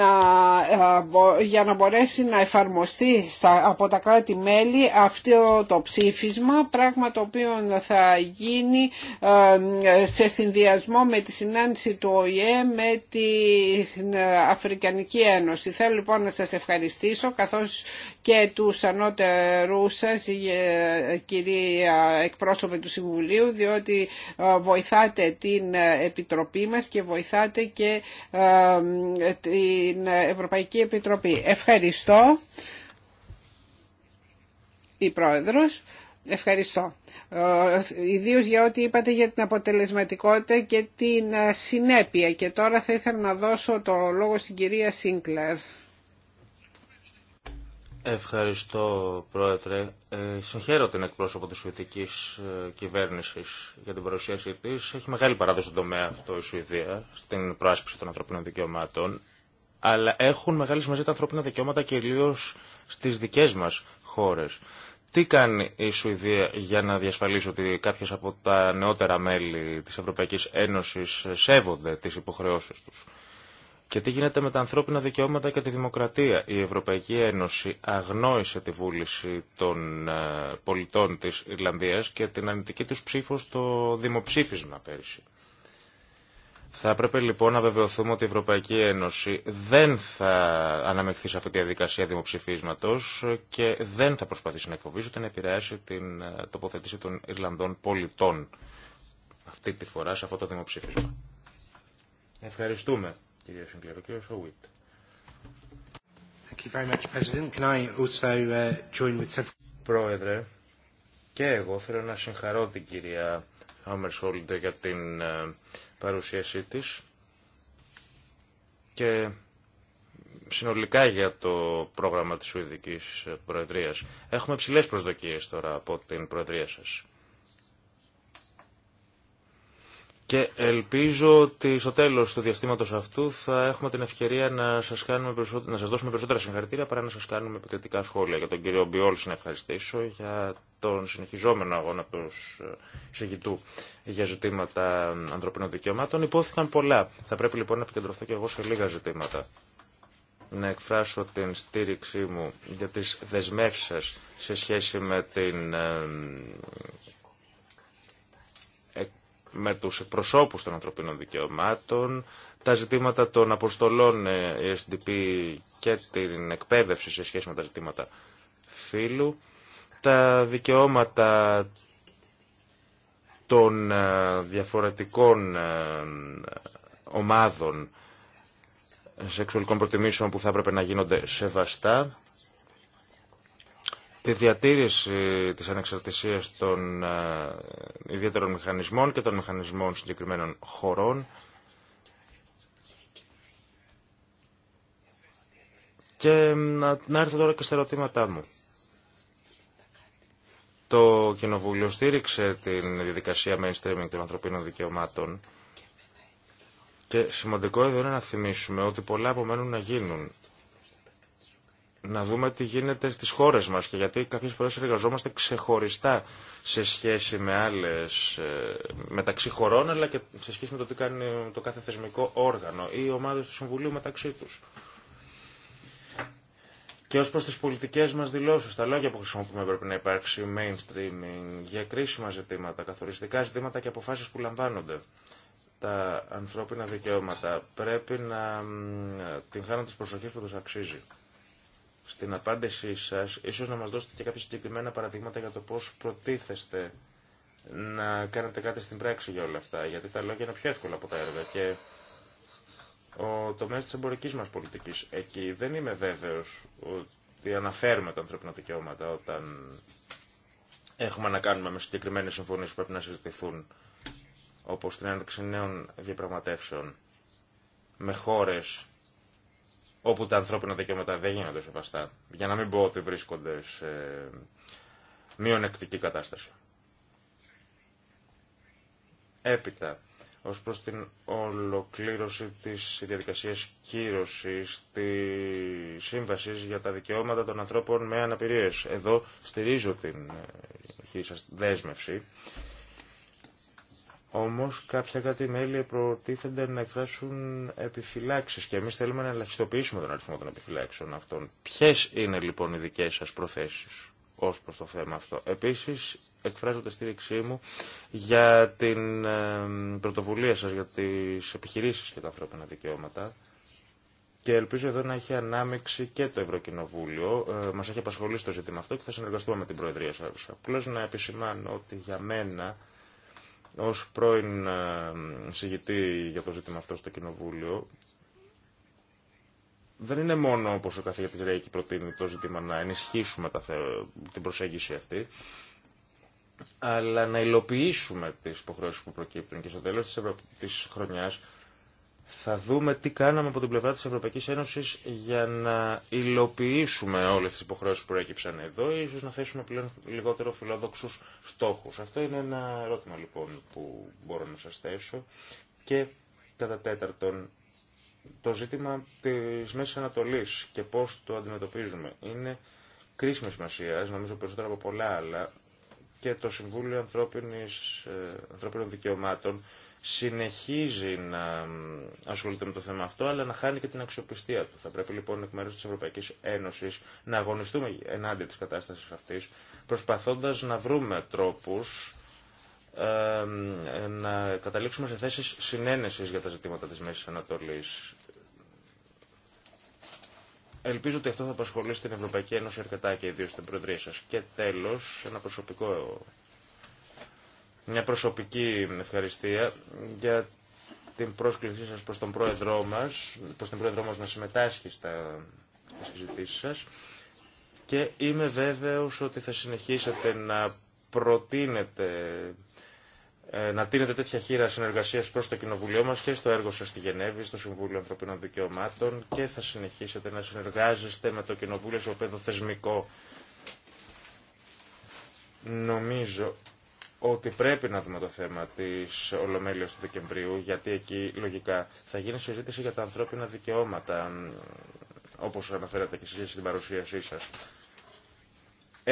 Ε, για να μπορέσει να εφαρμοστεί από τα κράτη-μέλη αυτό το ψήφισμα, πράγμα το οποίο θα γίνει ε, σε συνδυασμό με τη συνάντηση του ΟΗΕ με την ε, Αφρικανική Ένωση. Θέλω λοιπόν να σας ευχαριστήσω καθώς και τους ανώτερού σας, κυρία εκπρόσωπε του Συμβουλίου, διότι βοηθάτε την Επιτροπή μας και βοηθάτε και τη την Ευρωπαϊκή Επιτροπή. Ευχαριστώ, η Πρόεδρος. Ευχαριστώ. Ε, ιδίως για ό,τι είπατε για την αποτελεσματικότητα και την ε, συνέπεια. Και τώρα θα ήθελα να δώσω το λόγο στην κυρία Σίνκλερ. Ευχαριστώ, Πρόεδρε. Ε, συγχαίρω την εκπρόσωπο της Σουηδικής ε, Κυβέρνησης για την παρουσίασή της. Έχει μεγάλη παράδοση στον τομέα αυτό η Σουηδία, στην προάσπιση των ανθρωπίνων δικαιωμάτων αλλά έχουν μεγάλη σημασία τα ανθρώπινα δικαιώματα κυρίω στις δικές μας χώρες. Τι κάνει η Σουηδία για να διασφαλίσει ότι κάποιες από τα νεότερα μέλη της Ευρωπαϊκή Ένωση σέβονται τις υποχρεώσεις τους. Και τι γίνεται με τα ανθρώπινα δικαιώματα και τη δημοκρατία. Η Ευρωπαϊκή Ένωση αγνόησε τη βούληση των ε, πολιτών της Ιρλανδίας και την αρνητική τους ψήφο στο δημοψήφισμα πέρυσι. Θα έπρεπε, λοιπόν να βεβαιωθούμε ότι η Ευρωπαϊκή Ένωση δεν θα αναμεχθεί σε αυτή τη διαδικασία δημοψηφίσματος και δεν θα προσπαθήσει να εκφοβήσει ούτε να επηρεάσει την ε, τοποθέτηση των Ιρλανδών πολιτών αυτή τη φορά σε αυτό το δημοψήφισμα. Ευχαριστούμε κύριε Συγκλέρο. Κύριε Σόουιτ. Πρόεδρε, και εγώ θέλω να συγχαρώ την κυρία Χάμερ για την ε, παρουσίασή της και συνολικά για το πρόγραμμα της Σουηδικής Προεδρίας. Έχουμε ψηλές προσδοκίες τώρα από την Προεδρία σας. Και ελπίζω ότι στο τέλο του διαστήματο αυτού θα έχουμε την ευκαιρία να σα δώσουμε περισσότερα συγχαρητήρια παρά να σα κάνουμε επικριτικά σχόλια. Για τον κύριο Μπιόλ να ευχαριστήσω για τον συνεχιζόμενο αγώνα του ε, εισηγητού για ζητήματα ανθρωπίνων δικαιωμάτων. Υπόθηκαν πολλά. Θα πρέπει λοιπόν να επικεντρωθώ και εγώ σε λίγα ζητήματα. Να εκφράσω την στήριξή μου για τι δεσμεύσει σε σχέση με την ε, με τους προσώπους των ανθρωπίνων δικαιωμάτων, τα ζητήματα των αποστολών ε, SDP και την εκπαίδευση σε σχέση με τα ζητήματα φύλου, τα δικαιώματα των ε, διαφορετικών ε, ομάδων σεξουαλικών προτιμήσεων που θα έπρεπε να γίνονται σεβαστά τη διατήρηση της ανεξαρτησίας των ε, ιδιαίτερων μηχανισμών και των μηχανισμών συγκεκριμένων χωρών και να έρθω τώρα και στα ερωτήματά μου. Το Κοινοβούλιο στήριξε την διαδικασία mainstreaming των ανθρωπίνων δικαιωμάτων και σημαντικό εδώ είναι να θυμίσουμε ότι πολλά απομένουν να γίνουν να δούμε τι γίνεται στις χώρες μας και γιατί κάποιες φορές εργαζόμαστε ξεχωριστά σε σχέση με άλλες ε, μεταξύ χωρών αλλά και σε σχέση με το τι κάνει το κάθε θεσμικό όργανο ή οι ομάδες του Συμβουλίου μεταξύ τους. Και ως προς τις πολιτικές μας δηλώσεις, τα λόγια που χρησιμοποιούμε πρέπει να υπάρξει mainstreaming για κρίσιμα ζητήματα, καθοριστικά ζητήματα και αποφάσεις που λαμβάνονται τα ανθρώπινα δικαιώματα πρέπει να την χάνουν τις προσοχές που τους αξίζει στην απάντησή σας, ίσως να μας δώσετε και κάποια συγκεκριμένα παραδείγματα για το πώς προτίθεστε να κάνετε κάτι στην πράξη για όλα αυτά, γιατί τα λόγια είναι πιο εύκολα από τα έργα και ο τομέας της εμπορικής μας πολιτικής εκεί δεν είμαι βέβαιος ότι αναφέρουμε τα ανθρώπινα δικαιώματα όταν έχουμε να κάνουμε με συγκεκριμένες συμφωνίες που πρέπει να συζητηθούν όπως την έναρξη νέων διαπραγματεύσεων με χώρες όπου τα ανθρώπινα δικαιώματα δεν γίνονται σεβαστά, για να μην πω ότι βρίσκονται σε μειονεκτική κατάσταση. Έπειτα, ως προς την ολοκλήρωση της διαδικασίας κύρωσης της Σύμβασης για τα Δικαιώματα των Ανθρώπων με Αναπηρίες. Εδώ στηρίζω την ε, δέσμευση όμως κάποια κάτι μέλη προτίθενται να εκφράσουν επιφυλάξεις και εμείς θέλουμε να ελαχιστοποιήσουμε τον αριθμό των επιφυλάξεων αυτών. Ποιες είναι λοιπόν οι δικές σας προθέσεις ως προς το θέμα αυτό. Επίσης εκφράζω τη στήριξή μου για την πρωτοβουλία σας για τις επιχειρήσεις και τα ανθρώπινα δικαιώματα. Και ελπίζω εδώ να έχει ανάμειξη και το Ευρωκοινοβούλιο. Ε, μας έχει απασχολήσει το ζήτημα αυτό και θα συνεργαστούμε με την Προεδρία σας. Απλώς να επισημάνω ότι για μένα ως πρώην ε, συγητή για το ζήτημα αυτό στο Κοινοβούλιο, δεν είναι μόνο όπως ο καθηγητής Ρέικη προτείνει το ζήτημα να ενισχύσουμε την προσέγγιση αυτή, αλλά να υλοποιήσουμε τις υποχρεώσεις που προκύπτουν και στο τέλος της, Ευρω... της χρονιάς θα δούμε τι κάναμε από την πλευρά της Ευρωπαϊκής Ένωσης για να υλοποιήσουμε όλες τις υποχρεώσεις που προέκυψαν εδώ ή ίσως να θέσουμε πλέον λιγότερο φιλόδοξους στόχους. Αυτό είναι ένα ερώτημα λοιπόν που μπορώ να σας θέσω. Και κατά τέταρτον, το ζήτημα της Μέσης Ανατολής και πώς το αντιμετωπίζουμε είναι κρίσιμη σημασία, νομίζω περισσότερο από πολλά άλλα, και το Συμβούλιο Ανθρώπινης, ε, Ανθρώπινων Δικαιωμάτων συνεχίζει να ασχολείται με το θέμα αυτό, αλλά να χάνει και την αξιοπιστία του. Θα πρέπει λοιπόν εκ μέρου τη Ευρωπαϊκή Ένωση να αγωνιστούμε ενάντια τη κατάσταση αυτή, προσπαθώντα να βρούμε τρόπου να καταλήξουμε σε θέσεις συνένεσης για τα ζητήματα της Μέσης Ανατολής. Ελπίζω ότι αυτό θα απασχολεί την Ευρωπαϊκή Ένωση αρκετά και ιδίω την Προεδρία σα. Και τέλο, ένα προσωπικό μια προσωπική ευχαριστία για την πρόσκλησή σας προς τον πρόεδρό μας, προς τον πρόεδρό μας να συμμετάσχει στα, συζητήσεις σας και είμαι βέβαιος ότι θα συνεχίσετε να προτείνετε ε, να τίνετε τέτοια χείρα συνεργασίας προς το Κοινοβουλίο μας και στο έργο σας στη Γενέβη, στο Συμβούλιο Ανθρωπίνων Δικαιωμάτων και θα συνεχίσετε να συνεργάζεστε με το Κοινοβούλιο σε οπέδο θεσμικό. Νομίζω ότι πρέπει να δούμε το θέμα τη Ολομέλεια του Δεκεμβρίου, γιατί εκεί λογικά θα γίνει συζήτηση για τα ανθρώπινα δικαιώματα, όπως αναφέρατε και εσεί στην παρουσίασή σα.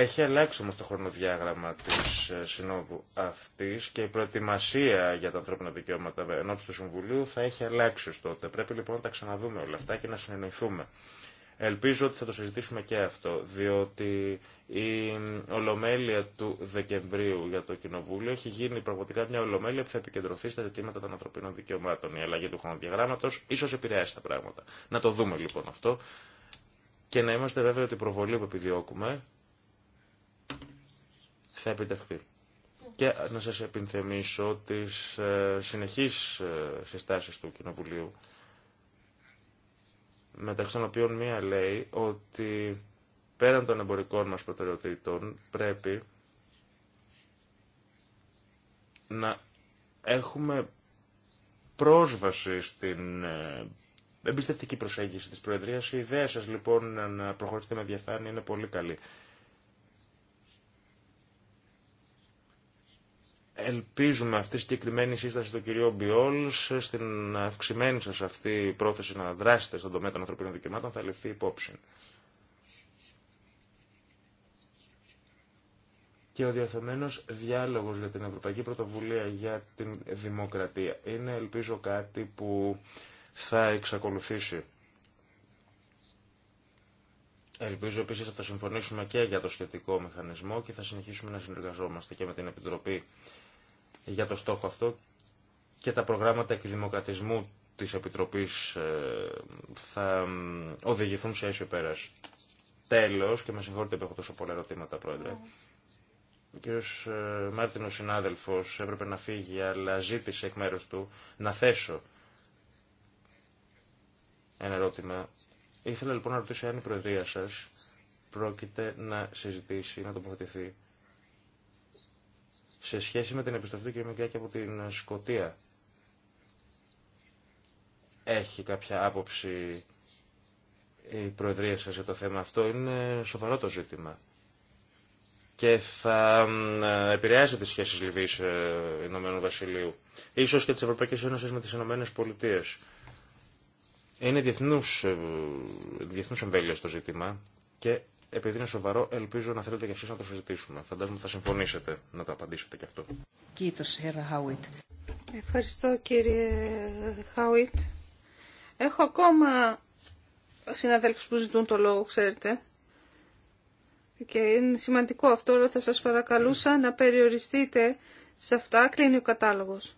Έχει αλλάξει όμως το χρονοδιάγραμμα της ε, συνόδου αυτή και η προετοιμασία για τα ανθρώπινα δικαιώματα εν του Συμβουλίου θα έχει αλλάξει τότε. Πρέπει λοιπόν να τα ξαναδούμε όλα αυτά και να συνεννοηθούμε. Ελπίζω ότι θα το συζητήσουμε και αυτό, διότι η Ολομέλεια του Δεκεμβρίου για το Κοινοβούλιο έχει γίνει πραγματικά μια Ολομέλεια που θα επικεντρωθεί στα ζητήματα των ανθρωπίνων δικαιωμάτων. Η αλλαγή του χρονοδιαγράμματος ίσως επηρεάσει τα πράγματα. Να το δούμε λοιπόν αυτό και να είμαστε βέβαιοι ότι η προβολή που επιδιώκουμε θα επιτευχθεί. Και να σας επιθυμίσω τις ε, συνεχείς ε, συστάσεις του Κοινοβουλίου μεταξύ των οποίων μία λέει ότι πέραν των εμπορικών μας προτεραιοτήτων πρέπει να έχουμε πρόσβαση στην ε, εμπιστευτική προσέγγιση της Προεδρίας. Η ιδέα σας λοιπόν να προχωρήσετε με διαφάνεια είναι πολύ καλή. Ελπίζουμε αυτή η συγκεκριμένη σύσταση του κυρίου Μπιόλ στην αυξημένη σα αυτή η πρόθεση να δράσετε στον τομέα των ανθρωπίνων δικαιωμάτων θα ληφθεί υπόψη. Και ο διαθεμένος διάλογος για την Ευρωπαϊκή Πρωτοβουλία για την Δημοκρατία είναι ελπίζω κάτι που θα εξακολουθήσει. Ελπίζω επίση ότι θα συμφωνήσουμε και για το σχετικό μηχανισμό και θα συνεχίσουμε να συνεργαζόμαστε και με την Επιτροπή για το στόχο αυτό και τα προγράμματα εκδημοκρατισμού της Επιτροπής ε, θα οδηγηθούν σε αίσιο πέρας. Τέλος, και με συγχωρείτε που έχω τόσο πολλά ερωτήματα, Πρόεδρε. Ναι. Ο κ. Ε, Μάρτινος συνάδελφος, έπρεπε να φύγει, αλλά ζήτησε εκ μέρους του να θέσω ένα ερώτημα. Ήθελα λοιπόν να ρωτήσω αν η Προεδρία σας πρόκειται να συζητήσει, να τοποθετηθεί σε σχέση με την επιστροφή του κ. Μικιάκη από την Σκοτία. Έχει κάποια άποψη η Προεδρία σας για το θέμα αυτό. Είναι σοβαρό το ζήτημα. Και θα επηρεάζει τις σχέσεις Λιβύης ε, Ηνωμένου Βασιλείου. Ίσως και τις Ευρωπαϊκές Ένωσης με τις Ηνωμένες Πολιτείες. Είναι διεθνούς, ε, διεθνούς το το ζήτημα και επειδή είναι σοβαρό, ελπίζω να θέλετε και εσείς να το συζητήσουμε. Φαντάζομαι θα συμφωνήσετε να το απαντήσετε κι αυτό. Ευχαριστώ κύριε Χάουιτ. Έχω ακόμα συναδέλφους που ζητούν το λόγο, ξέρετε. Και είναι σημαντικό αυτό, αλλά θα σας παρακαλούσα να περιοριστείτε σε αυτά. Κλείνει ο κατάλογος.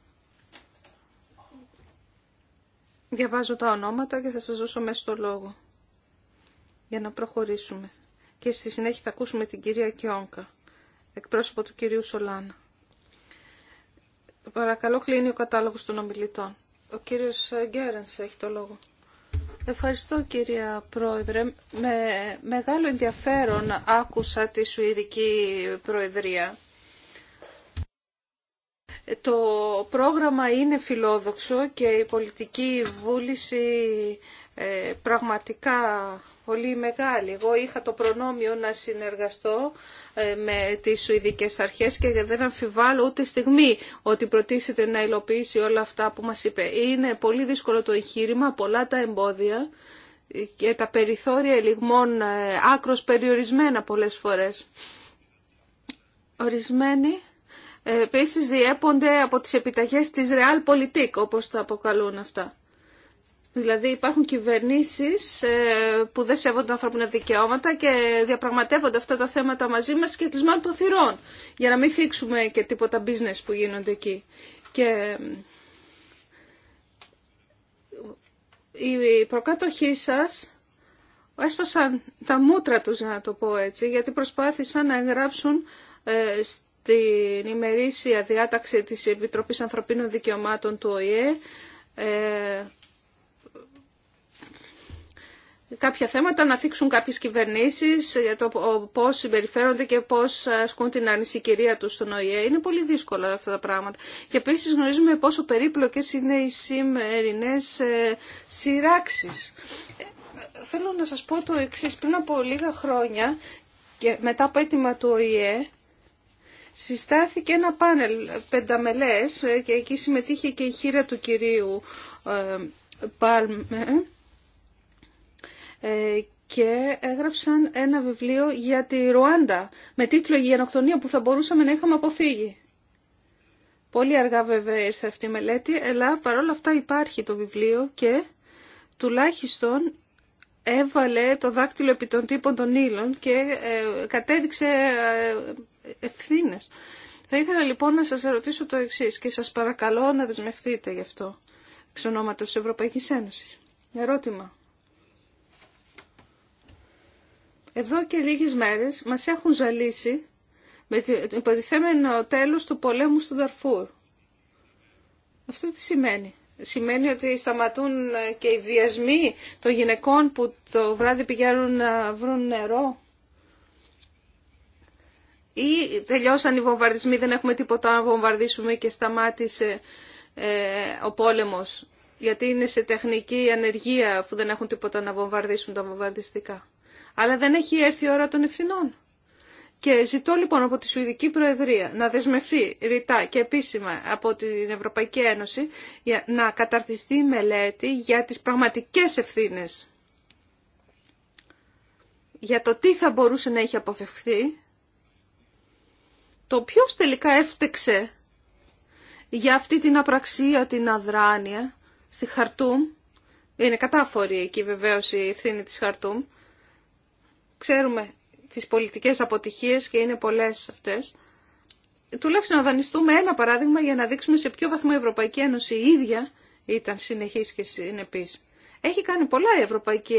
Διαβάζω τα ονόματα και θα σας δώσω μέσα το λόγο για να προχωρήσουμε και στη συνέχεια θα ακούσουμε την κυρία Κιόνκα, εκπρόσωπο του κυρίου Σολάνα. Παρακαλώ, κλείνει ο κατάλογος των ομιλητών. Ο κύριος Γκέρενς έχει το λόγο. Ευχαριστώ κυρία Πρόεδρε. Με μεγάλο ενδιαφέρον άκουσα τη Σουηδική Προεδρία. Το πρόγραμμα είναι φιλόδοξο και η πολιτική βούληση ε, πραγματικά πολύ μεγάλη. Εγώ είχα το προνόμιο να συνεργαστώ ε, με τις Σουηδικές Αρχές και δεν αμφιβάλλω ούτε στιγμή ότι προτίσετε να υλοποιήσει όλα αυτά που μας είπε. Είναι πολύ δύσκολο το εγχείρημα, πολλά τα εμπόδια και τα περιθώρια ελιγμών ε, άκρος περιορισμένα πολλές φορές. Ορισμένοι επίσης διέπονται από τις επιταγές της Real Politik, όπως τα αποκαλούν αυτά. Δηλαδή υπάρχουν κυβερνήσεις ε, που δεν σέβονται ανθρώπινα δικαιώματα και διαπραγματεύονται αυτά τα θέματα μαζί μας και κλεισμάτων των θυρών για να μην θίξουμε και τίποτα business που γίνονται εκεί. Και ε, οι προκάτοχοί σας έσπασαν τα μούτρα τους, να το πω έτσι, γιατί προσπάθησαν να εγγράψουν ε, στην ημερήσια διάταξη της Επιτροπής Ανθρωπίνων Δικαιωμάτων του ΟΗΕ κάποια θέματα να θίξουν κάποιες κυβερνήσεις για το πώς συμπεριφέρονται και πώς ασκούν την ανησυχία τους στον ΟΗΕ. Είναι πολύ δύσκολα αυτά τα πράγματα. Και επίση γνωρίζουμε πόσο περίπλοκες είναι οι σημερινές ε, σειράξεις. Ε, θέλω να σας πω το εξή Πριν από λίγα χρόνια και μετά από έτοιμα του ΟΗΕ, συστάθηκε ένα πάνελ πενταμελές ε, και εκεί συμμετείχε και η χείρα του κυρίου Πάλμε ε, και έγραψαν ένα βιβλίο για τη Ρουάντα με τίτλο «Η γενοκτονία που θα μπορούσαμε να είχαμε αποφύγει». Πολύ αργά βέβαια ήρθε αυτή η μελέτη, αλλά παρόλα αυτά υπάρχει το βιβλίο και τουλάχιστον έβαλε το δάκτυλο επί των τύπων των ύλων και ε, κατέδειξε ε, ευθύνε. Θα ήθελα λοιπόν να σας ερωτήσω το εξής και σας παρακαλώ να δεσμευτείτε γι' αυτό εξ Ευρωπαϊκής Ένωσης. Ερώτημα. Εδώ και λίγες μέρες μας έχουν ζαλίσει με το υποτιθέμενο τέλος του πολέμου στον Ταρφούρ. Αυτό τι σημαίνει. Σημαίνει ότι σταματούν ε, και οι βιασμοί των γυναικών που το βράδυ πηγαίνουν να βρουν νερό. Ή τελειώσαν οι βομβαρδισμοί, δεν έχουμε τίποτα να βομβαρδίσουμε και σταμάτησε ε, ο πόλεμος. Γιατί είναι σε τεχνική ανεργία που δεν έχουν τίποτα να βομβαρδίσουν τα βομβαρδιστικά αλλά δεν έχει έρθει η ώρα των ευθυνών. Και ζητώ λοιπόν από τη Σουηδική Προεδρία να δεσμευτεί ρητά και επίσημα από την Ευρωπαϊκή Ένωση για να καταρτιστεί η μελέτη για τις πραγματικές ευθύνες. Για το τι θα μπορούσε να έχει αποφευχθεί, το ποιο τελικά έφτεξε για αυτή την απραξία, την αδράνεια στη Χαρτούμ, είναι κατάφορη εκεί βεβαίως η ευθύνη της Χαρτούμ, Ξέρουμε τις πολιτικές αποτυχίες και είναι πολλές αυτές. Τουλάχιστον να δανειστούμε ένα παράδειγμα για να δείξουμε σε ποιο βαθμό η Ευρωπαϊκή Ένωση η ίδια ήταν συνεχής και συνεπής. Έχει κάνει πολλά η Ευρωπαϊκή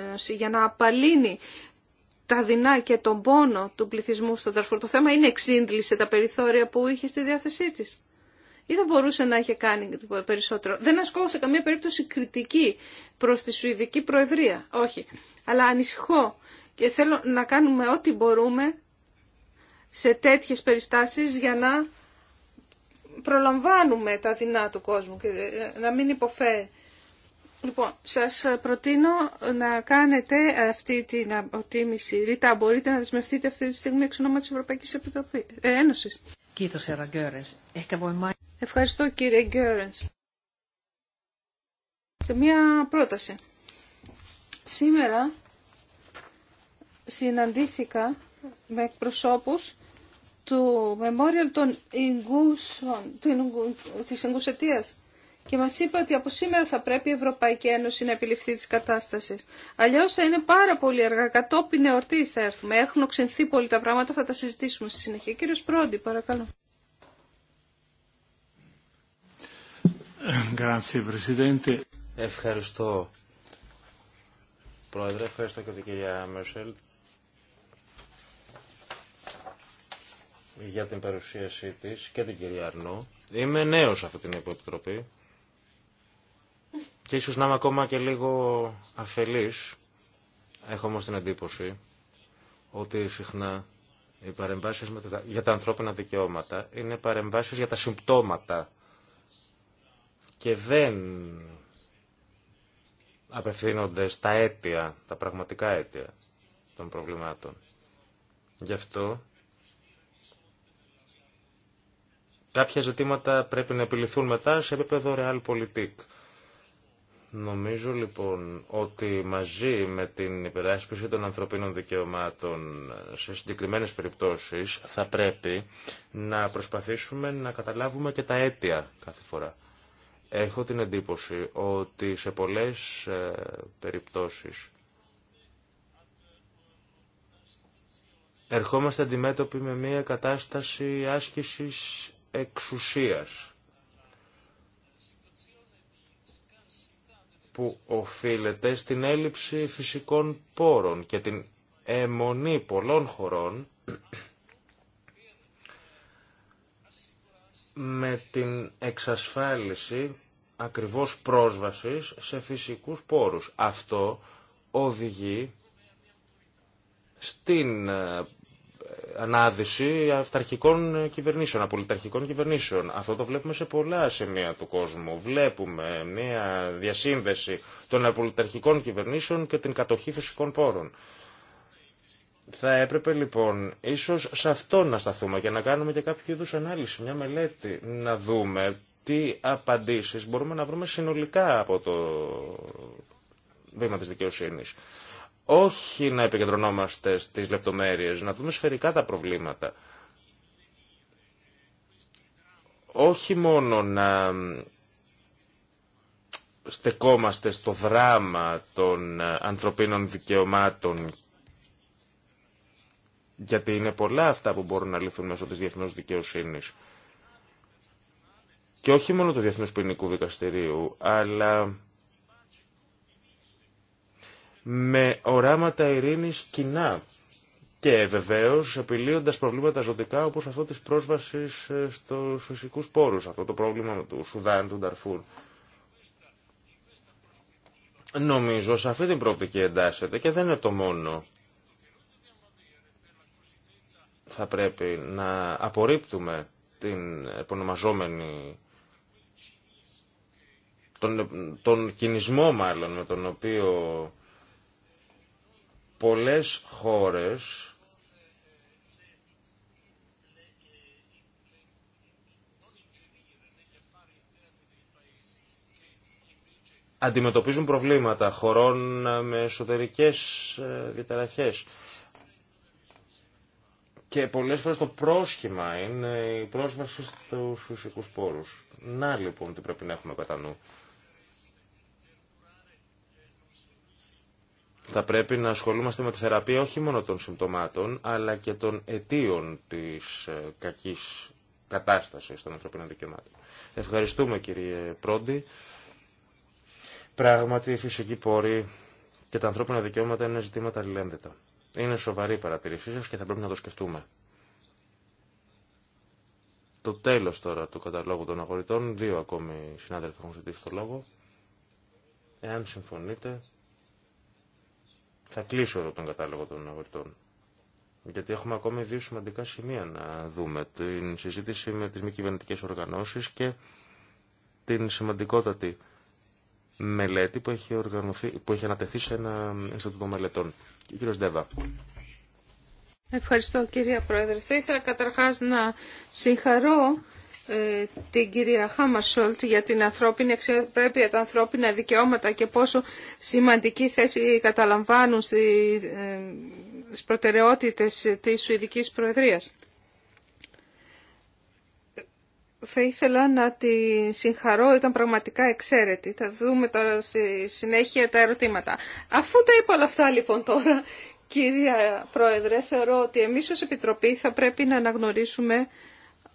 Ένωση για να απαλύνει τα δεινά και τον πόνο του πληθυσμού στον Ταρφούρ. Το θέμα είναι εξύντλησε τα περιθώρια που είχε στη διάθεσή της. Ή δεν μπορούσε να είχε κάνει περισσότερο. Δεν ασκώ σε καμία περίπτωση κριτική προς τη Σουηδική Προεδρία. Όχι. Αλλά ανησυχώ και θέλω να κάνουμε ό,τι μπορούμε σε τέτοιες περιστάσεις για να προλαμβάνουμε τα δεινά του κόσμου και ε, να μην υποφέρει. Λοιπόν, σας προτείνω να κάνετε αυτή την αποτίμηση. Ρίτα, μπορείτε να δεσμευτείτε αυτή τη στιγμή εξ ονόμα της Ευρωπαϊκής Επιτροπής, ε, Ένωσης. Ε, Ευχαριστώ κύριε Γκέρενς. Σε μία πρόταση. Σήμερα συναντήθηκα με εκπροσώπους του Memorial των Ιγκούσων, της Ιγκουσετίας και μας είπε ότι από σήμερα θα πρέπει η Ευρωπαϊκή Ένωση να επιληφθεί της κατάστασης. Αλλιώς θα είναι πάρα πολύ αργά, κατόπιν εορτής θα έρθουμε. Έχουν οξυνθεί πολύ τα πράγματα, θα τα συζητήσουμε στη συνέχεια. Κύριος Πρόντι, παρακαλώ. Ευχαριστώ, Πρόεδρε. Ευχαριστώ και την κυρία Μέρσελτ για την παρουσίασή της και την κυρία Αρνό. Είμαι νέος σε αυτή την υποεπιτροπή και ίσως να είμαι ακόμα και λίγο αφελής. Έχω όμως την εντύπωση ότι συχνά οι παρεμβάσεις για τα ανθρώπινα δικαιώματα είναι παρεμβάσεις για τα συμπτώματα και δεν απευθύνονται στα αίτια, τα πραγματικά αίτια των προβλημάτων. Γι' αυτό Κάποια ζητήματα πρέπει να επιληθούν μετά σε επίπεδο realpolitik. Νομίζω λοιπόν ότι μαζί με την υπεράσπιση των ανθρωπίνων δικαιωμάτων σε συγκεκριμένες περιπτώσεις θα πρέπει να προσπαθήσουμε να καταλάβουμε και τα αίτια κάθε φορά. Έχω την εντύπωση ότι σε πολλές ε, περιπτώσεις ερχόμαστε αντιμέτωποι με μια κατάσταση άσκησης εξουσίας που οφείλεται στην έλλειψη φυσικών πόρων και την αιμονή πολλών χωρών με την εξασφάλιση ακριβώς πρόσβασης σε φυσικούς πόρους. Αυτό οδηγεί στην ε, ανάδυση αυταρχικών ε, κυβερνήσεων, απολυταρχικών κυβερνήσεων. Αυτό το βλέπουμε σε πολλά σημεία του κόσμου. Βλέπουμε μια διασύνδεση των απολυταρχικών κυβερνήσεων και την κατοχή φυσικών πόρων. Θα έπρεπε λοιπόν ίσως σε αυτό να σταθούμε και να κάνουμε και κάποιο είδους ανάλυση, μια μελέτη, να δούμε τι απαντήσεις μπορούμε να βρούμε συνολικά από το βήμα της δικαιοσύνης όχι να επικεντρωνόμαστε στις λεπτομέρειες, να δούμε σφαιρικά τα προβλήματα. Όχι μόνο να στεκόμαστε στο δράμα των ανθρωπίνων δικαιωμάτων γιατί είναι πολλά αυτά που μπορούν να λυθούν μέσω της διεθνούς δικαιοσύνης. Και όχι μόνο του Διεθνούς Ποινικού Δικαστηρίου, αλλά με οράματα ειρήνης κοινά και βεβαίως επιλύοντας προβλήματα ζωτικά όπως αυτό της πρόσβασης ε, στους φυσικούς πόρους, αυτό το πρόβλημα του Σουδάν, του Νταρφούρ. Νομίζω σε αυτή την προοπτική εντάσσεται και δεν είναι το μόνο. Θα πρέπει να απορρίπτουμε την επωνομαζόμενη τον, τον κινησμό μάλλον με τον οποίο Πολλές χώρες αντιμετωπίζουν προβλήματα χωρών με εσωτερικές ε, διαταραχές. Και πολλές φορές το πρόσχημα είναι η πρόσβαση στους φυσικούς πόρους. Να λοιπόν τι πρέπει να έχουμε κατά νου. Θα πρέπει να ασχολούμαστε με τη θεραπεία όχι μόνο των συμπτωμάτων, αλλά και των αιτίων της ε, κακής κατάστασης των ανθρωπίνων δικαιωμάτων. Ευχαριστούμε κύριε Πρόντι. Πράγματι, οι φυσικοί πόροι και τα ανθρώπινα δικαιώματα είναι ζητήματα αλληλένδετα. Είναι σοβαρή η παρατηρήσή σα και θα πρέπει να το σκεφτούμε. Το τέλο τώρα του καταλόγου των αγορητών, δύο ακόμη συνάδελφοι έχουν ζητήσει το λόγο. Εάν συμφωνείτε, θα κλείσω εδώ τον κατάλογο των αγορητών. Γιατί έχουμε ακόμη δύο σημαντικά σημεία να δούμε. Την συζήτηση με τις μη κυβερνητικέ οργανώσεις και την σημαντικότατη μελέτη που έχει, οργανωθεί, που έχει ανατεθεί σε ένα Ινστιτούτο Μελετών. Κύριο Ντέβα. Ευχαριστώ κυρία Πρόεδρε. Θα ήθελα καταρχάς να συγχαρώ ε, την κυρία Σόλτ για την ανθρώπινη αξιοπρέπεια, τα ανθρώπινα δικαιώματα και πόσο σημαντική θέση καταλαμβάνουν ε, στις προτεραιότητες της Σουηδικής Προεδρίας. Θα ήθελα να τη συγχαρώ, ήταν πραγματικά εξαίρετη. Θα δούμε τώρα στη συνέχεια τα ερωτήματα. Αφού τα είπα όλα αυτά λοιπόν τώρα, κυρία Πρόεδρε, θεωρώ ότι εμείς ως Επιτροπή θα πρέπει να αναγνωρίσουμε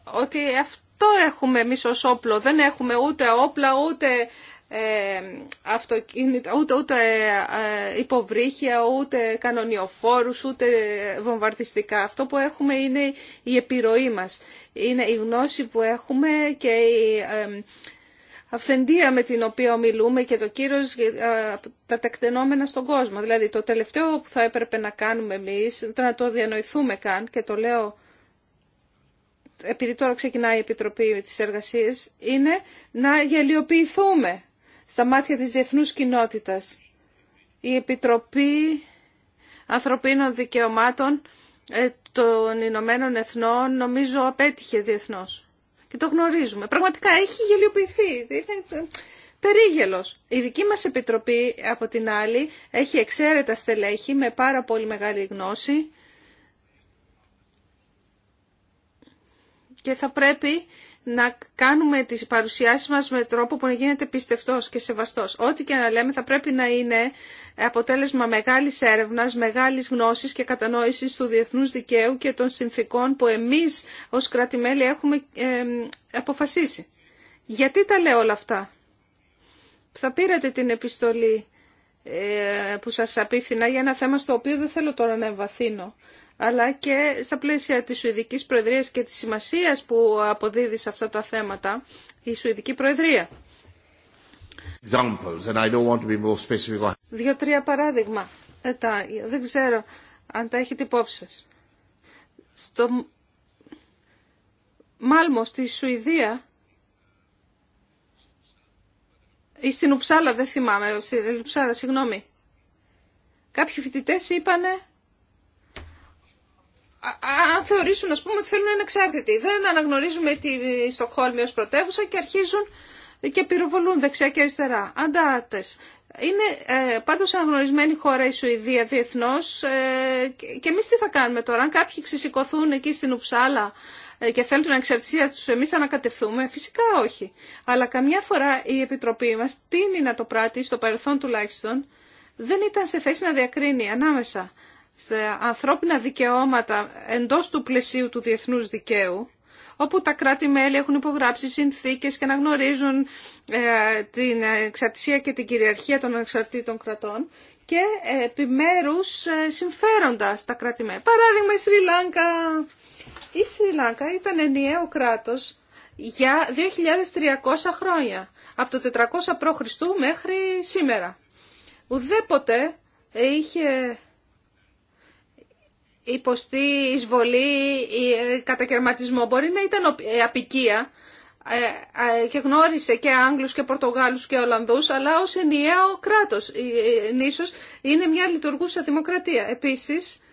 ότι αυτό αυτό έχουμε εμεί ω όπλο. Δεν έχουμε ούτε όπλα, ούτε ε, αυτοκίνητα, ούτε, ούτε ε, υποβρύχια, ούτε κανονιοφόρους, ούτε βομβαρδιστικά. Αυτό που έχουμε είναι η επιρροή μας. Είναι η γνώση που έχουμε και η ε, αυθεντία με την οποία μιλούμε και το κύρος ε, τα τεκτενόμενα στον κόσμο. Δηλαδή το τελευταίο που θα έπρεπε να κάνουμε εμείς, το να το διανοηθούμε καν και το λέω επειδή τώρα ξεκινάει η Επιτροπή της Εργασίας, είναι να γελιοποιηθούμε στα μάτια της διεθνούς κοινότητας. Η Επιτροπή Ανθρωπίνων Δικαιωμάτων ε, των Ηνωμένων Εθνών νομίζω απέτυχε διεθνώς. Και το γνωρίζουμε. Πραγματικά έχει γελιοποιηθεί. Είναι ε, περίγελος. Η δική μας Επιτροπή, από την άλλη, έχει εξαίρετα στελέχη με πάρα πολύ μεγάλη γνώση και θα πρέπει να κάνουμε τις παρουσιάσεις μας με τρόπο που να γίνεται πιστευτός και σεβαστός. Ό,τι και να λέμε θα πρέπει να είναι αποτέλεσμα μεγάλης έρευνας, μεγάλης γνώσης και κατανόησης του διεθνούς δικαίου και των συνθήκων που εμείς ως κρατημέλη έχουμε αποφασίσει. Γιατί τα λέω όλα αυτά. Θα πήρατε την επιστολή ε, που σας απίφθηνα για ένα θέμα στο οποίο δεν θέλω τώρα να εμβαθύνω αλλά και στα πλαίσια της Σουηδικής Προεδρίας και της σημασίας που αποδίδει σε αυτά τα θέματα η Σουηδική Προεδρία. Δύο-τρία παράδειγμα. Ε, τα, δεν ξέρω αν τα έχετε υπόψη σας. Στο Μάλμο, στη Σουηδία, ή στην Ουψάλα, δεν θυμάμαι, στην Ουψάλα, συγγνώμη. Κάποιοι φοιτητές είπανε αν θεωρήσουν α πούμε ότι θέλουν να είναι εξάρτητοι. Δεν αναγνωρίζουμε τη Στοκχόλμη ω πρωτεύουσα και αρχίζουν και πυροβολούν δεξιά και αριστερά. Αντάτε. Είναι ε, πάντως αναγνωρισμένη χώρα η Σουηδία διεθνώ ε, και εμεί τι θα κάνουμε τώρα. Αν κάποιοι ξεσηκωθούν εκεί στην Ουψάλα ε, και θέλουν την εξαρτησία του, εμεί θα ανακατευθούμε. Φυσικά όχι. Αλλά καμιά φορά η Επιτροπή μα τίνει να το πράττει, στο παρελθόν τουλάχιστον, δεν ήταν σε θέση να διακρίνει ανάμεσα στα ανθρώπινα δικαιώματα εντός του πλαισίου του διεθνούς δικαίου, όπου τα κράτη-μέλη έχουν υπογράψει συνθήκες και να γνωρίζουν ε, την εξαρτησία και την κυριαρχία των ανεξαρτήτων κρατών και επιμέρους ε, συμφέροντα τα κράτη-μέλη. Παράδειγμα, η Σρι Λάγκα. Η Σρι Λάγκα ήταν ενιαίο κράτος για 2.300 χρόνια, από το 400 π.Χ. μέχρι σήμερα. Ουδέποτε είχε υποστεί εισβολή ή ε, κατακαιρματισμό. Μπορεί να ήταν ε, απικία ε, και γνώρισε και Άγγλους και Πορτογάλους και Ολλανδούς, αλλά ως ενιαίο κράτος νήσος είναι μια λειτουργούσα δημοκρατία. Επίσης,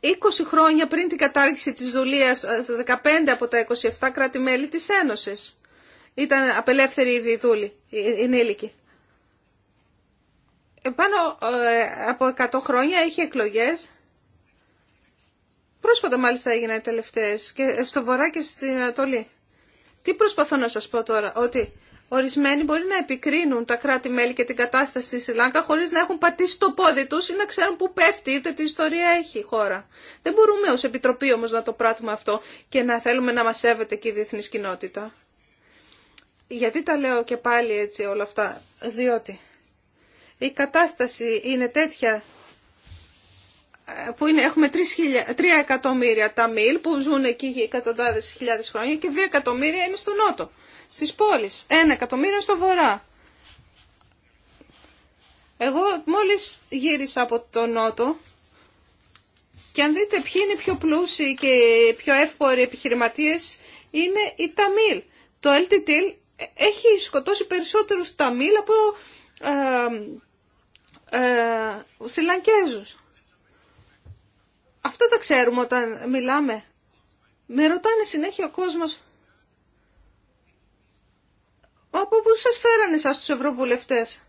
20 χρόνια πριν την κατάργηση της δουλείας, 15 από τα 27 κράτη-μέλη της Ένωσης ήταν απελεύθεροι ήδη η δούλη, η πάνω ε, από 100 χρόνια έχει εκλογές. Πρόσφατα μάλιστα έγιναν οι τελευταίες, και στο βορρά και στην Ανατολή. Τι προσπαθώ να σας πω τώρα, ότι ορισμένοι μπορεί να επικρίνουν τα κράτη-μέλη και την κατάσταση στη Σιλάνκα χωρίς να έχουν πατήσει το πόδι τους ή να ξέρουν που πέφτει είτε τι ιστορία έχει η χώρα. Δεν μπορούμε ως Επιτροπή όμως να το πράττουμε αυτό και να θέλουμε να μας σέβεται και η διεθνή κοινότητα. Γιατί τα λέω και πάλι έτσι όλα αυτά, διότι η κατάσταση είναι τέτοια ε, που είναι, έχουμε 3, εκατομμύρια Ταμίλ που ζουν εκεί εκατοντάδες χιλιάδες χρόνια και 2 εκατομμύρια είναι στο νότο, στις πόλεις. 1 εκατομμύριο στο βορρά. Εγώ μόλις γύρισα από το νότο και αν δείτε ποιοι είναι οι πιο πλούσιοι και πιο εύποροι επιχειρηματίες είναι οι Ταμίλ. Το LTT έχει σκοτώσει περισσότερους Ταμίλ από ε, ε, Σιλανκέζους. Αυτά τα ξέρουμε όταν μιλάμε. Με ρωτάνε συνέχεια ο κόσμος από πού σας φέρανε σας τους ευρωβουλευτές.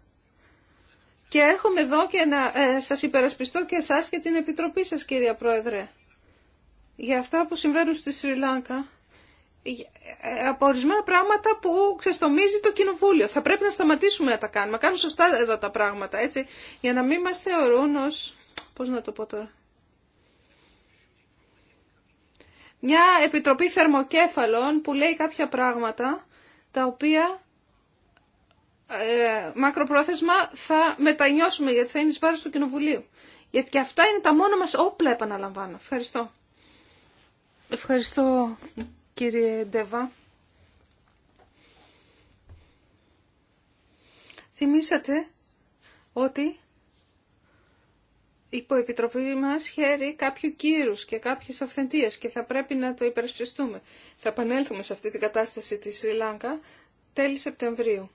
Και έρχομαι εδώ και να ε, σας υπερασπιστώ και εσάς και την Επιτροπή σας κυρία Πρόεδρε. Για αυτά που συμβαίνουν στη Σρι ε, από ορισμένα πράγματα που ξεστομίζει το κοινοβούλιο. Θα πρέπει να σταματήσουμε να τα κάνουμε. Κάνουν σωστά εδώ τα πράγματα, έτσι, για να μην μας θεωρούν ως... Πώς να το πω τώρα. Μια επιτροπή θερμοκέφαλων που λέει κάποια πράγματα τα οποία ε, μακροπρόθεσμα θα μετανιώσουμε γιατί θα είναι εις του Κοινοβουλίου. Γιατί και αυτά είναι τα μόνα μας όπλα επαναλαμβάνω. Ευχαριστώ. Ευχαριστώ κύριε Ντεβά. Θυμήσατε ότι η επιτροπή μας χαίρει κάποιου κύρους και κάποιες αυθεντίες και θα πρέπει να το υπερασπιστούμε. Θα επανέλθουμε σε αυτή την κατάσταση της Ριλάνκα Λάγκα τέλη Σεπτεμβρίου.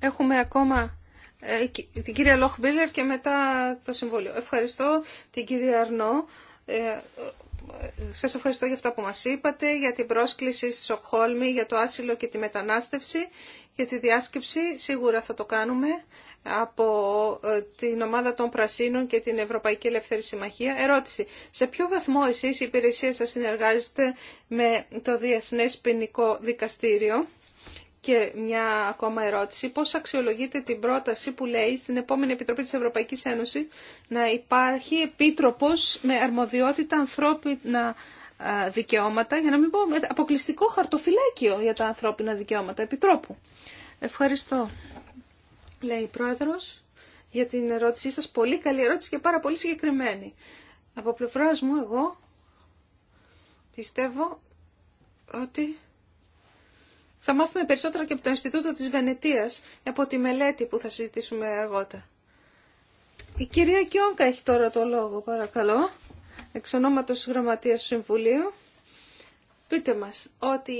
Έχουμε ακόμα ε, την κυρία Μπίλερ και μετά το Συμβούλιο. Ευχαριστώ την κυρία Αρνό. Ε, σας ευχαριστώ για αυτά που μας είπατε, για την πρόσκληση στη Σοκχόλμη, για το άσυλο και τη μετανάστευση, για τη διάσκεψη. Σίγουρα θα το κάνουμε από ε, την ομάδα των Πρασίνων και την Ευρωπαϊκή Ελεύθερη Συμμαχία. Ερώτηση. Σε ποιο βαθμό εσείς η υπηρεσία σας συνεργάζεστε με το Διεθνές Ποινικό Δικαστήριο και μια ακόμα ερώτηση. Πώς αξιολογείτε την πρόταση που λέει στην επόμενη Επιτροπή της Ευρωπαϊκής Ένωσης να υπάρχει επίτροπος με αρμοδιότητα ανθρώπινα δικαιώματα, για να μην πω αποκλειστικό χαρτοφυλάκιο για τα ανθρώπινα δικαιώματα επιτρόπου. Ευχαριστώ. Λέει η Πρόεδρος για την ερώτησή σας. Πολύ καλή ερώτηση και πάρα πολύ συγκεκριμένη. Από πλευρά μου εγώ πιστεύω ότι θα μάθουμε περισσότερα και από το Ινστιτούτο της Βενετίας, από τη μελέτη που θα συζητήσουμε αργότερα. Η κυρία Κιόνκα έχει τώρα το λόγο, παρακαλώ, εξ ονόματος Γραμματείας του Συμβουλίου. Πείτε μας ό,τι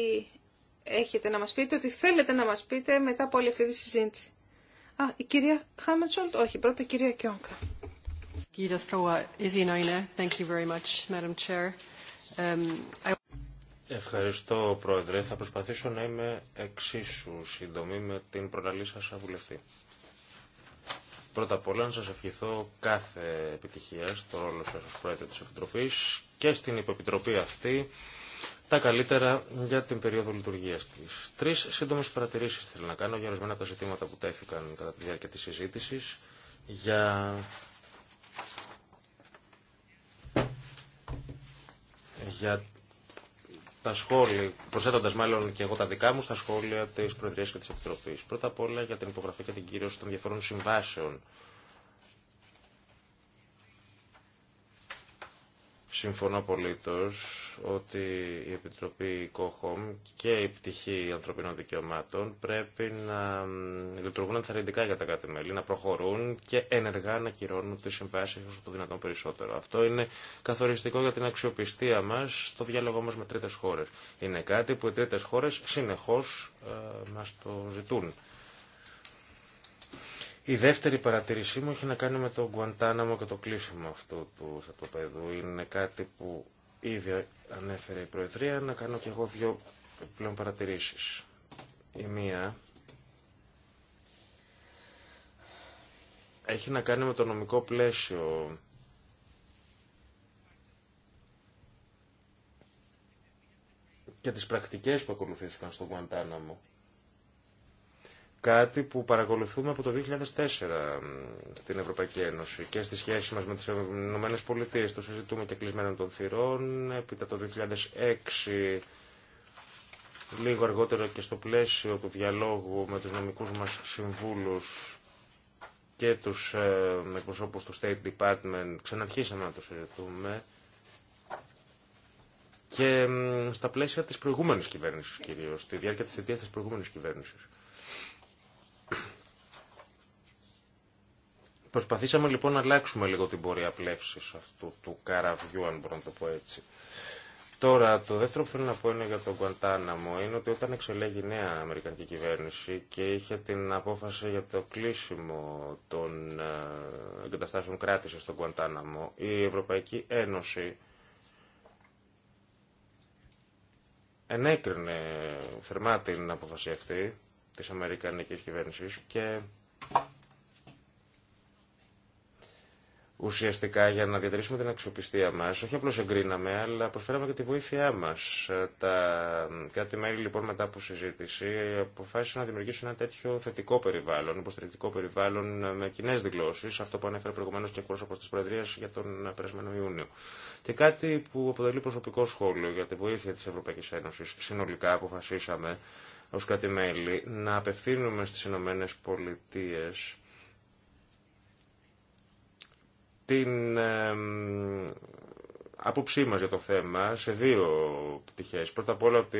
έχετε να μας πείτε, ό,τι θέλετε να μας πείτε μετά από όλη αυτή τη συζήτηση. Α, η κυρία Χάμετσολτ, όχι, πρώτα η κυρία Κιόνκα. Ευχαριστώ, Πρόεδρε. Θα προσπαθήσω να είμαι εξίσου σύντομη με την προλαλή σας βουλευτή. Πρώτα απ' όλα να σας ευχηθώ κάθε επιτυχία στο ρόλο σας ως Πρόεδρε της Επιτροπής και στην υποπιτροπή αυτή τα καλύτερα για την περίοδο λειτουργία τη. Τρει σύντομε παρατηρήσει θέλω να κάνω για ορισμένα από τα ζητήματα που τέθηκαν κατά τη διάρκεια τη συζήτηση για. για τα σχόλια, προσθέτοντα μάλλον και εγώ τα δικά μου στα σχόλια τη Προεδρία και τη Επιτροπή. Πρώτα απ' όλα για την υπογραφή και την κύρωση των διαφορών συμβάσεων Συμφωνώ απολύτως ότι η Επιτροπή ΚΟΧΟΜ και η πτυχή ανθρωπίνων δικαιωμάτων πρέπει να λειτουργούν ενθαρρυντικά για τα κάτι μέλη, να προχωρούν και ενεργά να κυρώνουν τις συμβάσεις όσο το δυνατόν περισσότερο. Αυτό είναι καθοριστικό για την αξιοπιστία μας στο διάλογο μας με τρίτες χώρες. Είναι κάτι που οι τρίτες χώρες συνεχώς ε, μας το ζητούν. Η δεύτερη παρατηρήσή μου έχει να κάνει με το Γκουαντάναμο και το κλείσιμο αυτού του στρατοπέδου. Είναι κάτι που ήδη ανέφερε η Προεδρία, να κάνω και εγώ δύο πλέον παρατηρήσεις. Η μία έχει να κάνει με το νομικό πλαίσιο και τις πρακτικές που ακολουθήθηκαν στο Γκουαντάναμο κάτι που παρακολουθούμε από το 2004 στην Ευρωπαϊκή Ένωση και στη σχέση μας με τις Ηνωμένες Πολιτείες. Το συζητούμε και κλεισμένο των θυρών, έπειτα το 2006, λίγο αργότερα και στο πλαίσιο του διαλόγου με τους νομικούς μας συμβούλους και τους ε, εκπροσώπους του State Department, ξαναρχίσαμε να το συζητούμε και στα πλαίσια της προηγούμενης κυβέρνησης κυρίως, στη διάρκεια της θητείας της προηγούμενης κυβέρνησης. Προσπαθήσαμε λοιπόν να αλλάξουμε λίγο την πορεία πλεύση αυτού του καραβιού, αν μπορώ να το πω έτσι. Τώρα, το δεύτερο που θέλω να πω είναι για τον Κουαντάναμο είναι ότι όταν εξελέγει η νέα Αμερικανική κυβέρνηση και είχε την απόφαση για το κλείσιμο των ε, εγκαταστάσεων κράτησης στον Κουαντάναμο, η Ευρωπαϊκή Ένωση ενέκρινε θερμά την αποφασία αυτή της Αμερικανικής κυβέρνησης και Ουσιαστικά για να διατηρήσουμε την αξιοπιστία μα, όχι απλώ εγκρίναμε, αλλά προσφέραμε και τη βοήθειά μα. Ε, τα κάτι μέλη λοιπόν μετά από συζήτηση αποφάσισαν να δημιουργήσουν ένα τέτοιο θετικό περιβάλλον, υποστηρικτικό περιβάλλον ε, με κοινέ δηλώσει, αυτό που ανέφερε προηγουμένω και εκπρόσωπο τη Προεδρία για τον περασμένο Ιούνιο. Και κάτι που αποτελεί προσωπικό σχόλιο για τη βοήθεια τη Ευρωπαϊκή Ένωση, Συνολικά αποφασίσαμε ω κράτη-μέλη να απευθύνουμε στι Ηνωμένε Πολιτείες την άποψή μα για το θέμα σε δύο πτυχέ. Πρώτα απ' όλα ότι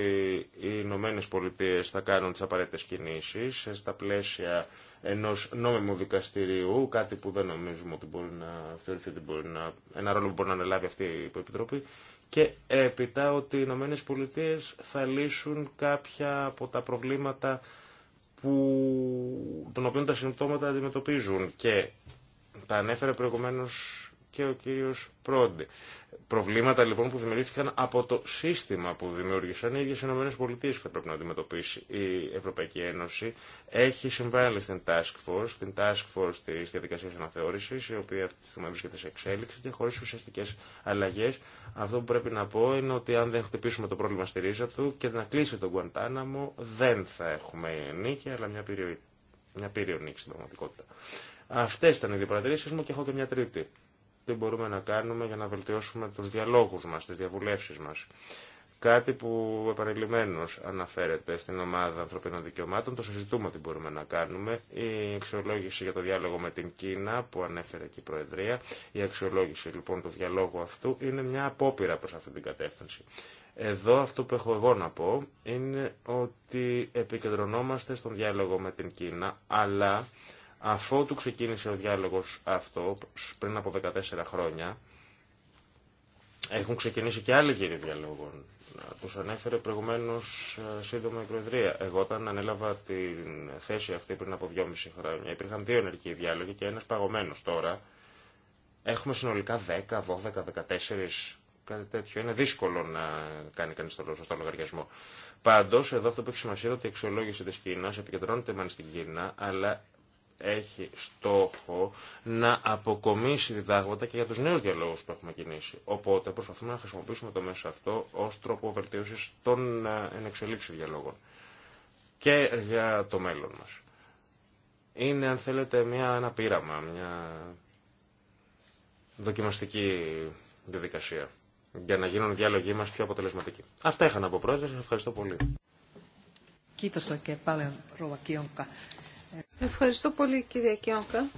οι Ηνωμένε Πολιτείε θα κάνουν τι απαραίτητε κινήσει στα πλαίσια ενό νόμιμου δικαστηρίου, κάτι που δεν νομίζουμε ότι μπορεί να θεωρηθεί να. ένα ρόλο που μπορεί να αναλάβει αυτή η Επιτροπή. Και έπειτα ότι οι Ηνωμένε Πολιτείε θα λύσουν κάποια από τα προβλήματα που, των οποίων τα συμπτώματα αντιμετωπίζουν και τα ανέφερε προηγουμένως και ο κύριος Πρόντι. Προβλήματα λοιπόν που δημιουργήθηκαν από το σύστημα που δημιούργησαν οι ίδιες οι ΗΠΑ που θα πρέπει να αντιμετωπίσει η Ευρωπαϊκή Ένωση. Έχει συμβάλει στην Task Force, την Task Force της διαδικασίας αναθεώρησης, η οποία αυτή τη στιγμή βρίσκεται σε εξέλιξη και χωρίς ουσιαστικές αλλαγές. Αυτό που πρέπει να πω είναι ότι αν δεν χτυπήσουμε το πρόβλημα στη ρίζα του και να κλείσει τον Γκουαντάναμο, δεν θα έχουμε νίκη, αλλά μια πύριο, μια πύριο νίκη Αυτέ ήταν οι δύο μου και έχω και μια τρίτη. Τι μπορούμε να κάνουμε για να βελτιώσουμε του διαλόγου μα, τι διαβουλεύσει μα. Κάτι που επανειλημμένω αναφέρεται στην ομάδα ανθρωπίνων δικαιωμάτων, το συζητούμε ότι μπορούμε να κάνουμε. Η αξιολόγηση για το διάλογο με την Κίνα που ανέφερε και η Προεδρία, η αξιολόγηση λοιπόν του διαλόγου αυτού είναι μια απόπειρα προ αυτή την κατεύθυνση. Εδώ αυτό που έχω εγώ να πω είναι ότι επικεντρωνόμαστε στον διάλογο με την Κίνα, αλλά Αφότου ξεκίνησε ο διάλογος αυτό πριν από 14 χρόνια, έχουν ξεκινήσει και άλλοι γύροι διαλόγων. Του ανέφερε προηγουμένω ε, σύντομα η Προεδρία. Εγώ, όταν ανέλαβα τη θέση αυτή πριν από δυόμιση χρόνια, υπήρχαν δύο ενεργοί διάλογοι και ένα παγωμένο τώρα. Έχουμε συνολικά 10, 12, 14, κάτι τέτοιο. Είναι δύσκολο να κάνει κανεί τον σωστό λογαριασμό. Πάντω, εδώ αυτό που έχει σημασία είναι ότι η αξιολόγηση τη Κίνα επικεντρώνεται μεν στην Κίνα, αλλά έχει στόχο να αποκομίσει διδάγματα και για τους νέους διαλόγους που έχουμε κινήσει. Οπότε προσπαθούμε να χρησιμοποιήσουμε το μέσο αυτό ως τρόπο βελτίωσης των ε, ενεξελίξεων διαλόγων και για το μέλλον μας. Είναι, αν θέλετε, μια, ένα πείραμα, μια δοκιμαστική διαδικασία για να γίνουν οι διάλογοι μας πιο αποτελεσματικοί. Αυτά είχα να πω, Πρόεδρε. Σας ευχαριστώ πολύ. και Ευχαριστώ πολύ κυρία Κιόνκα.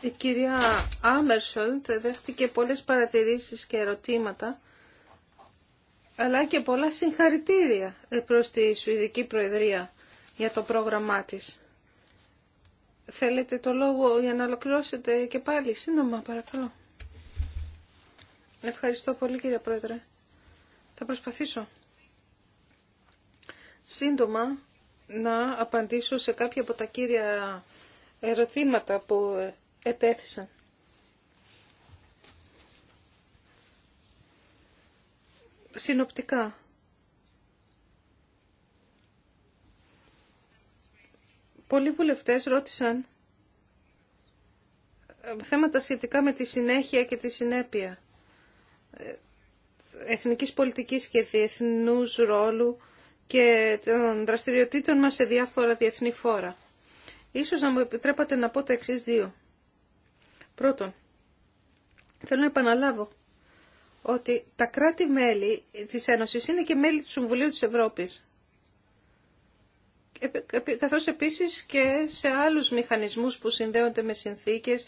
Η κυρία Άμερσολτ δέχτηκε πολλές παρατηρήσεις και ερωτήματα, αλλά και πολλά συγχαρητήρια προς τη Σουηδική Προεδρία για το πρόγραμμά της. Θέλετε το λόγο για να ολοκληρώσετε και πάλι, σύντομα παρακαλώ. Ευχαριστώ πολύ κύριε Πρόεδρε. Θα προσπαθήσω σύντομα να απαντήσω σε κάποια από τα κύρια ερωτήματα που ετέθησαν. Συνοπτικά. Πολλοί βουλευτές ρώτησαν ε, θέματα σχετικά με τη συνέχεια και τη συνέπεια ε, εθνικής πολιτικής και διεθνούς ρόλου και των δραστηριοτήτων μας σε διάφορα διεθνή φόρα. Ίσως να μου επιτρέπατε να πω τα εξή δύο. Πρώτον, θέλω να επαναλάβω ότι τα κράτη-μέλη της Ένωσης είναι και μέλη του Συμβουλίου της Ευρώπης. Καθώς επίσης και σε άλλους μηχανισμούς που συνδέονται με συνθήκες,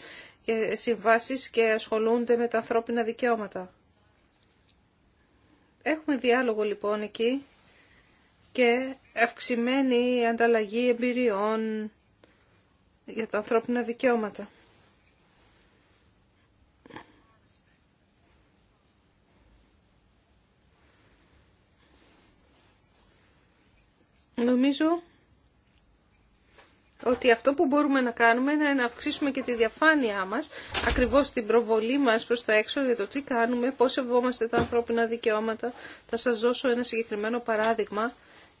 συμβάσεις και ασχολούνται με τα ανθρώπινα δικαιώματα. Έχουμε διάλογο λοιπόν εκεί και αυξημένη ανταλλαγή εμπειριών για τα ανθρώπινα δικαιώματα. Νομίζω ότι αυτό που μπορούμε να κάνουμε είναι να αυξήσουμε και τη διαφάνειά μας, ακριβώς την προβολή μας προς τα έξω για το τι κάνουμε, πώς σεβόμαστε τα ανθρώπινα δικαιώματα. Θα σας δώσω ένα συγκεκριμένο παράδειγμα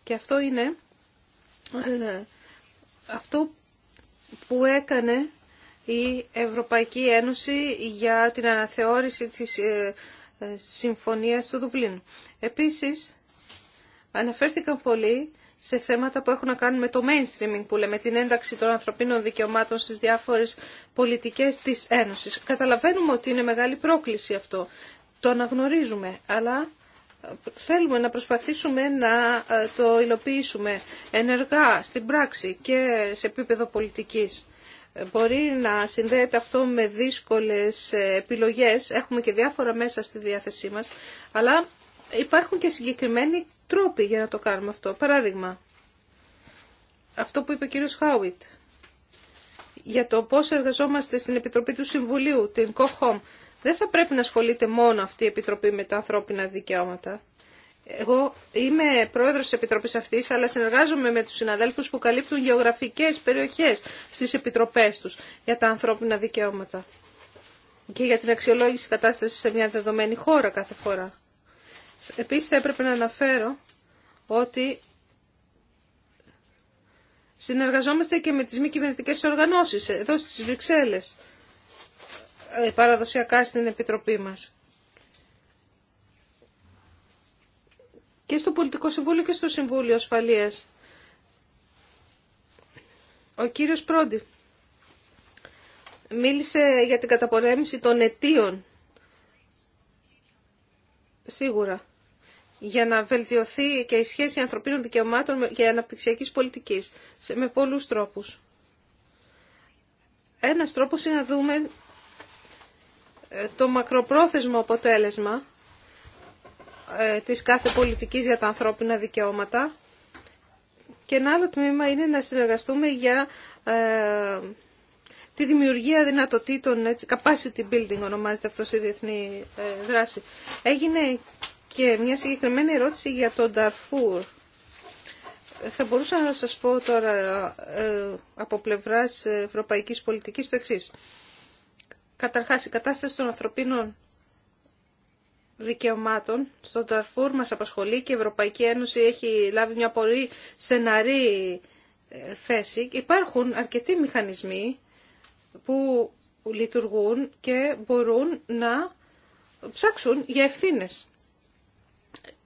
και αυτό είναι ε, αυτό που έκανε η Ευρωπαϊκή Ένωση για την αναθεώρηση της ε, ε, Συμφωνίας του Δουβλίνου. Επίσης, αναφέρθηκαν πολύ σε θέματα που έχουν να κάνουν με το mainstreaming που λέμε την ένταξη των ανθρωπίνων δικαιωμάτων στις διάφορες πολιτικές της Ένωσης. Καταλαβαίνουμε ότι είναι μεγάλη πρόκληση αυτό. Το αναγνωρίζουμε, αλλά θέλουμε να προσπαθήσουμε να ε, το υλοποιήσουμε ενεργά στην πράξη και σε επίπεδο πολιτικής. Ε, μπορεί να συνδέεται αυτό με δύσκολες ε, επιλογές, έχουμε και διάφορα μέσα στη διάθεσή μας, αλλά υπάρχουν και συγκεκριμένοι τρόποι για να το κάνουμε αυτό. Παράδειγμα, αυτό που είπε ο κύριος Χάουιτ για το πώς εργαζόμαστε στην Επιτροπή του Συμβουλίου, την COHOM, δεν θα πρέπει να ασχολείται μόνο αυτή η Επιτροπή με τα ανθρώπινα δικαιώματα. Εγώ είμαι πρόεδρος της Επιτροπής αυτής, αλλά συνεργάζομαι με τους συναδέλφους που καλύπτουν γεωγραφικές περιοχές στις επιτροπές τους για τα ανθρώπινα δικαιώματα και για την αξιολόγηση κατάστασης σε μια δεδομένη χώρα κάθε φορά. Επίσης θα έπρεπε να αναφέρω ότι συνεργαζόμαστε και με τις μη κυβερνητικές οργανώσεις εδώ στις Βρυξέλλες. Ε, παραδοσιακά στην Επιτροπή μας. Και στο Πολιτικό Συμβούλιο και στο Συμβούλιο Ασφαλείας. Ο κύριος Πρόντι μίλησε για την καταπολέμηση των αιτίων. Σίγουρα. Για να βελτιωθεί και η σχέση ανθρωπίνων δικαιωμάτων και αναπτυξιακής πολιτικής. Με πολλούς τρόπους. Ένας τρόπος είναι να δούμε ε, το μακροπρόθεσμο αποτέλεσμα ε, της κάθε πολιτικής για τα ανθρώπινα δικαιώματα και ένα άλλο τμήμα είναι να συνεργαστούμε για ε, τη δημιουργία δυνατοτήτων, έτσι, capacity building ονομάζεται αυτό η διεθνή δράση. Έγινε και μια συγκεκριμένη ερώτηση για τον Darfur. Θα μπορούσα να σας πω τώρα από πλευράς ευρωπαϊκής πολιτικής το εξής. Καταρχάς, η κατάσταση των ανθρωπίνων δικαιωμάτων στον Ταρφούρ μας απασχολεί και η Ευρωπαϊκή Ένωση έχει λάβει μια πολύ στεναρή ε, θέση. Υπάρχουν αρκετοί μηχανισμοί που λειτουργούν και μπορούν να ψάξουν για ευθύνες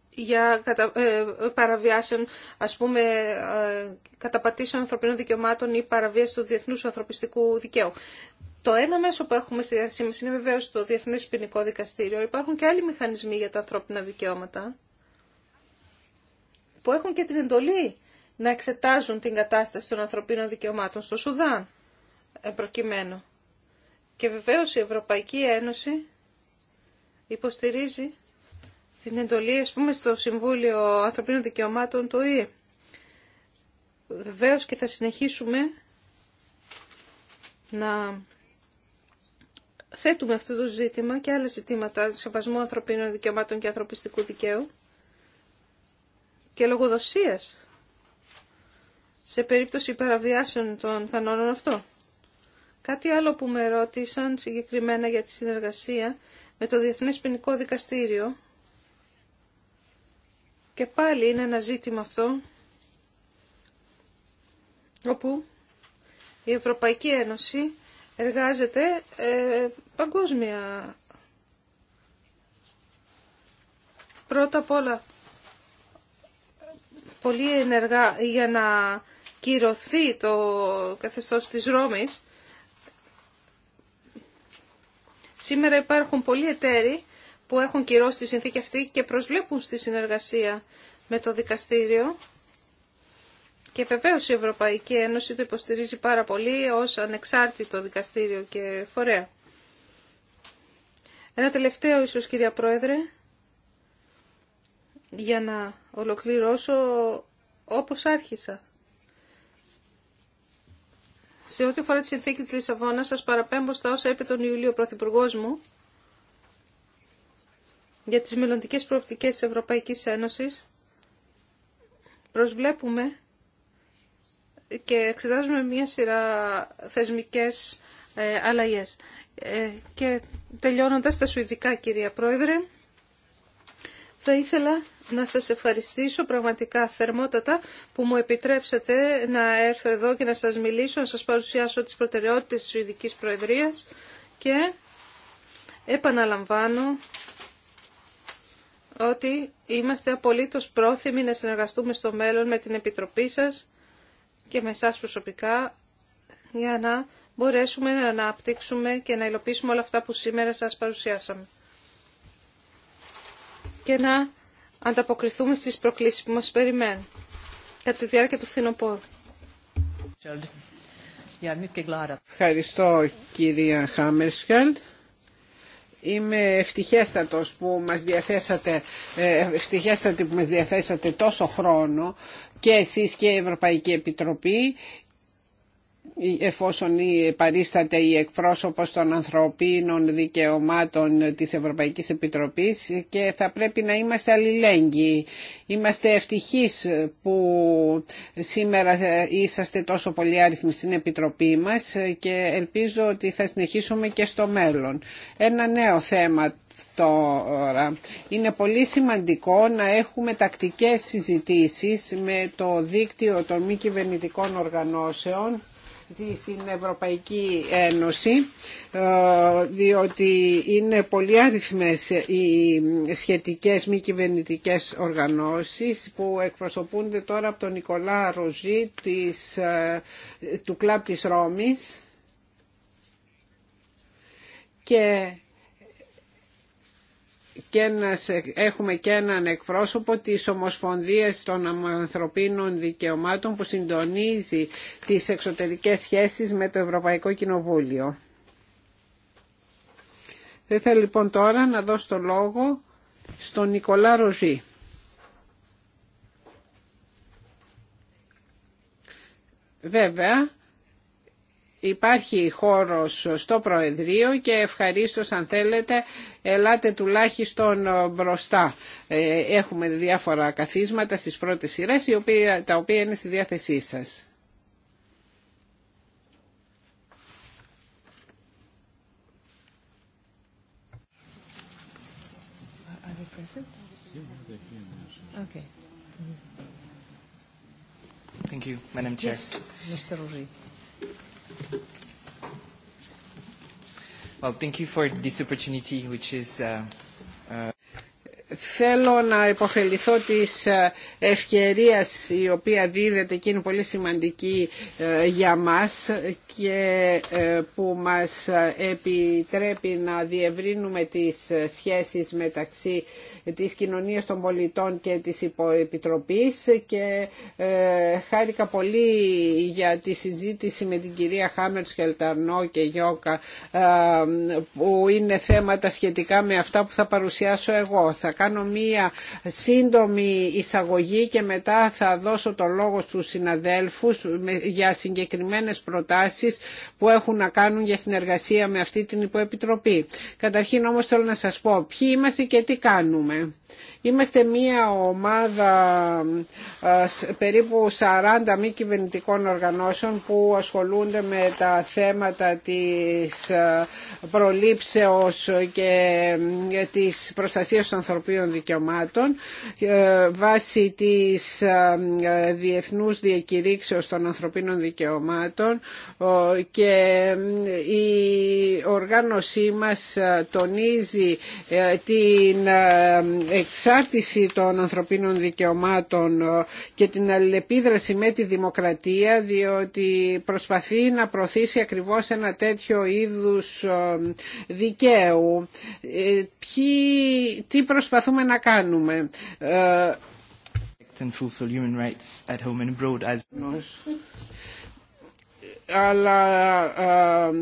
για κατα... Ε, παραβιάσεων, ας πούμε, ε, καταπατήσεων ανθρωπίνων δικαιωμάτων ή παραβίαση του διεθνούς ανθρωπιστικού δικαίου. Το ένα μέσο που έχουμε στη διάθεσή μας είναι βεβαίως το Διεθνές Ποινικό Δικαστήριο. Υπάρχουν και άλλοι μηχανισμοί για τα ανθρώπινα δικαιώματα που έχουν και την εντολή να εξετάζουν την κατάσταση των ανθρωπίνων δικαιωμάτων στο Σουδάν ε, προκειμένου. Και βεβαίως η Ευρωπαϊκή Ένωση υποστηρίζει την εντολή, ας πούμε, στο Συμβούλιο Ανθρωπίνων Δικαιωμάτων του ΙΕ. Βεβαίως και θα συνεχίσουμε να θέτουμε αυτό το ζήτημα και άλλα ζητήματα σεβασμού ανθρωπίνων δικαιωμάτων και ανθρωπιστικού δικαίου και λογοδοσίας σε περίπτωση παραβιάσεων των κανόνων αυτό. Κάτι άλλο που με ρώτησαν συγκεκριμένα για τη συνεργασία με το Διεθνές Ποινικό Δικαστήριο και πάλι είναι ένα ζήτημα αυτό όπου η Ευρωπαϊκή Ένωση εργάζεται ε, παγκόσμια. Πρώτα απ' όλα, πολύ ενεργά για να κυρωθεί το καθεστώς της Ρώμης. Σήμερα υπάρχουν πολλοί εταίροι που έχουν κυρώσει τη συνθήκη αυτή και προσβλέπουν στη συνεργασία με το δικαστήριο και βεβαίως η Ευρωπαϊκή Ένωση το υποστηρίζει πάρα πολύ ως ανεξάρτητο δικαστήριο και φορέα. Ένα τελευταίο ίσως κυρία Πρόεδρε, για να ολοκληρώσω όπως άρχισα. Σε ό,τι αφορά τη συνθήκη της Λισαβόνα, σας παραπέμπω στα όσα είπε τον Ιουλίο ο Πρωθυπουργός μου για τις μελλοντικές προοπτικές της Ευρωπαϊκής Ένωσης. Προσβλέπουμε και εξετάζουμε μία σειρά θεσμικές ε, αλλαγές. Ε, και τελειώνοντας τα Σουηδικά, κυρία Πρόεδρε, θα ήθελα να σας ευχαριστήσω πραγματικά θερμότατα που μου επιτρέψατε να έρθω εδώ και να σας μιλήσω, να σας παρουσιάσω τις προτεραιότητες της Σουηδικής Προεδρίας και επαναλαμβάνω ότι είμαστε απολύτως πρόθυμοι να συνεργαστούμε στο μέλλον με την Επιτροπή σας και με εσά προσωπικά για να μπορέσουμε να αναπτύξουμε και να υλοποιήσουμε όλα αυτά που σήμερα σας παρουσιάσαμε και να ανταποκριθούμε στις προκλήσεις που μας περιμένουν κατά τη διάρκεια του φθινοπόρου. Ευχαριστώ κυρία Χάμερσχελτ. Είμαι ευτυχέστατος που μας διαθέσατε, ε, ευτυχέστατη που μας διαθέσατε τόσο χρόνο και εσείς και η Ευρωπαϊκή Επιτροπή εφόσον παρίσταται η εκπρόσωπος των ανθρωπίνων δικαιωμάτων της Ευρωπαϊκής Επιτροπής και θα πρέπει να είμαστε αλληλέγγυοι. Είμαστε ευτυχείς που σήμερα είσαστε τόσο πολύ άριθμοι στην Επιτροπή μας και ελπίζω ότι θα συνεχίσουμε και στο μέλλον. Ένα νέο θέμα τώρα. Είναι πολύ σημαντικό να έχουμε τακτικές συζητήσεις με το δίκτυο των μη κυβερνητικών οργανώσεων στην Ευρωπαϊκή Ένωση ε, διότι είναι πολύ άριθμες οι σχετικές μη κυβερνητικέ οργανώσεις που εκπροσωπούνται τώρα από τον Νικολά Ροζή της, ε, του Κλάπ της Ρώμης και και έχουμε και έναν εκπρόσωπο της Ομοσπονδίας των Ανθρωπίνων Δικαιωμάτων που συντονίζει τις εξωτερικές σχέσεις με το Ευρωπαϊκό Κοινοβούλιο. Θα ήθελα λοιπόν τώρα να δώσω το λόγο στον Νικολά Ροζή. Βέβαια, υπάρχει χώρος στο Προεδρείο και ευχαρίστως αν θέλετε ελάτε τουλάχιστον μπροστά. Ε, έχουμε διάφορα καθίσματα στις πρώτες σειρές τα οποία είναι στη διάθεσή σας. Okay. Thank Well, thank you for this opportunity, which is θέλω να υποφεληθώ της ε, ευκαιρίας η οποία δίδεται και είναι πολύ σημαντική ε, για μας και ε, που μας επιτρέπει να διευρύνουμε τις σχέσεις μεταξύ της κοινωνίας των πολιτών και της υποεπιτροπής και χάρηκα πολύ για τη συζήτηση με την κυρία Χάμερς Χελταρνό και Γιώκα που είναι θέματα σχετικά με αυτά που θα παρουσιάσω εγώ. Θα κάνω μία σύντομη εισαγωγή και μετά θα δώσω το λόγο στους συναδέλφους για συγκεκριμένες προτάσεις που έχουν να κάνουν για συνεργασία με αυτή την υποεπιτροπή. Καταρχήν όμως θέλω να σας πω ποιοι είμαστε και τι κάνουμε. Είμαστε μία ομάδα ε, περίπου 40 μη κυβερνητικών οργανώσεων που ασχολούνται με τα θέματα της ε, προλήψεως και ε, της προστασίας των ανθρωπίνων δικαιωμάτων ε, βάσει της ε, ε, διεθνούς διακηρύξεως των ανθρωπίνων δικαιωμάτων και η οργάνωσή μας τονίζει την εξάρτηση των ανθρωπίνων δικαιωμάτων και την αλληλεπίδραση με τη δημοκρατία διότι προσπαθεί να προωθήσει ακριβώς ένα τέτοιο είδους δικαίου. Ποιοι, τι προσπαθεί προσπαθούμε να κάνουμε. And human rights at home and abroad as αλλά ε,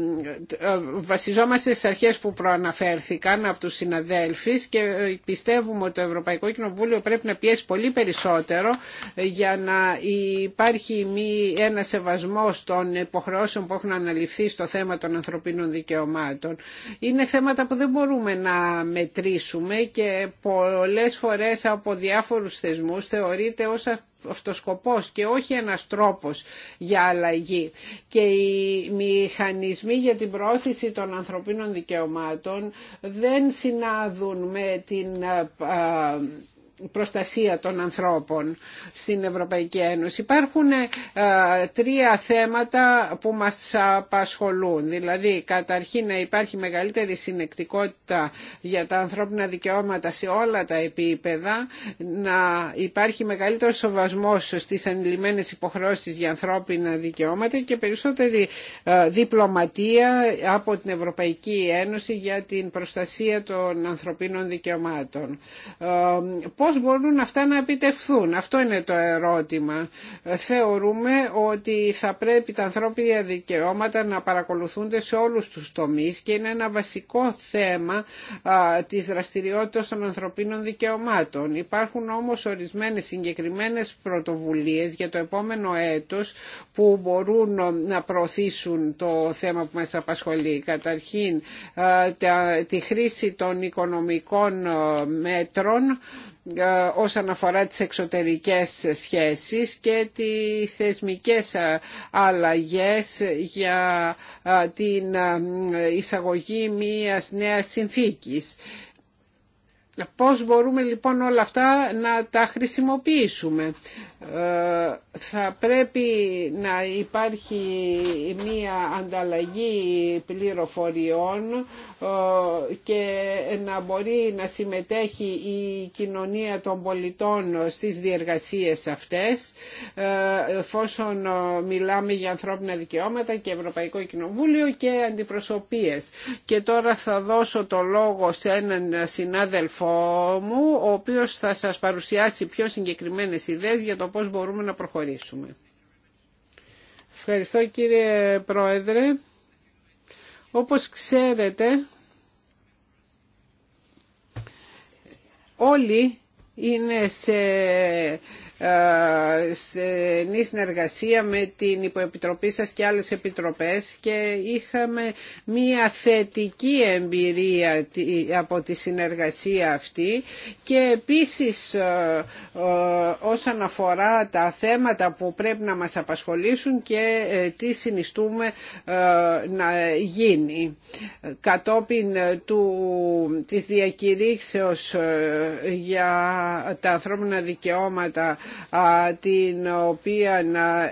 ε, βασιζόμαστε στις αρχές που προαναφέρθηκαν από τους συναδέλφους και ε, πιστεύουμε ότι το Ευρωπαϊκό Κοινοβούλιο πρέπει να πιέσει πολύ περισσότερο για να υπάρχει μη ένα σεβασμό των υποχρεώσεων που έχουν αναλυφθεί στο θέμα των ανθρωπίνων δικαιωμάτων. Είναι θέματα που δεν μπορούμε να μετρήσουμε και πολλές φορές από διάφορους θεσμούς θεωρείται ως αυτοσκοπός και όχι ένας τρόπος για αλλαγή. Και οι μηχανισμοί για την πρόθεση των ανθρωπίνων δικαιωμάτων δεν συνάδουν με την ε, προστασία των ανθρώπων στην Ευρωπαϊκή Ένωση. Υπάρχουν ε, τρία θέματα που μας απασχολούν. Δηλαδή, καταρχήν να υπάρχει μεγαλύτερη συνεκτικότητα για τα ανθρώπινα δικαιώματα σε όλα τα επίπεδα, να υπάρχει μεγαλύτερο σοβασμός στις ανηλυμένες υποχρεώσεις για ανθρώπινα δικαιώματα και περισσότερη ε, διπλωματία από την Ευρωπαϊκή Ένωση για την προστασία των ανθρωπίνων δικαιωμάτων ε, πώς μπορούν αυτά να επιτευχθούν. Αυτό είναι το ερώτημα. Θεωρούμε ότι θα πρέπει τα ανθρώπινα δικαιώματα να παρακολουθούνται σε όλους τους τομείς και είναι ένα βασικό θέμα της δραστηριότητας των ανθρωπίνων δικαιωμάτων. Υπάρχουν όμως ορισμένες συγκεκριμένες πρωτοβουλίες για το επόμενο έτος που μπορούν να προωθήσουν το θέμα που μας απασχολεί. Καταρχήν, τη χρήση των οικονομικών μέτρων ε, όσον αφορά τις εξωτερικές σχέσεις και τις θεσμικές ε, αλλαγές για ε, την εισαγωγή μιας νέας συνθήκης. Πώς μπορούμε λοιπόν όλα αυτά να τα χρησιμοποιήσουμε. Θα πρέπει να υπάρχει μία ανταλλαγή πληροφοριών ε, και να μπορεί να συμμετέχει η κοινωνία των πολιτών στις διεργασίες αυτές ε, εφόσον ε, μιλάμε για ανθρώπινα δικαιώματα και Ευρωπαϊκό Κοινοβούλιο και αντιπροσωπίες. Και τώρα θα δώσω το λόγο σε έναν συνάδελφό μου ο οποίος θα σας παρουσιάσει πιο συγκεκριμένες ιδέες για το πώς μπορούμε να προχωρήσουμε. Ευχαριστώ κύριε Πρόεδρε. Όπως ξέρετε, όλοι είναι σε ε, στενή συνεργασία με την υποεπιτροπή σας και άλλες επιτροπές και είχαμε μία θετική εμπειρία από τη συνεργασία αυτή και επίσης ε, ε, όσον αφορά τα θέματα που πρέπει να μας απασχολήσουν και τι συνιστούμε να γίνει. Κατόπιν του, της διακηρύξεως για τα ανθρώπινα δικαιώματα την οποία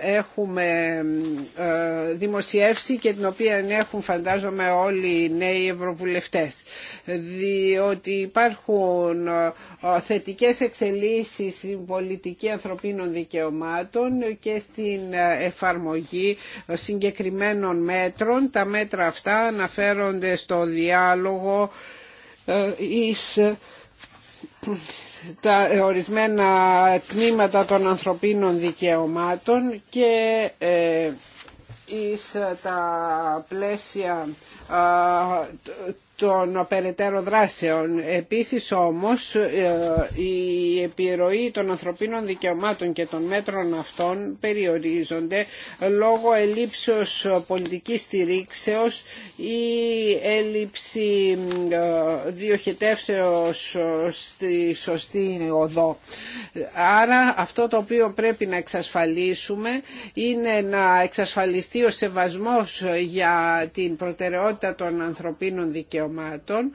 έχουμε ε, δημοσιεύσει και την οποία έχουν φαντάζομαι όλοι οι νέοι ευρωβουλευτές διότι υπάρχουν ε, ε, θετικές εξελίσεις στην πολιτική ανθρωπίνων δικαιωμάτων και στην εφαρμογή συγκεκριμένων μέτρων. Τα μέτρα αυτά αναφέρονται στο διάλογο εις τα ορισμένα τμήματα των ανθρωπίνων δικαιωμάτων και ε, εις τα πλαίσια των περαιτέρω δράσεων. Επίσης όμως ε, η επιρροή των ανθρωπίνων δικαιωμάτων και των μέτρων αυτών περιορίζονται λόγω ελλείψεως πολιτικής στηρίξεως ή έλλειψη ε, διοχετεύσεως στη σωστή οδό. Άρα αυτό το οποίο πρέπει να εξασφαλίσουμε είναι να εξασφαλιστεί ο σεβασμός για την προτεραιότητα των ανθρωπίνων δικαιωμάτων δικαιωμάτων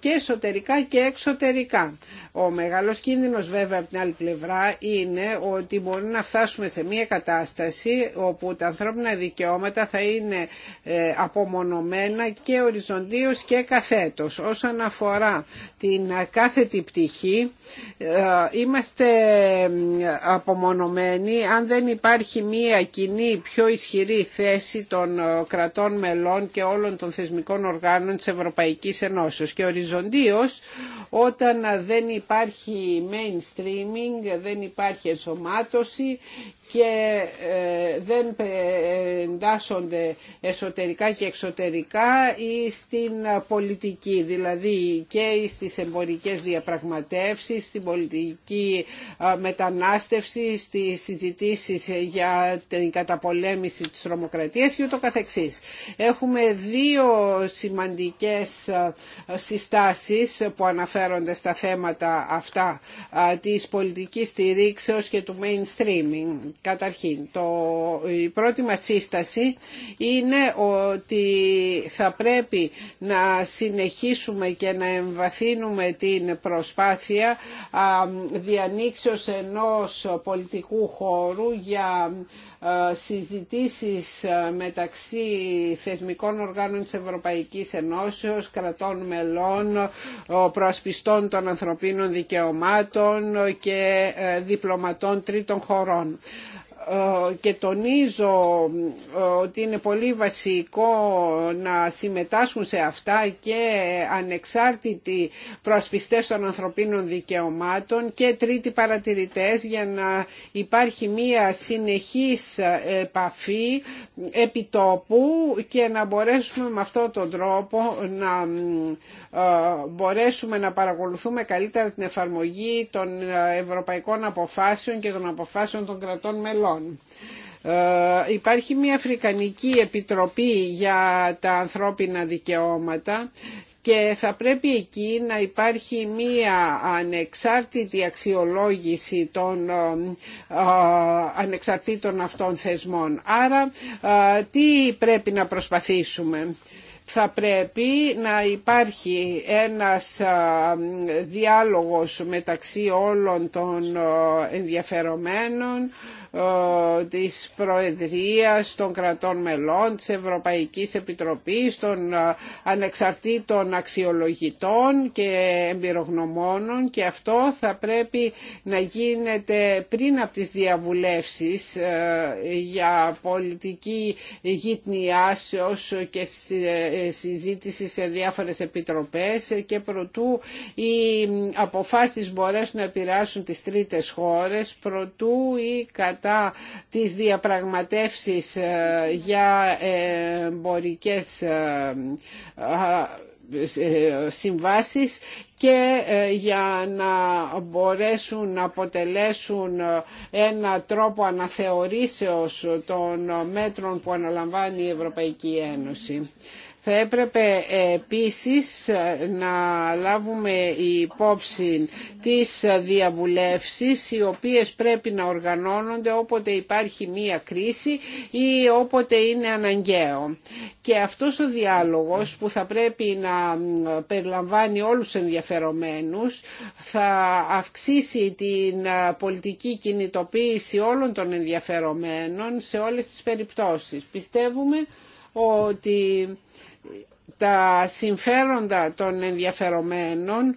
και εσωτερικά και εξωτερικά. Ο μεγάλος κίνδυνος βέβαια από την άλλη πλευρά είναι ότι μπορεί να φτάσουμε σε μια κατάσταση όπου τα ανθρώπινα δικαιώματα θα είναι ε, απομονωμένα και οριζοντίως και καθέτος. Όσον αφορά την κάθετη πτυχή ε, είμαστε ε, απομονωμένοι αν δεν υπάρχει μια κοινή πιο ισχυρή θέση των κρατών μελών και όλων των θεσμικών οργάνων της Ευρωπαϊκής Ευρωπαϊκής και οριζοντίως όταν δεν υπάρχει mainstreaming, δεν υπάρχει ενσωμάτωση και ε, δεν εντάσσονται εσωτερικά και εξωτερικά ή στην πολιτική, δηλαδή και στις εμπορικές διαπραγματεύσεις, στην πολιτική ε, μετανάστευση, στις συζητήσεις για την καταπολέμηση της τρομοκρατίας και ούτω καθεξής. Έχουμε δύο σημαντικές ε, συστάσεις που αναφέρονται στα θέματα αυτά της πολιτικής στηρίξεως και του mainstreaming Καταρχήν, το, η πρώτη μας σύσταση είναι ότι θα πρέπει να συνεχίσουμε και να εμβαθύνουμε την προσπάθεια διανοίξεως ενός πολιτικού χώρου για ε, συζητήσεις ε, μεταξύ θεσμικών οργάνων της Ευρωπαϊκής Ενώσεως, κρατών μελών, προασπιστών των ανθρωπίνων δικαιωμάτων και ε, διπλωματών τρίτων χωρών. Ε, και τονίζω ε, ότι είναι πολύ βασικό να συμμετάσχουν σε αυτά και ανεξάρτητοι προσπιστές των ανθρωπίνων δικαιωμάτων και τρίτοι παρατηρητές για να υπάρχει μία συνεχής επαφή επιτόπου και να μπορέσουμε με αυτόν τον τρόπο να ε, μπορέσουμε να παρακολουθούμε καλύτερα την εφαρμογή των ευρωπαϊκών αποφάσεων και των αποφάσεων των κρατών μελών. Ε, υπάρχει μια Αφρικανική Επιτροπή για τα ανθρώπινα δικαιώματα και θα πρέπει εκεί να υπάρχει μία ανεξάρτητη αξιολόγηση των ε, ε, ανεξαρτήτων αυτών θεσμών. Άρα τι πρέπει να προσπαθήσουμε θα πρέπει να υπάρχει ένας διάλογος μεταξύ όλων των ενδιαφερομένων ε, της Προεδρίας, των κρατών μελών, της Ευρωπαϊκής Επιτροπής, των ε, ανεξαρτήτων αξιολογητών και εμπειρογνωμόνων και αυτό θα πρέπει να γίνεται πριν από τις διαβουλεύσεις ε, για πολιτική γυτνιάσεως και συζήτηση σε διάφορες επιτροπές και προτού οι αποφάσεις μπορέσουν να επηρεάσουν τις τρίτες χώρες, προτού ή κατά τις διαπραγματεύσεις ε, για εμπορικές ε, ε, συμβάσεις και για να μπορέσουν να αποτελέσουν ένα τρόπο αναθεωρήσεως των μέτρων που αναλαμβάνει η Ευρωπαϊκή Ένωση. Θα έπρεπε επίσης να λάβουμε υπόψη τις διαβουλεύσεις οι οποίες πρέπει να οργανώνονται όποτε υπάρχει μία κρίση ή όποτε είναι αναγκαίο. Και αυτός ο διάλογος που θα πρέπει να περιλαμβάνει όλους τους ενδιαφερομένους θα αυξήσει την πολιτική κινητοποίηση όλων των ενδιαφερομένων σε όλες τις περιπτώσεις. Πιστεύουμε ότι τα συμφέροντα των ενδιαφερομένων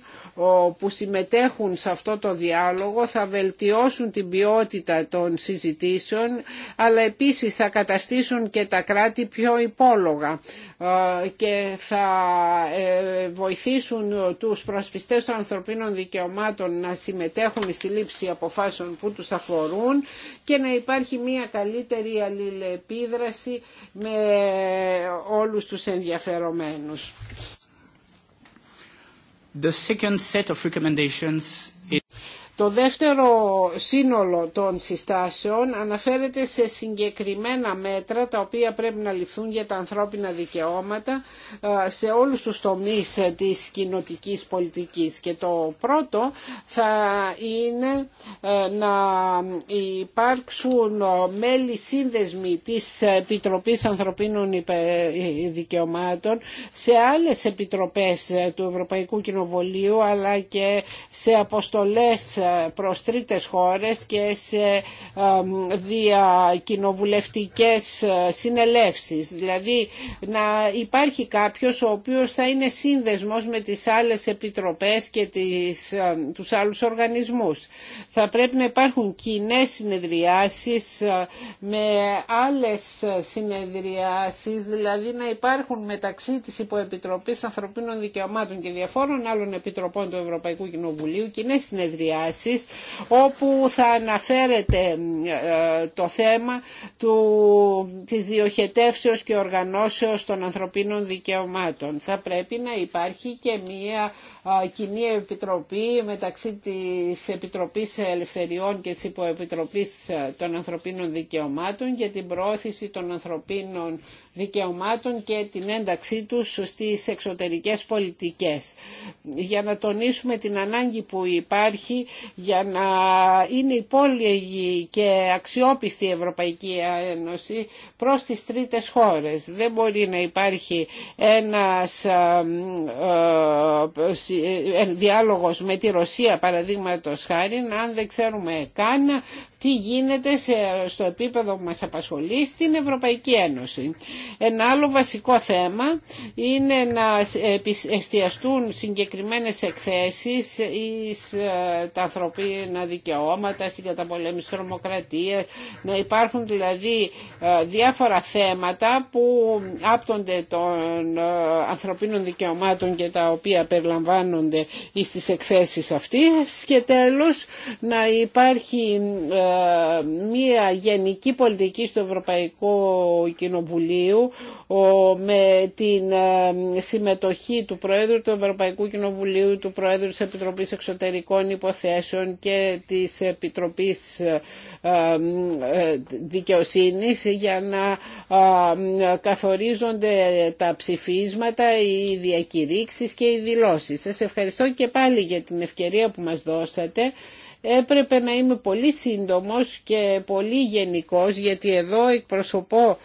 που συμμετέχουν σε αυτό το διάλογο θα βελτιώσουν την ποιότητα των συζητήσεων αλλά επίσης θα καταστήσουν και τα κράτη πιο υπόλογα ε, και θα ε, βοηθήσουν τους προσπιστές των ανθρωπίνων δικαιωμάτων να συμμετέχουν στη λήψη αποφάσεων που τους αφορούν και να υπάρχει μια καλύτερη αλληλεπίδραση με όλους τους ενδιαφερομένους. The second set of recommendations is το δεύτερο σύνολο των συστάσεων αναφέρεται σε συγκεκριμένα μέτρα τα οποία πρέπει να ληφθούν για τα ανθρώπινα δικαιώματα ε, σε όλους τους τομείς ε, της κοινοτικής πολιτικής. Και το πρώτο θα είναι ε, να υπάρξουν μέλη σύνδεσμοι της Επιτροπής Ανθρωπίνων Δικαιωμάτων σε άλλες επιτροπές του Ευρωπαϊκού Κοινοβουλίου αλλά και σε αποστολές ε, προς τρίτες χώρες και σε διακοινοβουλευτικές ε, συνελεύσεις. Δηλαδή να υπάρχει κάποιος ο οποίος θα είναι σύνδεσμος με τις άλλες επιτροπές και τις, ε, τους άλλους οργανισμούς. Θα πρέπει να υπάρχουν κοινέ συνεδριάσεις με άλλες συνεδριάσεις, δηλαδή να υπάρχουν μεταξύ της Υποεπιτροπής Ανθρωπίνων Δικαιωμάτων και διαφόρων άλλων επιτροπών του Ευρωπαϊκού Κοινοβουλίου κοινέ συνεδριάσεις όπου θα αναφέρεται ε, το θέμα του, της διοχετεύσεως και οργανώσεως των ανθρωπίνων δικαιωμάτων. Θα πρέπει να υπάρχει και μία κοινή επιτροπή μεταξύ της Επιτροπής Ελευθεριών και της Υποεπιτροπής ε, των Ανθρωπίνων Δικαιωμάτων για την προώθηση των ανθρωπίνων δικαιωμάτων και την ένταξή τους στις εξωτερικές πολιτικές. Για να τονίσουμε την ανάγκη που υπάρχει για να είναι υπόλοιγη και αξιόπιστη η Ευρωπαϊκή Ένωση προς τις τρίτες χώρες. Δεν μπορεί να υπάρχει ένας ε, ε, ε, ε, διάλογος με τη Ρωσία παραδείγματος χάρη αν δεν ξέρουμε καν τι γίνεται στο επίπεδο που μας απασχολεί στην Ευρωπαϊκή Ένωση. Ένα άλλο βασικό θέμα είναι να εστιαστούν συγκεκριμένες εκθέσεις εις ε, τα ανθρωπίνα δικαιώματα, στην καταπολέμηση τρομοκρατία, να υπάρχουν δηλαδή ε, διάφορα θέματα που άπτονται των ε, ανθρωπίνων δικαιωμάτων και τα οποία περιλαμβάνονται τις εκθέσεις αυτές και τέλος να υπάρχει μια γενική πολιτική στο Ευρωπαϊκό Κοινοβουλίο με την ε, συμμετοχή του Προέδρου του Ευρωπαϊκού Κοινοβουλίου, του Προέδρου της Επιτροπής Εξωτερικών Υποθέσεων και της Επιτροπής ε, ε, Δικαιοσύνης για να καθορίζονται τα ψηφίσματα, οι διακηρύξεις και οι δηλώσεις. Σας ευχαριστώ και πάλι για την ευκαιρία που μας δώσατε έπρεπε να είμαι πολύ σύντομος και πολύ γενικός γιατί εδώ εκπροσωπώ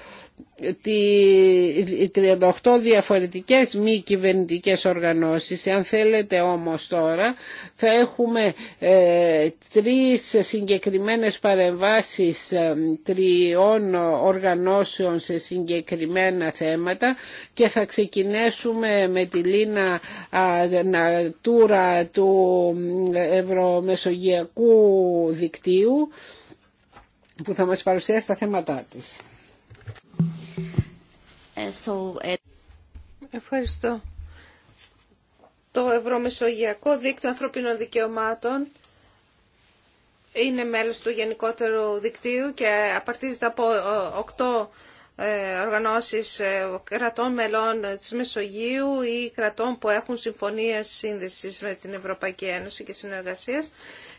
οι 38 διαφορετικές μη κυβερνητικές οργανώσεις. Αν θέλετε όμως τώρα θα έχουμε ε, τρεις συγκεκριμένες παρεμβάσεις ε, τριών οργανώσεων σε συγκεκριμένα θέματα και θα ξεκινήσουμε με τη Λίνα Νατούρα του Ευρωμεσογειακού Δικτύου που θα μας παρουσιάσει τα θέματά της. Ε, Ευχαριστώ. Το Ευρωμεσογειακό Δίκτυο Ανθρωπίνων Δικαιωμάτων είναι μέλος του γενικότερου δικτύου και απαρτίζεται από ε, οκτώ ε, οργανώσεις κρατών μελών της Μεσογείου ή κρατών που έχουν συμφωνίες σύνδεσης με την Ευρωπαϊκή Ένωση και συνεργασίας.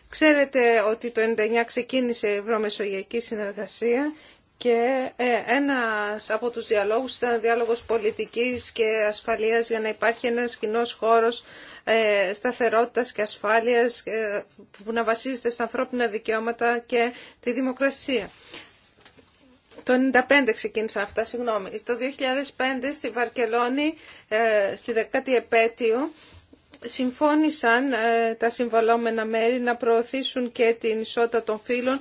Ξέρετε ότι το 1999 ξεκίνησε η Ευρωμεσογειακή Συνεργασία και ε, ένας από τους διαλόγους ήταν διάλογος πολιτικής και ασφαλείας για να υπάρχει ένας κοινό χώρος ε, σταθερότητας και ασφάλειας ε, που να βασίζεται στα ανθρώπινα δικαιώματα και τη δημοκρασία. Το 1995 ξεκίνησαν αυτά, συγγνώμη. Το 2005 στη Βαρκελόνη, στη δεκάτη επέτειο, συμφώνησαν ε, τα συμβαλόμενα μέρη να προωθήσουν και την ισότητα των φύλων,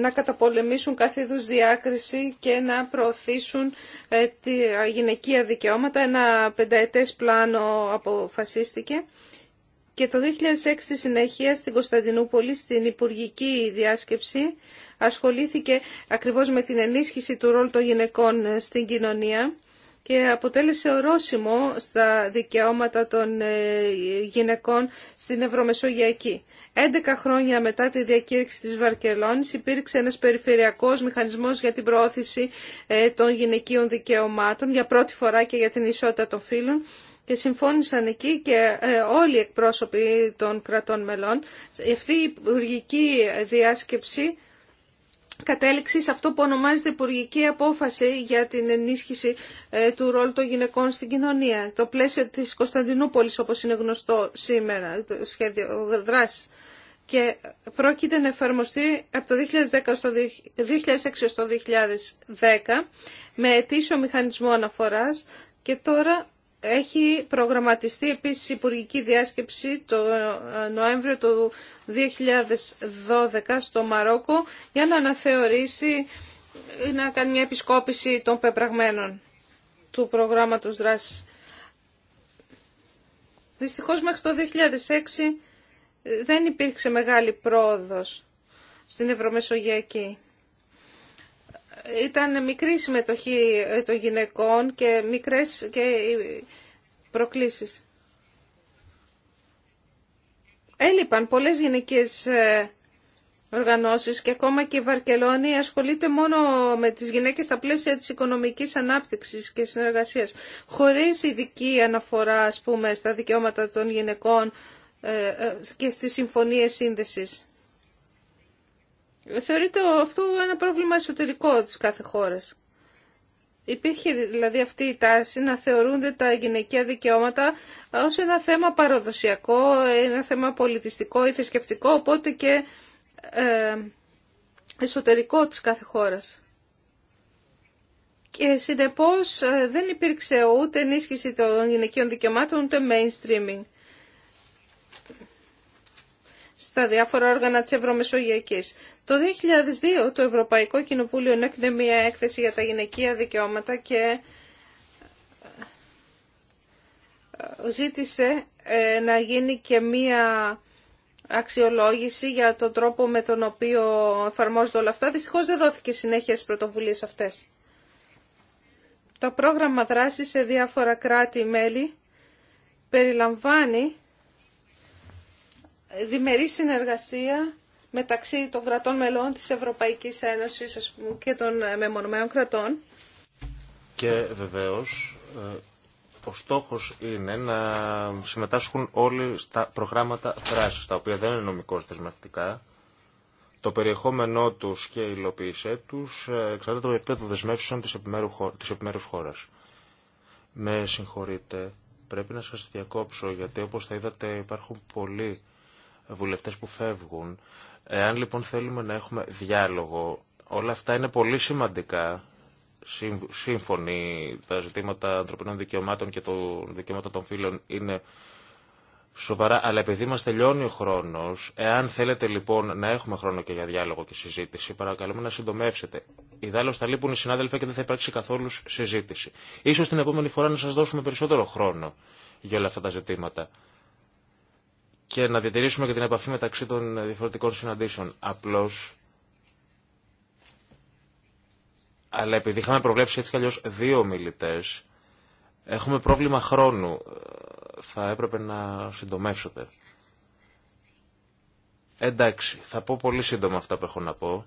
να καταπολεμήσουν κάθε είδους διάκριση και να προωθήσουν ε, τη γυναικεία δικαιώματα. Ένα πενταετές πλάνο αποφασίστηκε. Και το 2006 στη συνέχεια στην Κωνσταντινούπολη, στην Υπουργική Διάσκεψη, ασχολήθηκε ακριβώς με την ενίσχυση του ρόλου των γυναικών ε, στην κοινωνία και αποτέλεσε ορόσημο στα δικαιώματα των ε, γυναικών στην Ευρωμεσογειακή. 11 χρόνια μετά τη διακήρυξη της Βαρκελόνης υπήρξε ένας περιφερειακός μηχανισμός για την προώθηση ε, των γυναικείων δικαιωμάτων για πρώτη φορά και για την ισότητα των φύλων και συμφώνησαν εκεί και ε, όλοι οι εκπρόσωποι των κρατών μελών. Αυτή η υπουργική διάσκεψη κατέληξη σε αυτό που ονομάζεται υπουργική απόφαση για την ενίσχυση ε, του ρόλου των γυναικών στην κοινωνία. Το πλαίσιο της Κωνσταντινούπολης, όπως είναι γνωστό σήμερα, το σχέδιο δράσης. Και πρόκειται να εφαρμοστεί από το 2010 στο 2006 στο 2010 με αιτήσιο μηχανισμό αναφοράς και τώρα έχει προγραμματιστεί επίσης η Υπουργική Διάσκεψη το ε, Νοέμβριο του 2012 στο Μαρόκο για να αναθεωρήσει να κάνει μια επισκόπηση των πεπραγμένων του προγράμματος δράσης. Δυστυχώς μέχρι το 2006 δεν υπήρξε μεγάλη πρόοδος στην Ευρωμεσογειακή ήταν μικρή συμμετοχή ε, των γυναικών και μικρές και προκλήσεις. Έλειπαν πολλές γυναικές ε, οργανώσεις και ακόμα και η Βαρκελόνη ασχολείται μόνο με τις γυναίκες στα πλαίσια της οικονομικής ανάπτυξης και συνεργασίας, χωρίς ειδική αναφορά, πούμε, στα δικαιώματα των γυναικών ε, και στις συμφωνίες σύνδεσης. Θεωρείται αυτό ένα πρόβλημα εσωτερικό της κάθε χώρας. Υπήρχε δηλαδή αυτή η τάση να θεωρούνται τα γυναικεία δικαιώματα ως ένα θέμα παραδοσιακό, ένα θέμα πολιτιστικό ή θρησκευτικό, οπότε και ε, εσωτερικό της κάθε χώρας. Και συνεπώς ε, δεν υπήρξε ούτε ενίσχυση των γυναικείων δικαιωμάτων ούτε mainstreaming στα διάφορα όργανα της Ευρωμεσογειακής. Το 2002 το Ευρωπαϊκό Κοινοβούλιο έκανε μια έκθεση για τα γυναικεία δικαιώματα και ε, ζήτησε ε, να γίνει και μια αξιολόγηση για τον τρόπο με τον οποίο εφαρμόζονται όλα αυτά. Δυστυχώς δεν δόθηκε συνέχεια στις πρωτοβουλίες αυτές. Το πρόγραμμα δράσης σε διάφορα κράτη-μέλη περιλαμβάνει διμερή συνεργασία μεταξύ των κρατών μελών της Ευρωπαϊκής Ένωσης ας και των ε, μεμονωμένων κρατών. Και βεβαίως ε, ο στόχος είναι να συμμετάσχουν όλοι στα προγράμματα δράσης, τα οποία δεν είναι νομικώς δεσμευτικά. Το περιεχόμενό τους και η υλοποίησή τους ε, εξαρτάται το επίπεδο δεσμεύσεων της, της επιμέρους χώρας. Με συγχωρείτε, πρέπει να σας διακόψω, γιατί όπως θα είδατε υπάρχουν πολλοί βουλευτές που φεύγουν. Εάν λοιπόν θέλουμε να έχουμε διάλογο, όλα αυτά είναι πολύ σημαντικά, σύμφωνοι, τα ζητήματα ανθρωπινών δικαιωμάτων και των δικαιωμάτων των φίλων είναι σοβαρά, αλλά επειδή μας τελειώνει ο χρόνος, εάν θέλετε λοιπόν να έχουμε χρόνο και για διάλογο και συζήτηση, παρακαλούμε να συντομεύσετε. Ιδάλλως θα λείπουν οι συνάδελφοι και δεν θα υπάρξει καθόλου συζήτηση. Ίσως την επόμενη φορά να σας δώσουμε περισσότερο χρόνο για όλα αυτά τα ζητήματα και να διατηρήσουμε και την επαφή μεταξύ των διαφορετικών συναντήσεων. Απλώ, αλλά επειδή είχαμε προβλέψει έτσι κι αλλιώ δύο ομιλητέ, έχουμε πρόβλημα χρόνου. Θα έπρεπε να συντομεύσετε. Εντάξει, θα πω πολύ σύντομα αυτά που έχω να πω.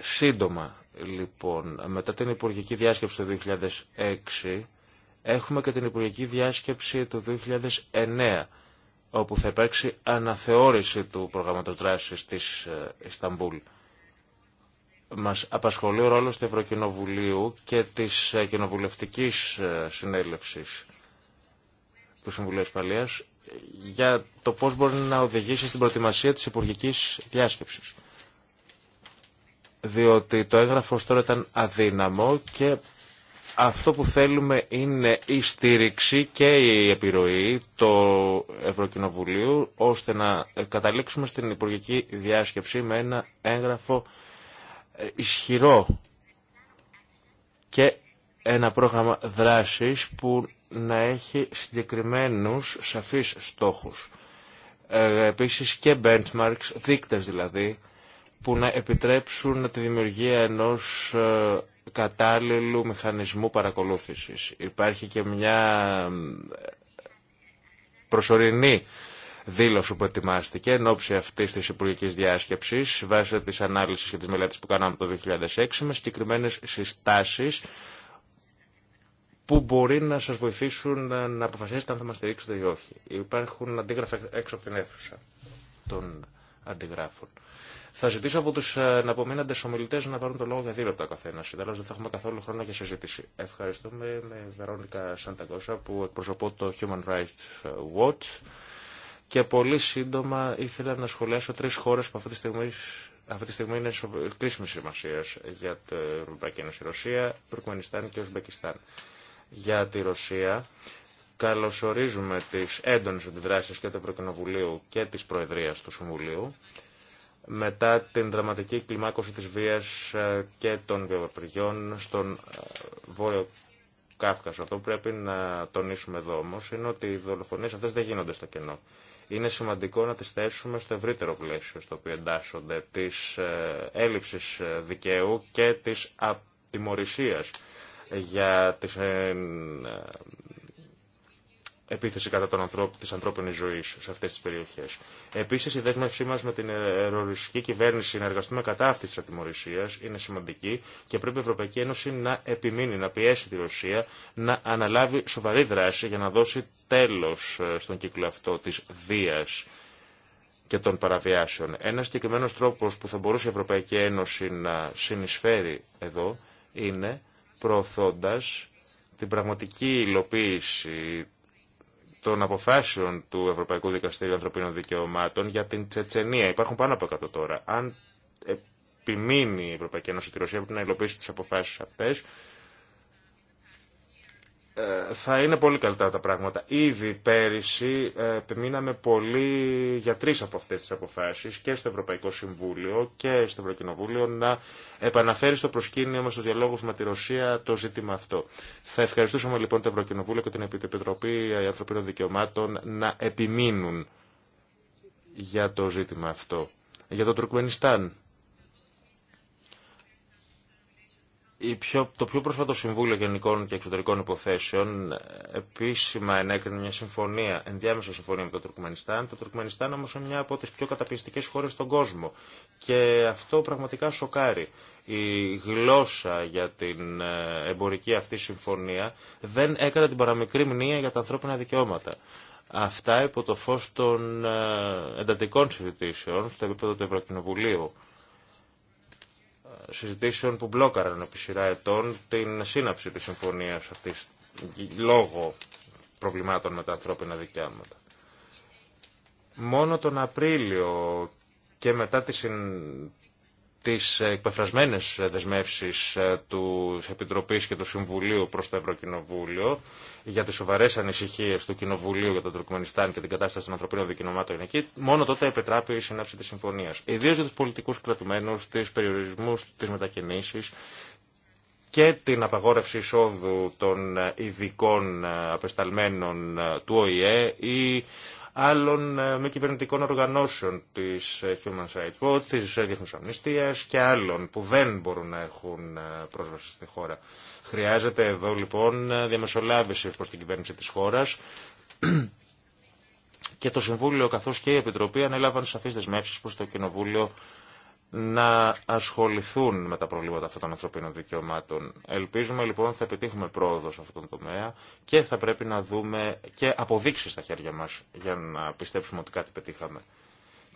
Σύντομα, λοιπόν, μετά την Υπουργική Διάσκεψη του 2006, έχουμε και την Υπουργική Διάσκεψη του 2009, όπου θα υπάρξει αναθεώρηση του προγράμματος της ε, Ισταμπούλ. Μας απασχολεί ο ρόλος του Ευρωκοινοβουλίου και της ε, Κοινοβουλευτικής ε, Συνέλευσης του Συμβουλίου Ασφαλείας για το πώς μπορεί να οδηγήσει στην προετοιμασία της Υπουργικής Διάσκεψης διότι το έγγραφο τώρα ήταν αδύναμο και αυτό που θέλουμε είναι η στήριξη και η επιρροή του Ευρωκοινοβουλίου ώστε να καταλήξουμε στην υπουργική διάσκεψη με ένα έγγραφο ε, ισχυρό και ένα πρόγραμμα δράσης που να έχει συγκεκριμένους σαφείς στόχους. Ε, επίσης και benchmarks, δείκτες δηλαδή, που να επιτρέψουν τη δημιουργία ενός ε, κατάλληλου μηχανισμού παρακολούθησης. Υπάρχει και μια προσωρινή δήλωση που ετοιμάστηκε εν ώψη αυτή τη υπουργική διάσκεψη βάσει τη ανάλυση και τη μελέτη που κάναμε το 2006 με συγκεκριμένε συστάσει που μπορεί να σα βοηθήσουν να αποφασίσετε αν θα μα στηρίξετε ή όχι. Υπάρχουν αντίγραφα έξω από την αίθουσα των αντιγράφων. Θα ζητήσω από του αναπομείναντε ε, ομιλητέ να πάρουν το λόγο για δύο λεπτά καθένα. Ιδάλω δεν θα έχουμε καθόλου χρόνο για συζήτηση. Ευχαριστούμε με Βερόνικα Σανταγκώσα που εκπροσωπώ το Human Rights Watch. Και πολύ σύντομα ήθελα να σχολιάσω τρει χώρε που αυτή τη στιγμή αυτή τη στιγμή είναι κρίσιμη σημασία για την Ευρωπαϊκή Ένωση. Ρωσία, Τουρκμενιστάν και Ουσμπεκιστάν. Για τη Ρωσία, καλωσορίζουμε τι έντονε αντιδράσει και του Ευρωκοινοβουλίου και τη Προεδρία του Συμβουλίου μετά την δραματική κλιμάκωση της βίας ε, και των βιοπριών στον ε, Βόρειο Κάφκασο. Αυτό που πρέπει να τονίσουμε εδώ όμω είναι ότι οι δολοφονίες αυτές δεν γίνονται στο κενό. Είναι σημαντικό να τις θέσουμε στο ευρύτερο πλαίσιο στο οποίο εντάσσονται της ε, έλλειψης δικαίου και της απτιμορρησίας για τις επίθεση κατά των ανθρώπ, της ανθρώπινης ζωής σε αυτές τις περιοχές. Επίσης, η δέσμευσή μας με την ε, ρωσική κυβέρνηση να εργαστούμε κατά αυτής της ατιμορρησίας είναι σημαντική και πρέπει η Ευρωπαϊκή Ένωση να επιμείνει, να πιέσει τη Ρωσία να αναλάβει σοβαρή δράση για να δώσει τέλος ε, στον κύκλο αυτό της βίας και των παραβιάσεων. Ένας συγκεκριμένο τρόπος που θα μπορούσε η Ευρωπαϊκή Ένωση να συνεισφέρει εδώ είναι προωθώντας την πραγματική υλοποίηση των αποφάσεων του Ευρωπαϊκού Δικαστήριου Ανθρωπίνων Δικαιωμάτων για την Τσετσενία. Υπάρχουν πάνω από 100 τώρα. Αν επιμείνει η Ευρωπαϊκή Ένωση και η Ρωσία πρέπει να υλοποιήσει τι αποφάσει αυτέ ε, θα είναι πολύ καλύτερα τα πράγματα. Ήδη πέρυσι ε, επιμείναμε πολύ για τρεις από αυτές τις αποφάσεις και στο Ευρωπαϊκό Συμβούλιο και στο Ευρωκοινοβούλιο να επαναφέρει στο προσκήνιο μας στους διαλόγους με τη Ρωσία το ζήτημα αυτό. Θα ευχαριστούσαμε λοιπόν το Ευρωκοινοβούλιο και την Επιτροπή ε, Ανθρωπίνων Δικαιωμάτων να επιμείνουν για το ζήτημα αυτό. Για το Τουρκμενιστάν. πιο, το πιο πρόσφατο Συμβούλιο Γενικών και Εξωτερικών Υποθέσεων ε, επίσημα ενέκρινε μια συμφωνία, ενδιάμεσα συμφωνία με το Τουρκμενιστάν. Το Τουρκμενιστάν όμω είναι μια από τι πιο καταπιστικέ χώρε στον κόσμο. Και αυτό πραγματικά σοκάρει. Η γλώσσα για την ε, εμπορική αυτή συμφωνία δεν έκανε την παραμικρή μνήμα για τα ανθρώπινα δικαιώματα. Αυτά υπό το φω των ε, εντατικών συζητήσεων στο επίπεδο του Ευρωκοινοβουλίου συζητήσεων που μπλόκαραν επί σειρά ετών την σύναψη της συμφωνίας αυτής λόγω προβλημάτων με τα ανθρώπινα δικαιώματα. Μόνο τον Απρίλιο και μετά τη συν τις εκπεφρασμένες δεσμεύσεις ε, του Επιτροπής και του Συμβουλίου προς το Ευρωκοινοβούλιο για τις σοβαρές ανησυχίες του Κοινοβουλίου για τον Τουρκμενιστάν και την κατάσταση των ανθρωπίνων δικαιωμάτων εκεί, μόνο τότε επιτράπει η συνάψη της συμφωνίας. Ιδίως για τους πολιτικούς κρατουμένους, τις περιορισμούς, τις μετακινήσεις και την απαγόρευση εισόδου των ειδικών ε, απεσταλμένων ε, του ΟΗΕ ή άλλων ε, μη κυβερνητικών οργανώσεων της ε, Human Rights Watch, της ε, Διεθνούς Αμνηστίας και άλλων που δεν μπορούν να έχουν πρόσβαση στη χώρα. Χρειάζεται εδώ λοιπόν διαμεσολάβηση προς την κυβέρνηση της χώρας και το Συμβούλιο καθώς και η Επιτροπή ανέλαβαν σαφείς δεσμεύσεις προς το Κοινοβούλιο να ασχοληθούν με τα προβλήματα αυτών των ανθρωπίνων δικαιωμάτων. Ελπίζουμε λοιπόν θα επιτύχουμε πρόοδο σε αυτόν τον τομέα και θα πρέπει να δούμε και αποδείξει στα χέρια μα, για να πιστέψουμε ότι κάτι πετύχαμε.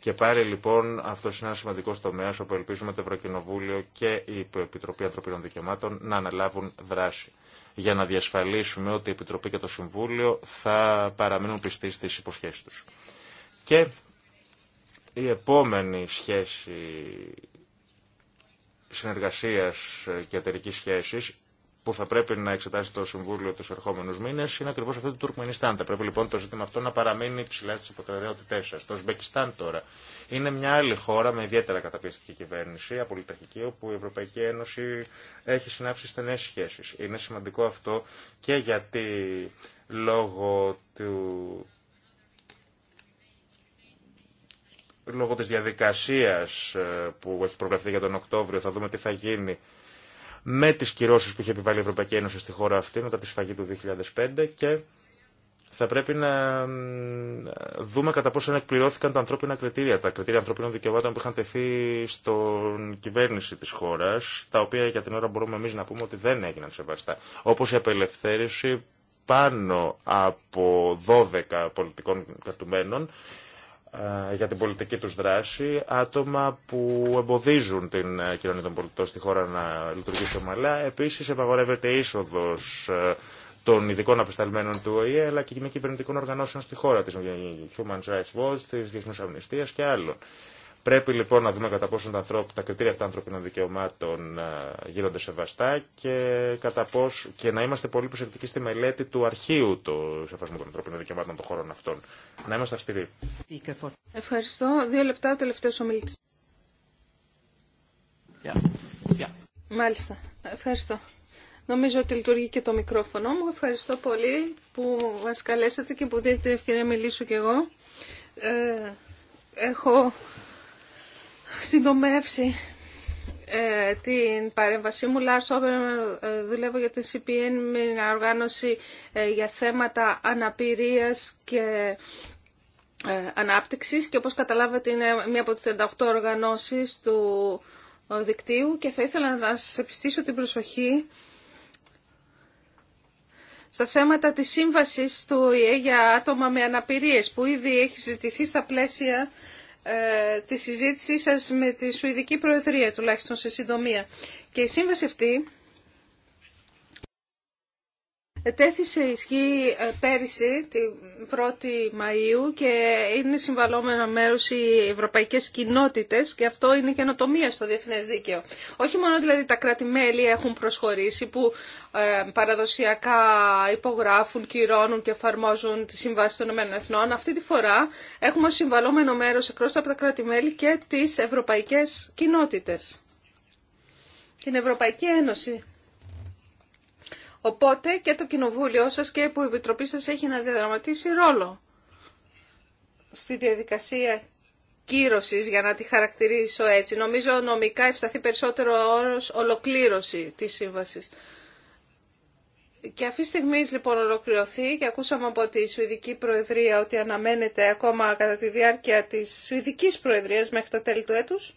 Και πάλι λοιπόν αυτό είναι ένα σημαντικό τομέα όπου ελπίζουμε το Ευρωκοινοβούλιο και η Επιτροπή Ανθρωπίνων Δικαιωμάτων να αναλάβουν δράση για να διασφαλίσουμε ότι η Επιτροπή και το Συμβούλιο θα παραμείνουν πιστοί στις υποσχέσεις τους. Και η επόμενη σχέση συνεργασίας και εταιρική σχέσης που θα πρέπει να εξετάσει το Συμβούλιο του ερχόμενου μήνε είναι ακριβώ αυτό του Τουρκμενιστάν. Θα πρέπει λοιπόν το ζήτημα αυτό να παραμείνει ψηλά στι υποτεραιότητέ σα. Το Ουσμπεκιστάν τώρα είναι μια άλλη χώρα με ιδιαίτερα καταπιεστική κυβέρνηση, απολυταρχική, όπου η Ευρωπαϊκή Ένωση έχει συνάψει στενέ σχέσει. Είναι σημαντικό αυτό και γιατί λόγω του λόγω της διαδικασίας ε, που έχει προγραφεί για τον Οκτώβριο, θα δούμε τι θα γίνει με τις κυρώσεις που είχε επιβάλει η Ευρωπαϊκή Ένωση στη χώρα αυτή μετά τη σφαγή του 2005 και θα πρέπει να δούμε κατά πόσο εκπληρώθηκαν τα ανθρώπινα κριτήρια, τα κριτήρια ανθρωπίνων δικαιωμάτων που είχαν τεθεί στον κυβέρνηση της χώρας, τα οποία για την ώρα μπορούμε εμείς να πούμε ότι δεν έγιναν σεβαστά. Όπως η απελευθέρωση πάνω από 12 πολιτικών κρατουμένων ε, για την πολιτική τους δράση, άτομα που εμποδίζουν την ε, κοινωνία των πολιτών στη χώρα να λειτουργήσει ομαλά. Επίσης, επαγορεύεται η είσοδος ε, των ειδικών απεσταλμένων του ΟΗΕ, αλλά και μη κυβερνητικών οργανώσεων στη χώρα της Human Rights Watch, της Διεθνούς Αμνηστίας και άλλων. Πρέπει λοιπόν να δούμε κατά πόσο τα, τα κριτήρια αυτά ανθρωπίνων δικαιωμάτων ε, γίνονται σεβαστά και, κατά πόσο, και να είμαστε πολύ προσεκτικοί στη μελέτη του αρχείου του σεβασμού των ανθρωπίνων δικαιωμάτων των χωρών αυτών. Να είμαστε αυστηροί. Ευχαριστώ. Δύο λεπτά ο τελευταίο ομιλητή. Yeah. Yeah. Μάλιστα. Ευχαριστώ. Νομίζω ότι λειτουργεί και το μικρόφωνο μου. Ευχαριστώ πολύ που μας καλέσατε και που δίνετε την ευκαιρία να μιλήσω κι εγώ. Ε, έχω συντομεύσει ε, την παρέμβασή μου. Λάρς ε, δουλεύω για την CPN, την οργάνωση ε, για θέματα αναπηρίας και ε, ανάπτυξης και όπως καταλάβατε είναι μία από τις 38 οργανώσεις του ε, δικτύου και θα ήθελα να σας επιστήσω την προσοχή στα θέματα της σύμβασης του ΙΕ για άτομα με αναπηρίες που ήδη έχει συζητηθεί στα πλαίσια ε, τη συζήτησή σας με τη Σουηδική Προεδρία, τουλάχιστον σε συντομία. Και η σύμβαση αυτή Τέθησε ισχύ ε, πέρυσι, την 1η Μαΐου και είναι συμβαλόμενα μέρος οι ευρωπαϊκές κοινότητες και αυτό είναι καινοτομία στο διεθνές δίκαιο. Όχι μόνο δηλαδή τα κράτη-μέλη έχουν προσχωρήσει που ε, παραδοσιακά υπογράφουν, κυρώνουν και εφαρμόζουν τη Συμβάση των Εθνών. Αυτή τη φορά έχουμε συμβαλόμενο μέρος εκτός από τα κράτη-μέλη και τις ευρωπαϊκές κοινότητες. Την Ευρωπαϊκή Ένωση Οπότε και το κοινοβούλιο σας και η Επιτροπή σας έχει να διαδραματίσει ρόλο στη διαδικασία κύρωσης, για να τη χαρακτηρίσω έτσι. Νομίζω νομικά ευσταθεί περισσότερο ο όρος ολοκλήρωση της σύμβασης. Και αυτή τη στιγμή λοιπόν ολοκληρωθεί και ακούσαμε από τη Σουηδική Προεδρία ότι αναμένεται ακόμα κατά τη διάρκεια της Σουηδικής Προεδρίας μέχρι τα τέλη του έτους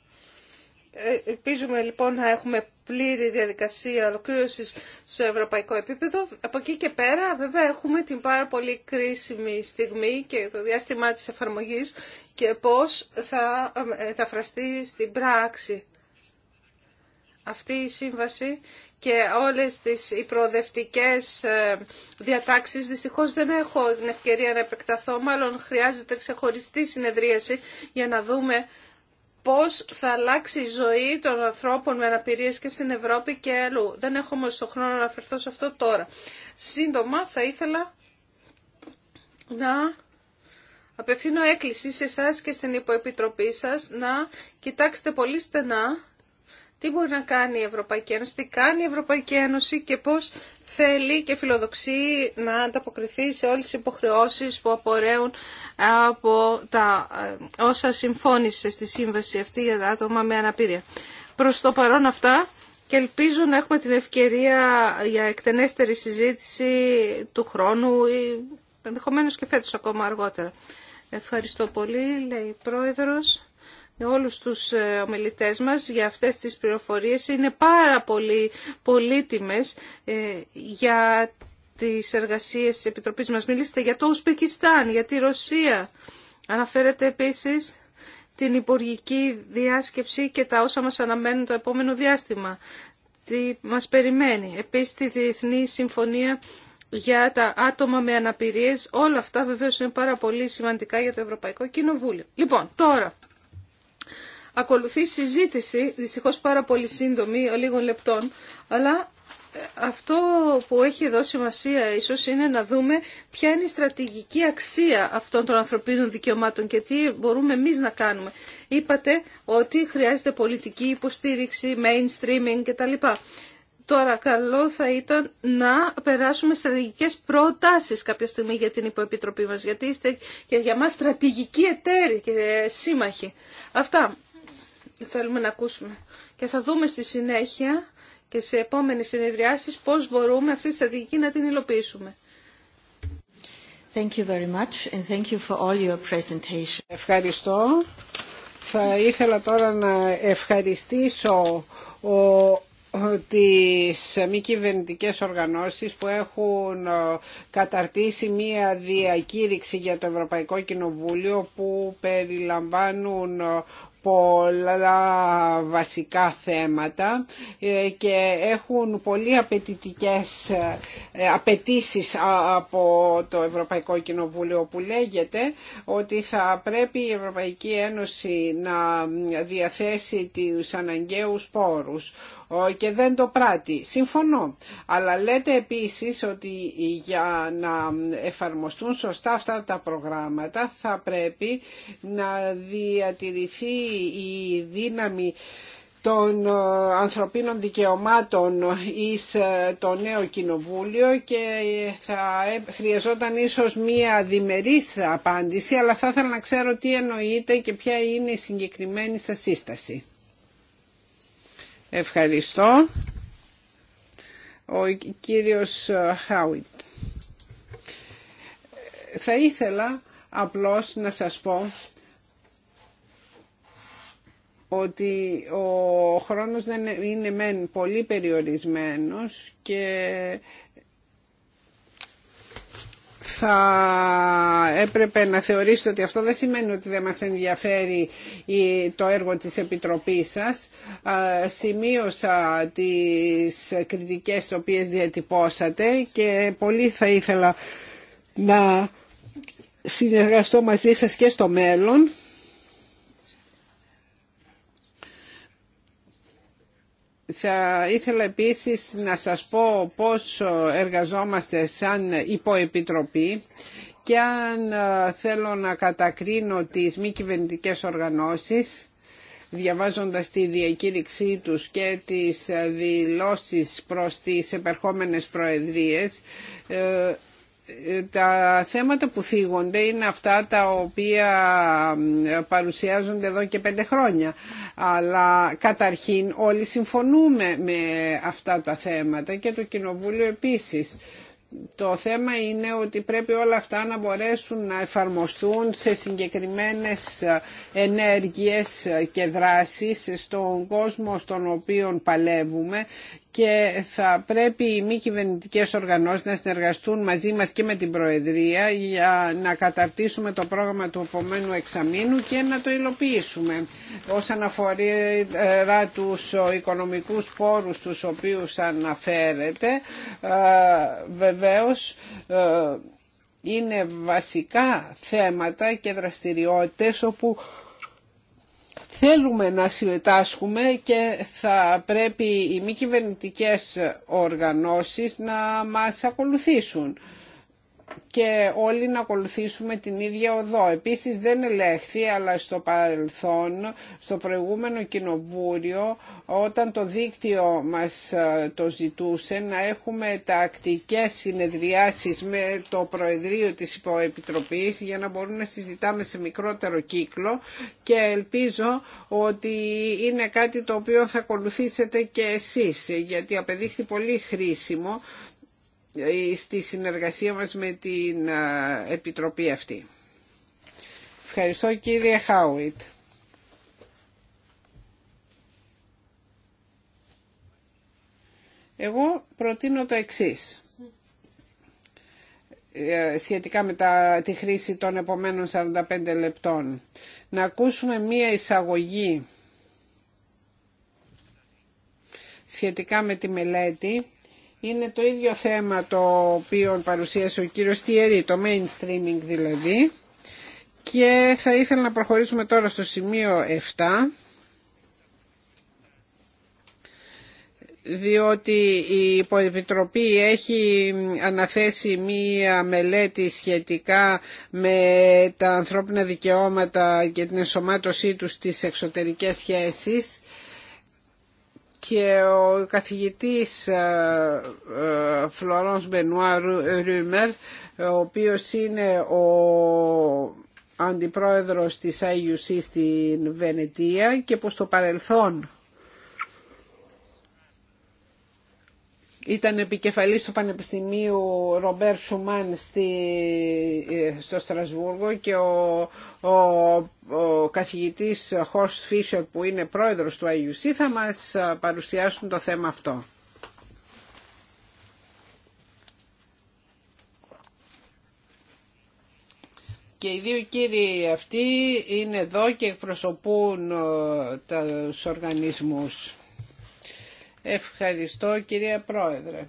Ελπίζουμε λοιπόν να έχουμε πλήρη διαδικασία ολοκλήρωση στο ευρωπαϊκό επίπεδο. Από εκεί και πέρα βέβαια έχουμε την πάρα πολύ κρίσιμη στιγμή και το διάστημά της εφαρμογής και πώς θα μεταφραστεί στην πράξη αυτή η σύμβαση και όλες τις οι προοδευτικές ε, διατάξεις. Δυστυχώς δεν έχω την ευκαιρία να επεκταθώ, μάλλον χρειάζεται ξεχωριστή συνεδρίαση για να δούμε πώς θα αλλάξει η ζωή των ανθρώπων με αναπηρίες και στην Ευρώπη και αλλού. Δεν έχω όμως το χρόνο να αναφερθώ σε αυτό τώρα. Σύντομα θα ήθελα να απευθύνω έκκληση σε εσά και στην υποεπιτροπή σας να κοιτάξετε πολύ στενά τι μπορεί να κάνει η Ευρωπαϊκή Ένωση, τι κάνει η Ευρωπαϊκή Ένωση και πώς θέλει και φιλοδοξεί να ανταποκριθεί σε όλες τις υποχρεώσεις που απορρέουν από τα ε, όσα συμφώνησε στη σύμβαση αυτή για τα άτομα με αναπηρία. Προς το παρόν αυτά και ελπίζω να έχουμε την ευκαιρία για εκτενέστερη συζήτηση του χρόνου ή ενδεχομένως και φέτος ακόμα αργότερα. Ευχαριστώ πολύ, λέει η Πρόεδρος όλους τους ε, ομιλητές μας για αυτές τις πληροφορίες. Είναι πάρα πολύ πολύτιμες ε, για τις εργασίες της Επιτροπής μας. Μιλήσετε για το Ουσπεκιστάν, για τη Ρωσία. Αναφέρετε επίσης την υπουργική διάσκεψη και τα όσα μας αναμένουν το επόμενο διάστημα. Τι μας περιμένει. Επίσης τη Διεθνή Συμφωνία για τα άτομα με αναπηρίες. Όλα αυτά βεβαίως είναι πάρα πολύ σημαντικά για το Ευρωπαϊκό Κοινοβούλιο. Λοιπόν, τώρα ακολουθεί συζήτηση, δυστυχώς πάρα πολύ σύντομη, λίγων λεπτών, αλλά ε, αυτό που έχει εδώ σημασία ίσως είναι να δούμε ποια είναι η στρατηγική αξία αυτών των ανθρωπίνων δικαιωμάτων και τι μπορούμε εμείς να κάνουμε. Είπατε ότι χρειάζεται πολιτική υποστήριξη, mainstreaming κτλ. Τώρα καλό θα ήταν να περάσουμε στρατηγικές προτάσεις κάποια στιγμή για την υποεπιτροπή μας, γιατί είστε για μας στρατηγικοί εταίροι και ε, σύμμαχοι. Αυτά θέλουμε να ακούσουμε. Και θα δούμε στη συνέχεια και σε επόμενες συνεδριάσεις πώς μπορούμε αυτή τη στρατηγική να την υλοποιήσουμε. Ευχαριστώ. Θα ήθελα τώρα να ευχαριστήσω ο τις μη κυβερνητικέ οργανώσεις που έχουν καταρτήσει μία διακήρυξη για το Ευρωπαϊκό Κοινοβούλιο που περιλαμβάνουν πολλά βασικά θέματα ε, και έχουν πολύ απαιτητικές ε, απαιτήσει από το Ευρωπαϊκό Κοινοβούλιο που λέγεται ότι θα πρέπει η Ευρωπαϊκή Ένωση να διαθέσει τους αναγκαίους πόρους. Ε, και δεν το πράττει. Συμφωνώ. Αλλά λέτε επίσης ότι για να εφαρμοστούν σωστά αυτά τα προγράμματα θα πρέπει να διατηρηθεί η δύναμη των ε, ανθρωπίνων δικαιωμάτων εις ε, το νέο κοινοβούλιο και θα χρειαζόταν ίσως μία διμερής απάντηση αλλά θα ήθελα να ξέρω τι εννοείται και ποια είναι η συγκεκριμένη σας σύσταση. Ευχαριστώ. Ο κύριος Χάουιτ. Θα ήθελα απλώς να σας πω ότι ο χρόνος δεν είναι μεν πολύ περιορισμένος και θα έπρεπε να θεωρήσετε ότι αυτό δεν σημαίνει ότι δεν μας ενδιαφέρει το έργο της Επιτροπής σας. Σημείωσα τις κριτικές τις οποίες διατυπώσατε και πολύ θα ήθελα να συνεργαστώ μαζί σας και στο μέλλον Θα ήθελα επίσης να σας πω πώς εργαζόμαστε σαν υποεπιτροπή και αν ε, θέλω να κατακρίνω τις μη κυβερνητικέ οργανώσεις διαβάζοντας τη διακήρυξή τους και τις ε, δηλώσεις προς τις επερχόμενες προεδρίες ε, τα θέματα που θίγονται είναι αυτά τα οποία παρουσιάζονται εδώ και πέντε χρόνια. Αλλά καταρχήν όλοι συμφωνούμε με αυτά τα θέματα και το Κοινοβούλιο επίσης. Το θέμα είναι ότι πρέπει όλα αυτά να μπορέσουν να εφαρμοστούν σε συγκεκριμένες ενέργειες και δράσεις στον κόσμο στον οποίο παλεύουμε και θα πρέπει οι μη κυβερνητικέ οργανώσεις να συνεργαστούν μαζί μας και με την Προεδρία για να καταρτήσουμε το πρόγραμμα του επομένου εξαμήνου και να το υλοποιήσουμε. Όσον αφορά ε, τους οικονομικούς πόρους τους οποίους αναφέρεται, ε, βεβαίως ε, είναι βασικά θέματα και δραστηριότητες όπου θέλουμε να συμμετάσχουμε και θα πρέπει οι μη κυβερνητικές οργανώσεις να μας ακολουθήσουν και όλοι να ακολουθήσουμε την ίδια οδό. Επίσης δεν ελέγχθη, αλλά στο παρελθόν, στο προηγούμενο κοινοβούριο, όταν το δίκτυο μας ε, το ζητούσε να έχουμε τακτικές συνεδριάσεις με το Προεδρείο της Υποεπιτροπής για να μπορούμε να συζητάμε σε μικρότερο κύκλο και ελπίζω ότι είναι κάτι το οποίο θα ακολουθήσετε και εσείς, γιατί απεδείχθη πολύ χρήσιμο ε, στη συνεργασία μας με την Επιτροπή αυτή. Ευχαριστώ κύριε Χάουιτ. Εγώ προτείνω το εξής ε, σχετικά με τα, τη χρήση των επομένων 45 λεπτών. Να ακούσουμε μία εισαγωγή σχετικά με τη μελέτη είναι το ίδιο θέμα το οποίο παρουσίασε ο κύριος Τιερή, το mainstreaming δηλαδή. Και θα ήθελα να προχωρήσουμε τώρα στο σημείο 7. διότι η Υποεπιτροπή έχει αναθέσει μία μελέτη σχετικά με τα ανθρώπινα δικαιώματα και την ενσωμάτωσή τους στις εξωτερικές σχέσεις και ο καθηγητής Φλωρόνς Μπενουά Ρούμερ, ο οποίος είναι ο αντιπρόεδρος της IUC στην Βενετία και που στο παρελθόν ήταν επικεφαλής του Πανεπιστημίου Ρομπέρ Σουμάν στη, στο Στρασβούργο και ο, ο, ο καθηγητής Χόρστ Φίσερ που είναι πρόεδρος του IUC θα μας παρουσιάσουν το θέμα αυτό. Και οι δύο κύριοι αυτοί είναι εδώ και εκπροσωπούν ε, τους οργανισμούς. Ευχαριστώ κυρία Πρόεδρε.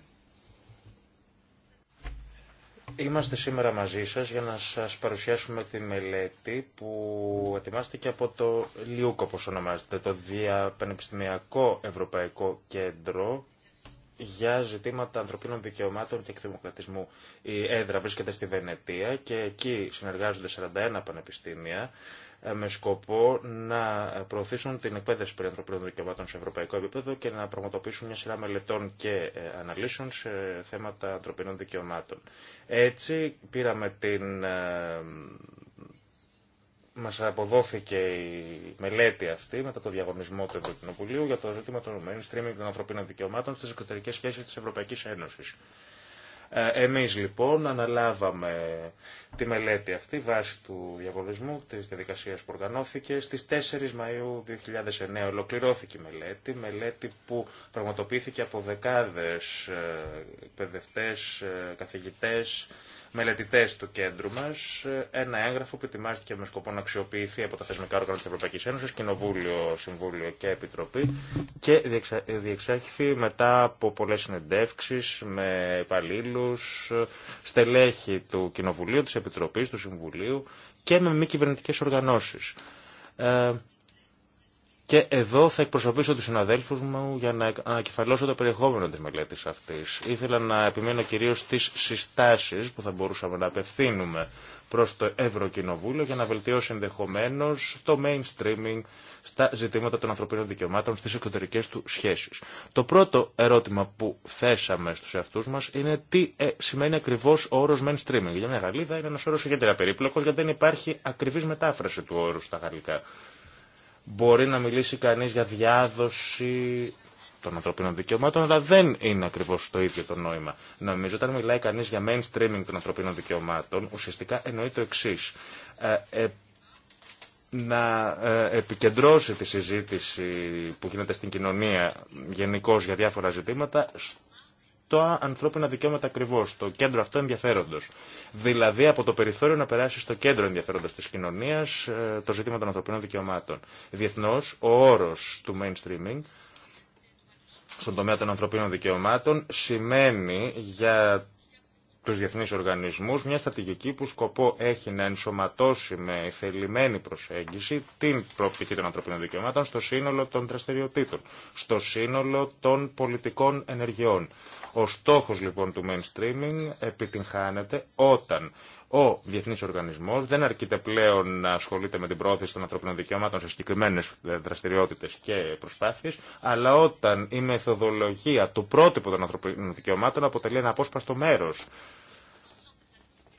Είμαστε σήμερα μαζί σας για να σας παρουσιάσουμε τη μελέτη που ετοιμάστηκε από το ΛΙΟΚ, όπως ονομάζεται, το Διαπανεπιστημιακό Ευρωπαϊκό Κέντρο για ζητήματα ανθρωπίνων δικαιωμάτων και εκδημοκρατισμού. Η έδρα βρίσκεται στη Βενετία και εκεί συνεργάζονται 41 πανεπιστήμια ε, με σκοπό να προωθήσουν την εκπαίδευση περί ανθρωπίνων δικαιωμάτων σε ευρωπαϊκό επίπεδο και να πραγματοποιήσουν μια σειρά μελετών και ε, αναλύσεων σε θέματα ανθρωπίνων δικαιωμάτων. Έτσι πήραμε την ε, μας αποδόθηκε η μελέτη αυτή μετά το διαγωνισμό του Ευρωκοινοβουλίου για το ζήτημα των mainstreaming των ανθρωπίνων δικαιωμάτων στις εξωτερικές σχέσεις της Ευρωπαϊκής Ένωσης. Ε, εμείς λοιπόν αναλάβαμε τη μελέτη αυτή βάσει του διαβολισμού, της διαδικασία που οργανώθηκε. Στις 4 Μαΐου 2009 ολοκληρώθηκε η μελέτη, μελέτη που πραγματοποιήθηκε από δεκάδες ε, εκπαιδευτές, ε, καθηγητές, μελετητέ του κέντρου μα ένα έγγραφο που ετοιμάστηκε με σκοπό να αξιοποιηθεί από τα θεσμικά όργανα τη Ευρωπαϊκή Ένωση, Κοινοβούλιο, Συμβούλιο και Επιτροπή και διεξάχθη μετά από πολλέ συνεντεύξει με υπαλλήλου, στελέχη του Κοινοβουλίου, τη Επιτροπή, του Συμβουλίου και με μη κυβερνητικέ οργανώσει. Ε, και εδώ θα εκπροσωπήσω του συναδέλφου μου για να ανακεφαλώσω το περιεχόμενο τη μελέτη αυτή. Ήθελα να επιμείνω κυρίω στις συστάσει που θα μπορούσαμε να απευθύνουμε προ το Ευρωκοινοβούλιο για να βελτιώσει ενδεχομένω το mainstreaming στα ζητήματα των ανθρωπίνων δικαιωμάτων στι εξωτερικέ του σχέσει. Το πρώτο ερώτημα που θέσαμε στου εαυτούς μα είναι τι ε, σημαίνει ακριβώ ο όρος mainstreaming. Για μια Γαλλίδα είναι ένα όρος ιδιαίτερα περίπλοκος γιατί δεν υπάρχει ακριβή μετάφραση του όρου στα γαλλικά. Μπορεί να μιλήσει κανείς για διάδοση των ανθρωπίνων δικαιωμάτων, αλλά δεν είναι ακριβώ το ίδιο το νόημα. Νομίζω όταν μιλάει κανεί για mainstreaming των ανθρωπίνων δικαιωμάτων, ουσιαστικά εννοεί το εξή. Ε, ε, να ε, επικεντρώσει τη συζήτηση που γίνεται στην κοινωνία γενικώ για διάφορα ζητήματα τα ανθρώπινα δικαιώματα ακριβώ, το κέντρο αυτό ενδιαφέροντο. Δηλαδή από το περιθώριο να περάσει στο κέντρο ενδιαφέροντο τη κοινωνία ε, το ζήτημα των ανθρωπίνων δικαιωμάτων. Διεθνώ, ο όρο του mainstreaming στον τομέα των ανθρωπίνων δικαιωμάτων σημαίνει για τους διεθνείς οργανισμούς, μια στρατηγική που σκοπό έχει να ενσωματώσει με θελημένη προσέγγιση την προοπτική των ανθρωπίνων δικαιωμάτων στο σύνολο των δραστηριοτήτων, στο σύνολο των πολιτικών ενεργειών. Ο στόχος λοιπόν του mainstreaming επιτυγχάνεται όταν ο διεθνής οργανισμός δεν αρκείται πλέον να ασχολείται με την πρόθεση των ανθρωπίνων δικαιωμάτων σε συγκεκριμένε ε, δραστηριότητες και προσπάθειες, αλλά όταν η μεθοδολογία του πρότυπου των ανθρωπίνων δικαιωμάτων αποτελεί ένα απόσπαστο μέρος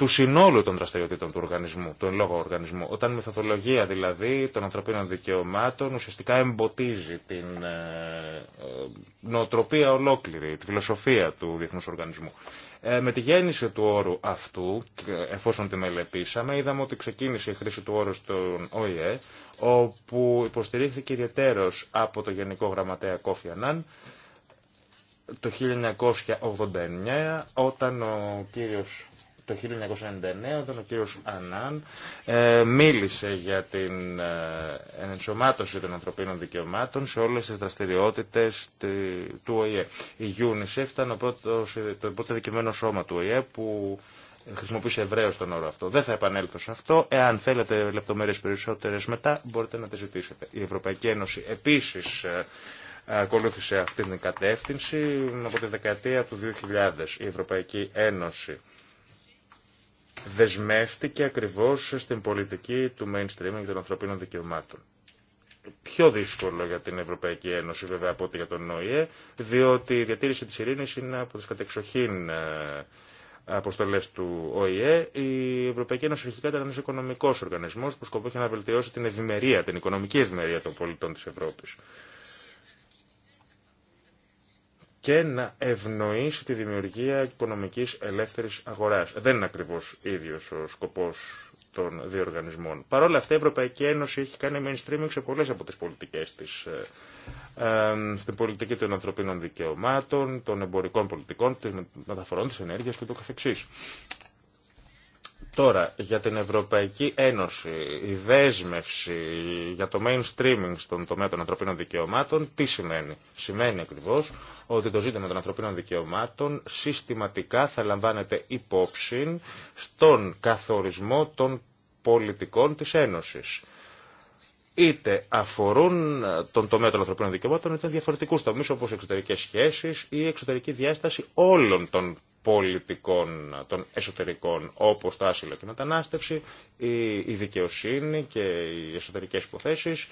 του συνόλου των δραστηριοτήτων του οργανισμού, του εν λόγω οργανισμού. Όταν η μεθοδολογία, δηλαδή των ανθρωπίνων δικαιωμάτων ουσιαστικά εμποτίζει την ε, ε, νοοτροπία ολόκληρη, τη φιλοσοφία του διεθνούς οργανισμού. Ε, με τη γέννηση του όρου αυτού, εφόσον τη μελετήσαμε, είδαμε ότι ξεκίνησε η χρήση του όρου στον ΟΗΕ, όπου υποστηρίχθηκε ιδιαίτερος από το Γενικό Γραμματέα Κόφι το 1989, όταν ο κύριος το 1999 όταν ο κύριος Ανάν ε, μίλησε για την ε, ενσωμάτωση των ανθρωπίνων δικαιωμάτων σε όλες τις δραστηριότητες του ΟΗΕ. Η UNICEF ήταν ο πρώτος, το πρώτο δικαιωμένο σώμα του ΟΗΕ που χρησιμοποίησε ευρέω τον όρο αυτό. Δεν θα επανέλθω σε αυτό. Εάν θέλετε λεπτομέρειε περισσότερε μετά, μπορείτε να τις ζητήσετε. Η Ευρωπαϊκή Ένωση επίση ε, ακολούθησε αυτή την κατεύθυνση από τη δεκαετία του 2000. Η Ευρωπαϊκή Ένωση δεσμεύτηκε ακριβώς στην πολιτική του και των ανθρωπίνων δικαιωμάτων. Πιο δύσκολο για την Ευρωπαϊκή Ένωση βέβαια από ό,τι για τον ΟΗΕ, διότι η διατήρηση της ειρήνης είναι από τις κατεξοχήν ε, αποστολέ του ΟΗΕ, η Ευρωπαϊκή Ένωση αρχικά ήταν ένα οικονομικό οργανισμό που σκοπό είχε να βελτιώσει την ευημερία, την οικονομική ευημερία των πολιτών τη Ευρώπη και να ευνοήσει τη δημιουργία οικονομικής ελεύθερης αγοράς. Δεν είναι ακριβώς ίδιος ο σκοπός των διοργανισμών. Παρ' όλα αυτά η Ευρωπαϊκή Ένωση έχει κάνει mainstreaming σε πολλές από τις πολιτικές της. Ε, ε, στην πολιτική των ανθρωπίνων δικαιωμάτων, των εμπορικών πολιτικών, των μεταφορών της ενέργειας και το καθεξής. Τώρα, για την Ευρωπαϊκή Ένωση, η δέσμευση για το mainstreaming στον τομέα των ανθρωπίνων δικαιωμάτων, τι σημαίνει. Σημαίνει ακριβώς ότι το ζήτημα των ανθρωπίνων δικαιωμάτων συστηματικά θα λαμβάνεται υπόψη στον καθορισμό των πολιτικών της Ένωσης. Είτε αφορούν τον τομέα των ανθρωπίνων δικαιωμάτων, είτε διαφορετικού τομεί όπω εξωτερικέ σχέσει ή εξωτερική διάσταση όλων των πολιτικών, των εσωτερικών, όπω το άσυλο και η μετανάστευση, η δικαιοσύνη και οι εσωτερικέ υποθέσει,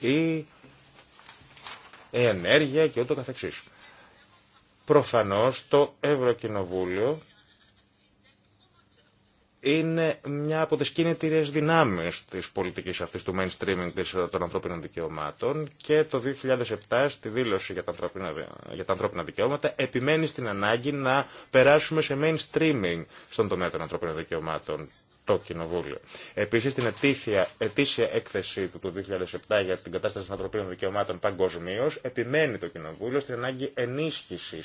η ενέργεια και ούτω καθεξής. Προφανώς το Ευρωκοινοβούλιο είναι μια από τις κινητήριες δυνάμεις της πολιτικής αυτής του mainstreaming ε, των ανθρώπινων δικαιωμάτων και το 2007 στη δήλωση για τα, ανθρώπινα, για τα ανθρώπινα δικαιώματα επιμένει στην ανάγκη να περάσουμε σε mainstreaming στον τομέα των ανθρώπινων δικαιωμάτων το Κοινοβούλιο. Επίση, στην ετήσια, ετήσια έκθεση του του 2007 για την κατάσταση των ανθρωπίνων δικαιωμάτων παγκοσμίω, επιμένει το Κοινοβούλιο στην ανάγκη ενίσχυση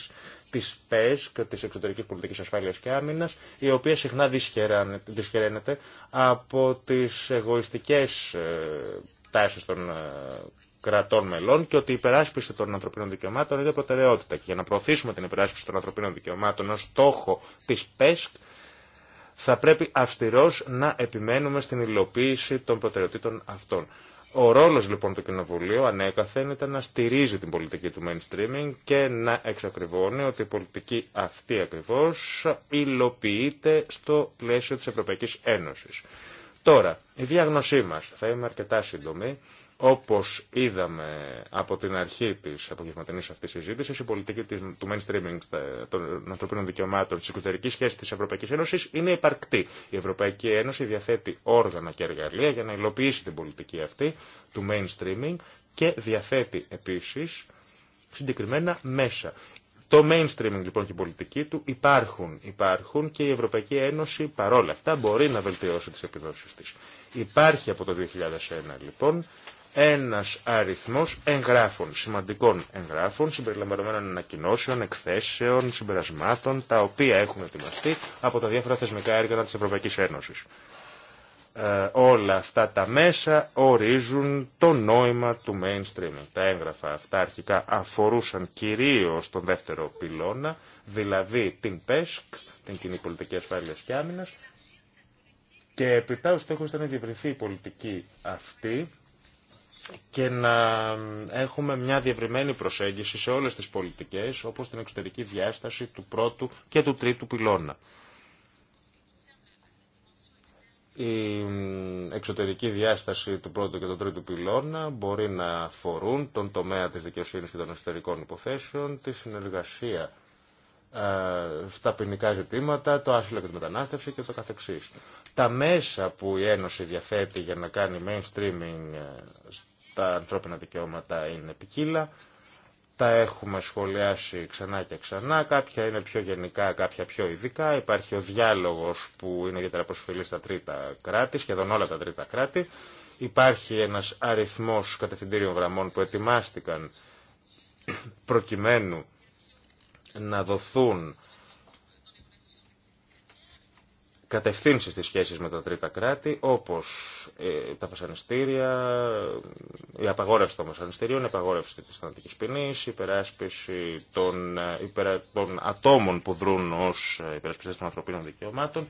τη ΠΕΣΚ, και τη εξωτερική πολιτική ασφάλεια και άμυνα, η οποία συχνά δυσχεραίνεται από τι εγωιστικέ ε, τάσει των ε, κρατών μελών και ότι η υπεράσπιση των ανθρωπίνων δικαιωμάτων είναι προτεραιότητα. Και για να προωθήσουμε την υπεράσπιση των ανθρωπίνων δικαιωμάτων ω στόχο τη ΠΕΣΚ, θα πρέπει αυστηρός να επιμένουμε στην υλοποίηση των προτεραιοτήτων αυτών. Ο ρόλος λοιπόν του Κοινοβουλίου ανέκαθεν ήταν να στηρίζει την πολιτική του mainstreaming και να εξακριβώνει ότι η πολιτική αυτή ακριβώς υλοποιείται στο πλαίσιο της Ευρωπαϊκής Ένωσης. Τώρα, η διάγνωσή μας, θα είμαι αρκετά σύντομη, όπως είδαμε από την αρχή της απογευματινής αυτής συζήτησης, η πολιτική του mainstreaming ε, των ανθρωπίνων δικαιωμάτων της εξωτερικής σχέσης της Ευρωπαϊκής Ένωσης είναι υπαρκτή. Η Ευρωπαϊκή Ένωση διαθέτει όργανα και εργαλεία για να υλοποιήσει την πολιτική αυτή του mainstreaming και διαθέτει επίσης συγκεκριμένα μέσα. Το mainstreaming λοιπόν και η πολιτική του υπάρχουν, υπάρχουν και η Ευρωπαϊκή Ένωση παρόλα αυτά μπορεί να βελτιώσει τις επιδόσεις της. Υπάρχει από το 2001 λοιπόν ένας αριθμός εγγράφων, σημαντικών εγγράφων, συμπεριλαμβανομένων ανακοινώσεων, εκθέσεων, συμπερασμάτων, τα οποία έχουν ετοιμαστεί από τα διάφορα θεσμικά έργα της Ευρωπαϊκής Ένωσης. Ε, όλα αυτά τα μέσα ορίζουν το νόημα του mainstreaming. Τα έγγραφα αυτά αρχικά αφορούσαν κυρίως τον δεύτερο πυλώνα, δηλαδή την ΠΕΣΚ, την Κοινή Πολιτική Ασφάλειας και Άμυνας, και επιτάω έχω ήταν να η πολιτική αυτή και να έχουμε μια διευρυμένη προσέγγιση σε όλες τις πολιτικές, όπως την εξωτερική διάσταση του πρώτου και του τρίτου πυλώνα. Η εξωτερική διάσταση του πρώτου και του τρίτου πυλώνα μπορεί να αφορούν τον τομέα της δικαιοσύνης και των εσωτερικών υποθέσεων, τη συνεργασία ε, στα ποινικά ζητήματα, το άσυλο και τη μετανάστευση και το καθεξής. Τα μέσα που η Ένωση διαθέτει για να κάνει mainstreaming ε, στα ανθρώπινα δικαιώματα είναι ποικίλα. Τα έχουμε σχολιάσει ξανά και ξανά, κάποια είναι πιο γενικά, κάποια πιο ειδικά. Υπάρχει ο διάλογος που είναι ιδιαίτερα προσφυλή στα τρίτα κράτη, σχεδόν όλα τα τρίτα κράτη. Υπάρχει ένας αριθμός κατευθυντήριων γραμμών που ετοιμάστηκαν προκειμένου να δοθούν κατευθύνσεις στις σχέσεις με τα τρίτα κράτη, όπως ε, τα βασανιστήρια, η απαγόρευση των βασανιστήριων, η απαγόρευση της θανατικής ποινής, η υπεράσπιση των, ε, των ατόμων που δρούν ως ε, υπερασπιστές των ανθρωπίνων δικαιωμάτων,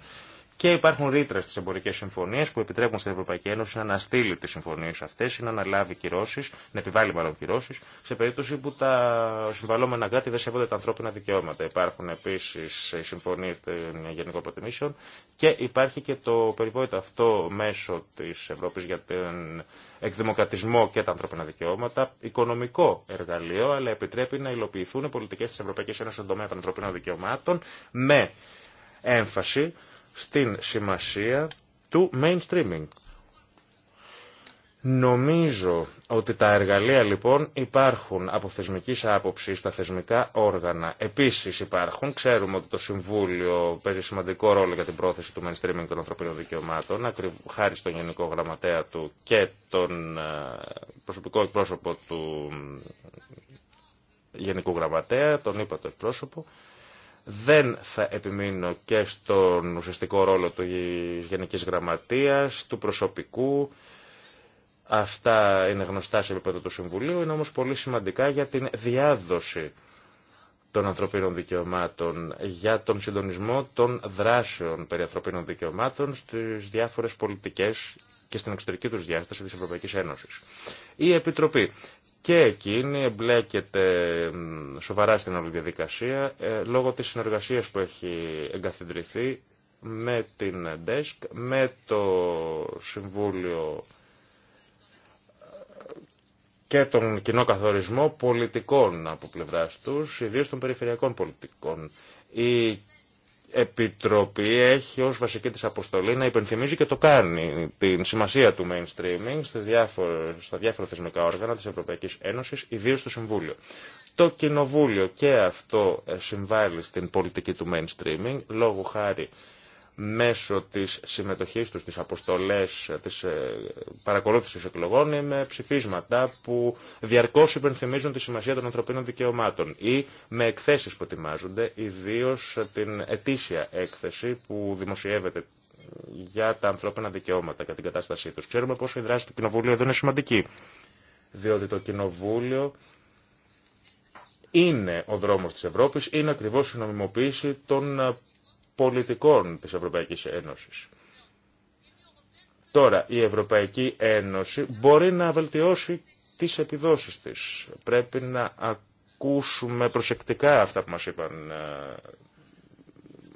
και υπάρχουν ρήτρε στι εμπορικέ συμφωνίε που επιτρέπουν στην Ευρωπαϊκή Ένωση να αναστείλει τι συμφωνίε αυτέ ή να αναλάβει κυρώσει, να επιβάλλει μάλλον κυρώσει, σε περίπτωση που τα συμβαλόμενα κράτη δεν σέβονται τα ανθρώπινα δικαιώματα. Υπάρχουν επίση οι συμφωνίε των γενικών προτιμήσεων και υπάρχει και το περιβόητο αυτό μέσο τη Ευρώπη για τον εκδημοκρατισμό και τα ανθρώπινα δικαιώματα, οικονομικό εργαλείο, αλλά επιτρέπει να υλοποιηθούν οι πολιτικέ τη Ευρωπαϊκή Ένωση στον τομέα των ανθρωπίνων δικαιωμάτων με έμφαση στην σημασία του mainstreaming. Νομίζω ότι τα εργαλεία λοιπόν υπάρχουν από θεσμική άποψη στα θεσμικά όργανα. Επίση υπάρχουν, ξέρουμε ότι το Συμβούλιο παίζει σημαντικό ρόλο για την πρόθεση του mainstreaming των ανθρωπίνων δικαιωμάτων, χάρη στον Γενικό Γραμματέα του και τον ε, προσωπικό εκπρόσωπο του Γενικού Γραμματέα, τον είπα το εκπρόσωπο. Δεν θα επιμείνω και στον ουσιαστικό ρόλο του Γενικής Γραμματείας, του προσωπικού. Αυτά είναι γνωστά σε επίπεδο του Συμβουλίου, είναι όμως πολύ σημαντικά για την διάδοση των ανθρωπίνων δικαιωμάτων, για τον συντονισμό των δράσεων περί ανθρωπίνων δικαιωμάτων στις διάφορες πολιτικές και στην εξωτερική τους διάσταση της Ευρωπαϊκής Ένωσης. Η Επιτροπή και εκείνη εμπλέκεται σοβαρά στην όλη διαδικασία ε, λόγω της συνεργασίας που έχει εγκαθιδρυθεί με την ΔΕΣΚ, με το Συμβούλιο ε, και τον κοινό καθορισμό πολιτικών από πλευράς του, ιδίως των περιφερειακών πολιτικών. Επιτροπή έχει ως βασική της αποστολή να υπενθυμίζει και το κάνει την σημασία του mainstreaming στα διάφορα στα διάφορα θεσμικά όργανα της Ευρωπαϊκής Ένωσης, ιδίως στο Συμβούλιο. Το Κοινοβούλιο και αυτό ε, συμβάλλει στην πολιτική του mainstreaming, λόγω χάρη μέσω της συμμετοχής τους της αποστολές της ε, παρακολούθησης εκλογών ή με ψηφίσματα που διαρκώς υπενθυμίζουν τη σημασία των ανθρωπίνων δικαιωμάτων ή με εκθέσεις που ετοιμάζονται, ιδίως την ετήσια έκθεση που δημοσιεύεται για τα ανθρώπινα δικαιώματα και την κατάστασή τους. Ξέρουμε πόσο η δράση του Κοινοβούλιο εδώ είναι σημαντική, διότι το Κοινοβούλιο είναι ο δρόμος της Ευρώπης, είναι ακριβώς η νομιμοποίηση των πολιτικών της Ευρωπαϊκής Ένωσης. Τώρα, η Ευρωπαϊκή Ένωση μπορεί να βελτιώσει τις επιδόσεις της. Πρέπει να ακούσουμε προσεκτικά αυτά που μας είπαν ε,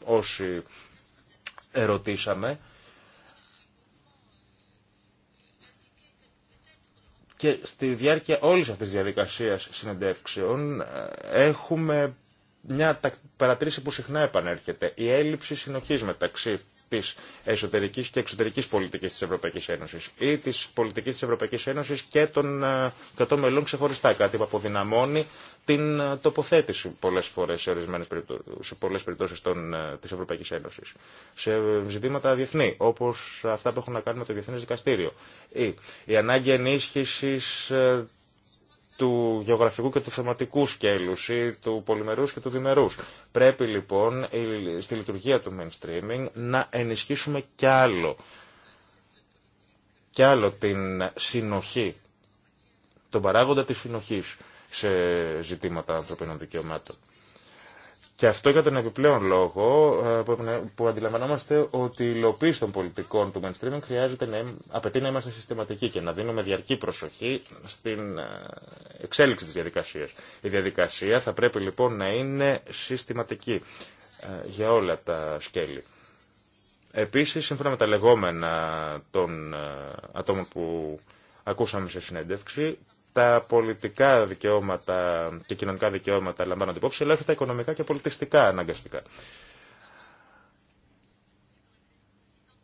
όσοι ερωτήσαμε. Και στη διάρκεια όλης αυτής της διαδικασίας συνεντεύξεων ε, έχουμε μια παρατήρηση που συχνά επανέρχεται. Η έλλειψη συνοχής μεταξύ τη εσωτερική και εξωτερική πολιτική τη Ευρωπαϊκή Ένωση ή τη πολιτική τη Ευρωπαϊκή Ένωση και των ε, κρατών μελών ξεχωριστά. Κάτι που αποδυναμώνει την ε, τοποθέτηση πολλέ φορέ σε, σε πολλέ περιπτώσει ε, τη Ευρωπαϊκή Ένωση. Σε ζητήματα διεθνή, όπω αυτά που έχουν να κάνουν με το Διεθνέ Δικαστήριο. Ή η ανάγκη ενίσχυση του γεωγραφικού και του θεματικού σκέλου ή του πολυμερούς και του διμερούς. Πρέπει λοιπόν στη λειτουργία του mainstreaming να ενισχύσουμε κι άλλο, κι άλλο την συνοχή, τον παράγοντα της συνοχής σε ζητήματα ανθρωπίνων δικαιωμάτων. Και αυτό για τον επιπλέον λόγο ε, που αντιλαμβανόμαστε ότι η υλοποίηση των πολιτικών του mainstreaming χρειάζεται να, απαιτεί να είμαστε συστηματικοί και να δίνουμε διαρκή προσοχή στην ε, εξέλιξη της διαδικασίας. Η διαδικασία θα πρέπει λοιπόν να είναι συστηματική ε, για όλα τα σκέλη. Επίσης, σύμφωνα με τα λεγόμενα των ατόμων που ακούσαμε σε συνέντευξη, τα πολιτικά δικαιώματα και κοινωνικά δικαιώματα λαμβάνονται υπόψη, αλλά όχι τα οικονομικά και πολιτιστικά αναγκαστικά.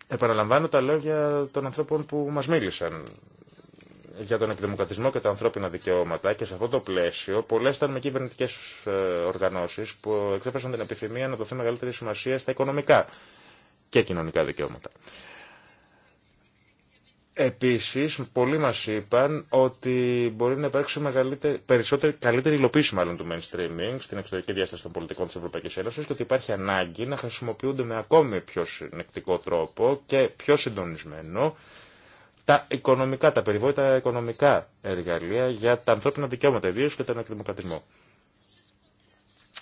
Επαναλαμβάνω τα λόγια των ανθρώπων που μας μίλησαν για τον εκδημοκρατισμό και τα ανθρώπινα δικαιώματα και σε αυτό το πλαίσιο πολλές ήταν με κυβερνητικές ε, οργανώσεις που εξέφρασαν την επιθυμία να δοθεί μεγαλύτερη σημασία στα οικονομικά και κοινωνικά δικαιώματα. Επίσης, πολλοί μας είπαν ότι μπορεί να υπάρξει περισσότερη, καλύτερη υλοποίηση μάλλον του mainstreaming στην εξωτερική διάσταση των πολιτικών της Ευρωπαϊκής Ένωσης και ότι υπάρχει ανάγκη να χρησιμοποιούνται με ακόμη πιο συνεκτικό τρόπο και πιο συντονισμένο τα οικονομικά, τα περιβόητα οικονομικά εργαλεία για τα ανθρώπινα δικαιώματα ιδίω και τον εκδημοκρατισμό.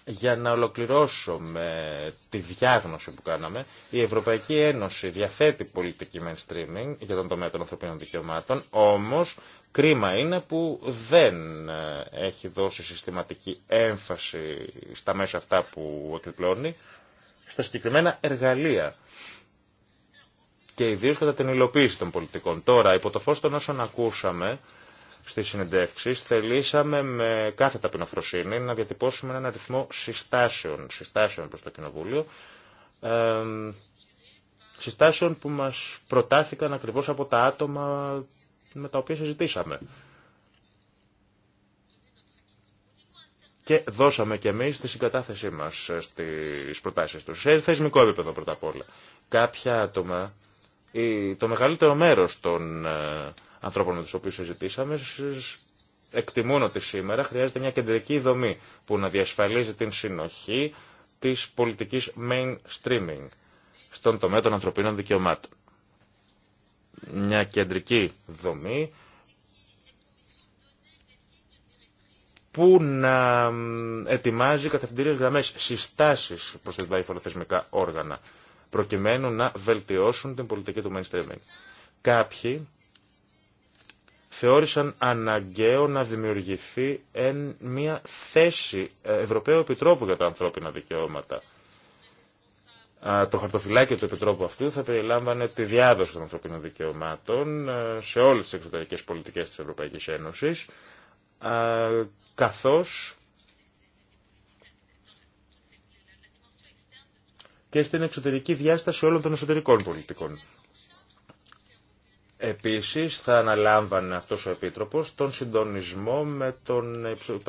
Για να ολοκληρώσω με τη διάγνωση που κάναμε, η Ευρωπαϊκή Ένωση διαθέτει πολιτική mainstreaming για τον τομέα των ανθρωπίνων δικαιωμάτων, όμως κρίμα είναι που δεν ε, έχει δώσει συστηματική έμφαση στα μέσα αυτά που εκδιπλώνει, στα συγκεκριμένα εργαλεία και ιδίως κατά την υλοποίηση των πολιτικών. Τώρα, υπό το φως των όσων ακούσαμε, Στι συνεντεύξει, θελήσαμε με κάθε ταπεινοφροσύνη να διατυπώσουμε έναν αριθμό συστάσεων, συστάσεων προς το Κοινοβούλιο, συστάσεων που μας προτάθηκαν ακριβώ από τα άτομα με τα οποία συζητήσαμε. Και δώσαμε κι εμείς τη συγκατάθεσή μας ε, στις προτάσεις τους. Σε θεσμικό επίπεδο πρώτα απ' όλα. Κάποια άτομα, το μεγαλύτερο μέρος των ε, ανθρώπων με τους οποίους συζητήσαμε εκτιμούν ότι σήμερα χρειάζεται μια κεντρική δομή που να διασφαλίζει την συνοχή της πολιτικής mainstreaming στον τομέα των ανθρωπίνων δικαιωμάτων. Μια κεντρική δομή που να ετοιμάζει κατευθυντήριες γραμμές, συστάσεις προς τα υφολοθεσμικά όργανα, προκειμένου να βελτιώσουν την πολιτική του mainstreaming. Κάποιοι θεώρησαν αναγκαίο να δημιουργηθεί εν μια θέση ε, Ευρωπαίου Επιτρόπου για τα ανθρώπινα δικαιώματα. Το χαρτοφυλάκιο του Επιτρόπου αυτού θα περιλάμβανε τη διάδοση των ανθρωπίνων δικαιωμάτων ε, σε όλες τις εξωτερικές πολιτικές της Ευρωπαϊκής Ένωσης, καθώς και στην εξωτερική διάσταση όλων των εσωτερικών πολιτικών. Επίσης θα αναλάμβανε αυτός ο Επίτροπος τον συντονισμό με τον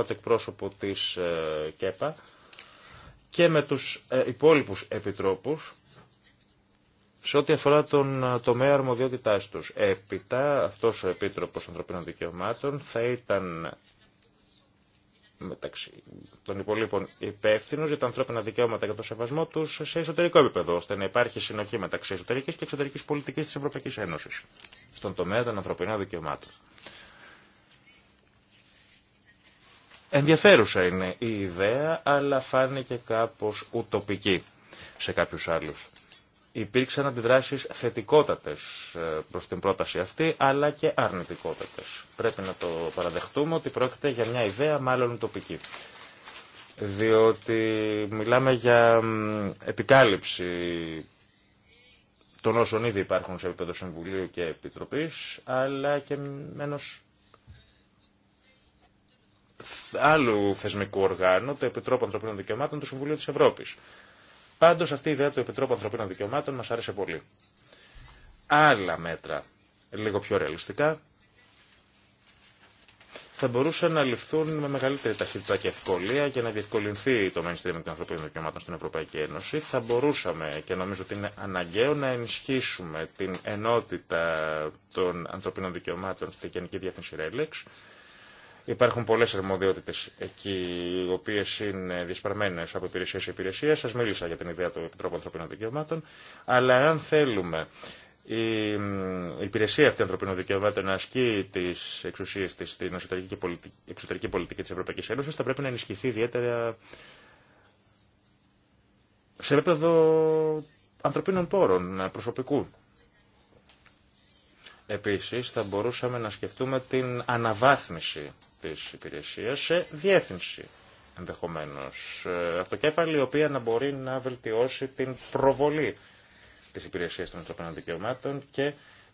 εκπρόσωπο της ε, ΚΕΠΑ και με τους ε, υπόλοιπους επιτρόπους σε ό,τι αφορά τον ε, τομέα αρμοδιότητάς τους. Έπειτα αυτός ο Επίτροπος Ανθρωπίνων Δικαιωμάτων θα ήταν μεταξύ των υπολείπων υπεύθυνο για τα ανθρώπινα δικαιώματα και το σεβασμό του σε εσωτερικό επίπεδο, ώστε να υπάρχει συνοχή μεταξύ εσωτερική και εξωτερική πολιτική τη Ευρωπαϊκή Ένωση στον τομέα των ανθρωπινών δικαιωμάτων. Ενδιαφέρουσα είναι η ιδέα, αλλά φάνηκε κάπως ουτοπική σε κάποιους άλλους. Υπήρξαν αντιδράσεις θετικότατες ε, προς την πρόταση αυτή, αλλά και αρνητικότατες. Πρέπει να το παραδεχτούμε ότι πρόκειται για μια ιδέα μάλλον ουτοπική. Διότι μιλάμε για επικάλυψη των όσων ήδη υπάρχουν σε επίπεδο Συμβουλίου και Επιτροπή, αλλά και ενό άλλου θεσμικού οργάνου, το Επιτρόπο Ανθρωπίνων Δικαιωμάτων του Συμβουλίου τη Ευρώπη. Πάντως αυτή η ιδέα του Επιτρόπου Ανθρωπίνων Δικαιωμάτων μα άρεσε πολύ. Άλλα μέτρα, λίγο πιο ρεαλιστικά, θα μπορούσαν να ληφθούν με μεγαλύτερη ταχύτητα και ευκολία για να διευκολυνθεί το mainstreaming των ανθρωπίνων δικαιωμάτων στην Ευρωπαϊκή Ένωση. Θα μπορούσαμε και νομίζω ότι είναι αναγκαίο να ενισχύσουμε την ενότητα των ανθρωπίνων δικαιωμάτων στη Γενική Διεθνή Ρέλεξ. Υπάρχουν πολλές αρμοδιότητες εκεί, οι οποίες είναι διασπαρμένες από υπηρεσία σε υπηρεσία. Σας μίλησα για την ιδέα του Επιτρόπου Ανθρωπίνων Δικαιωμάτων. Αλλά αν θέλουμε η υπηρεσία αυτή ανθρωπίνων δικαιωμάτων να ασκεί τι εξουσίε τη στην εσωτερική εξωτερική πολιτική τη Ευρωπαϊκή Ένωση θα πρέπει να ενισχυθεί ιδιαίτερα σε επίπεδο ανθρωπίνων πόρων, προσωπικού. Επίσης θα μπορούσαμε να σκεφτούμε την αναβάθμιση της υπηρεσίας σε διεύθυνση ενδεχομένως ε, αυτοκέφαλη, η οποία να μπορεί να βελτιώσει την προβολή τη υπηρεσίες των Ανθρωπίνων Δικαιωμάτων και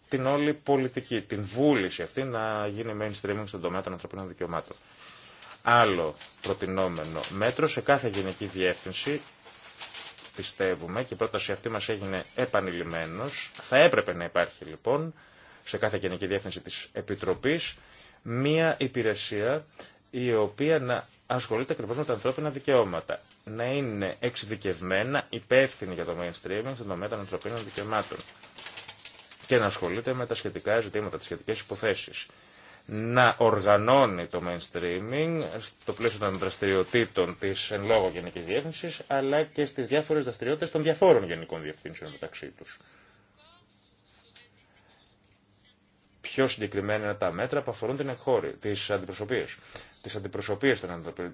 την όλη πολιτική, την βούληση αυτή να γίνει mainstreaming στον τομέα των ανθρωπίνων δικαιωμάτων. Άλλο προτινόμενο μέτρο σε κάθε γενική διεύθυνση πιστεύουμε και η πρόταση αυτή μας έγινε επανειλημμένος. Θα έπρεπε να υπάρχει λοιπόν σε κάθε γενική διεύθυνση της Επιτροπής μία υπηρεσία η οποία να ασχολείται ακριβώ με τα ανθρώπινα δικαιώματα να είναι εξειδικευμένα υπεύθυνη για το mainstreaming στον τομέα των ανθρωπίνων δικαιωμάτων και να ασχολείται με τα σχετικά ζητήματα, τις σχετικές υποθέσεις. Να οργανώνει το mainstreaming στο πλαίσιο των δραστηριοτήτων της εν λόγω Γενικής αλλά και στις διάφορες δραστηριότητες των διαφόρων γενικών διευθύνσεων μεταξύ τους. πιο συγκεκριμένα τα μέτρα που αφορούν την εκχώρη, τις αντιπροσωπείες, τις αντιπροσωπείες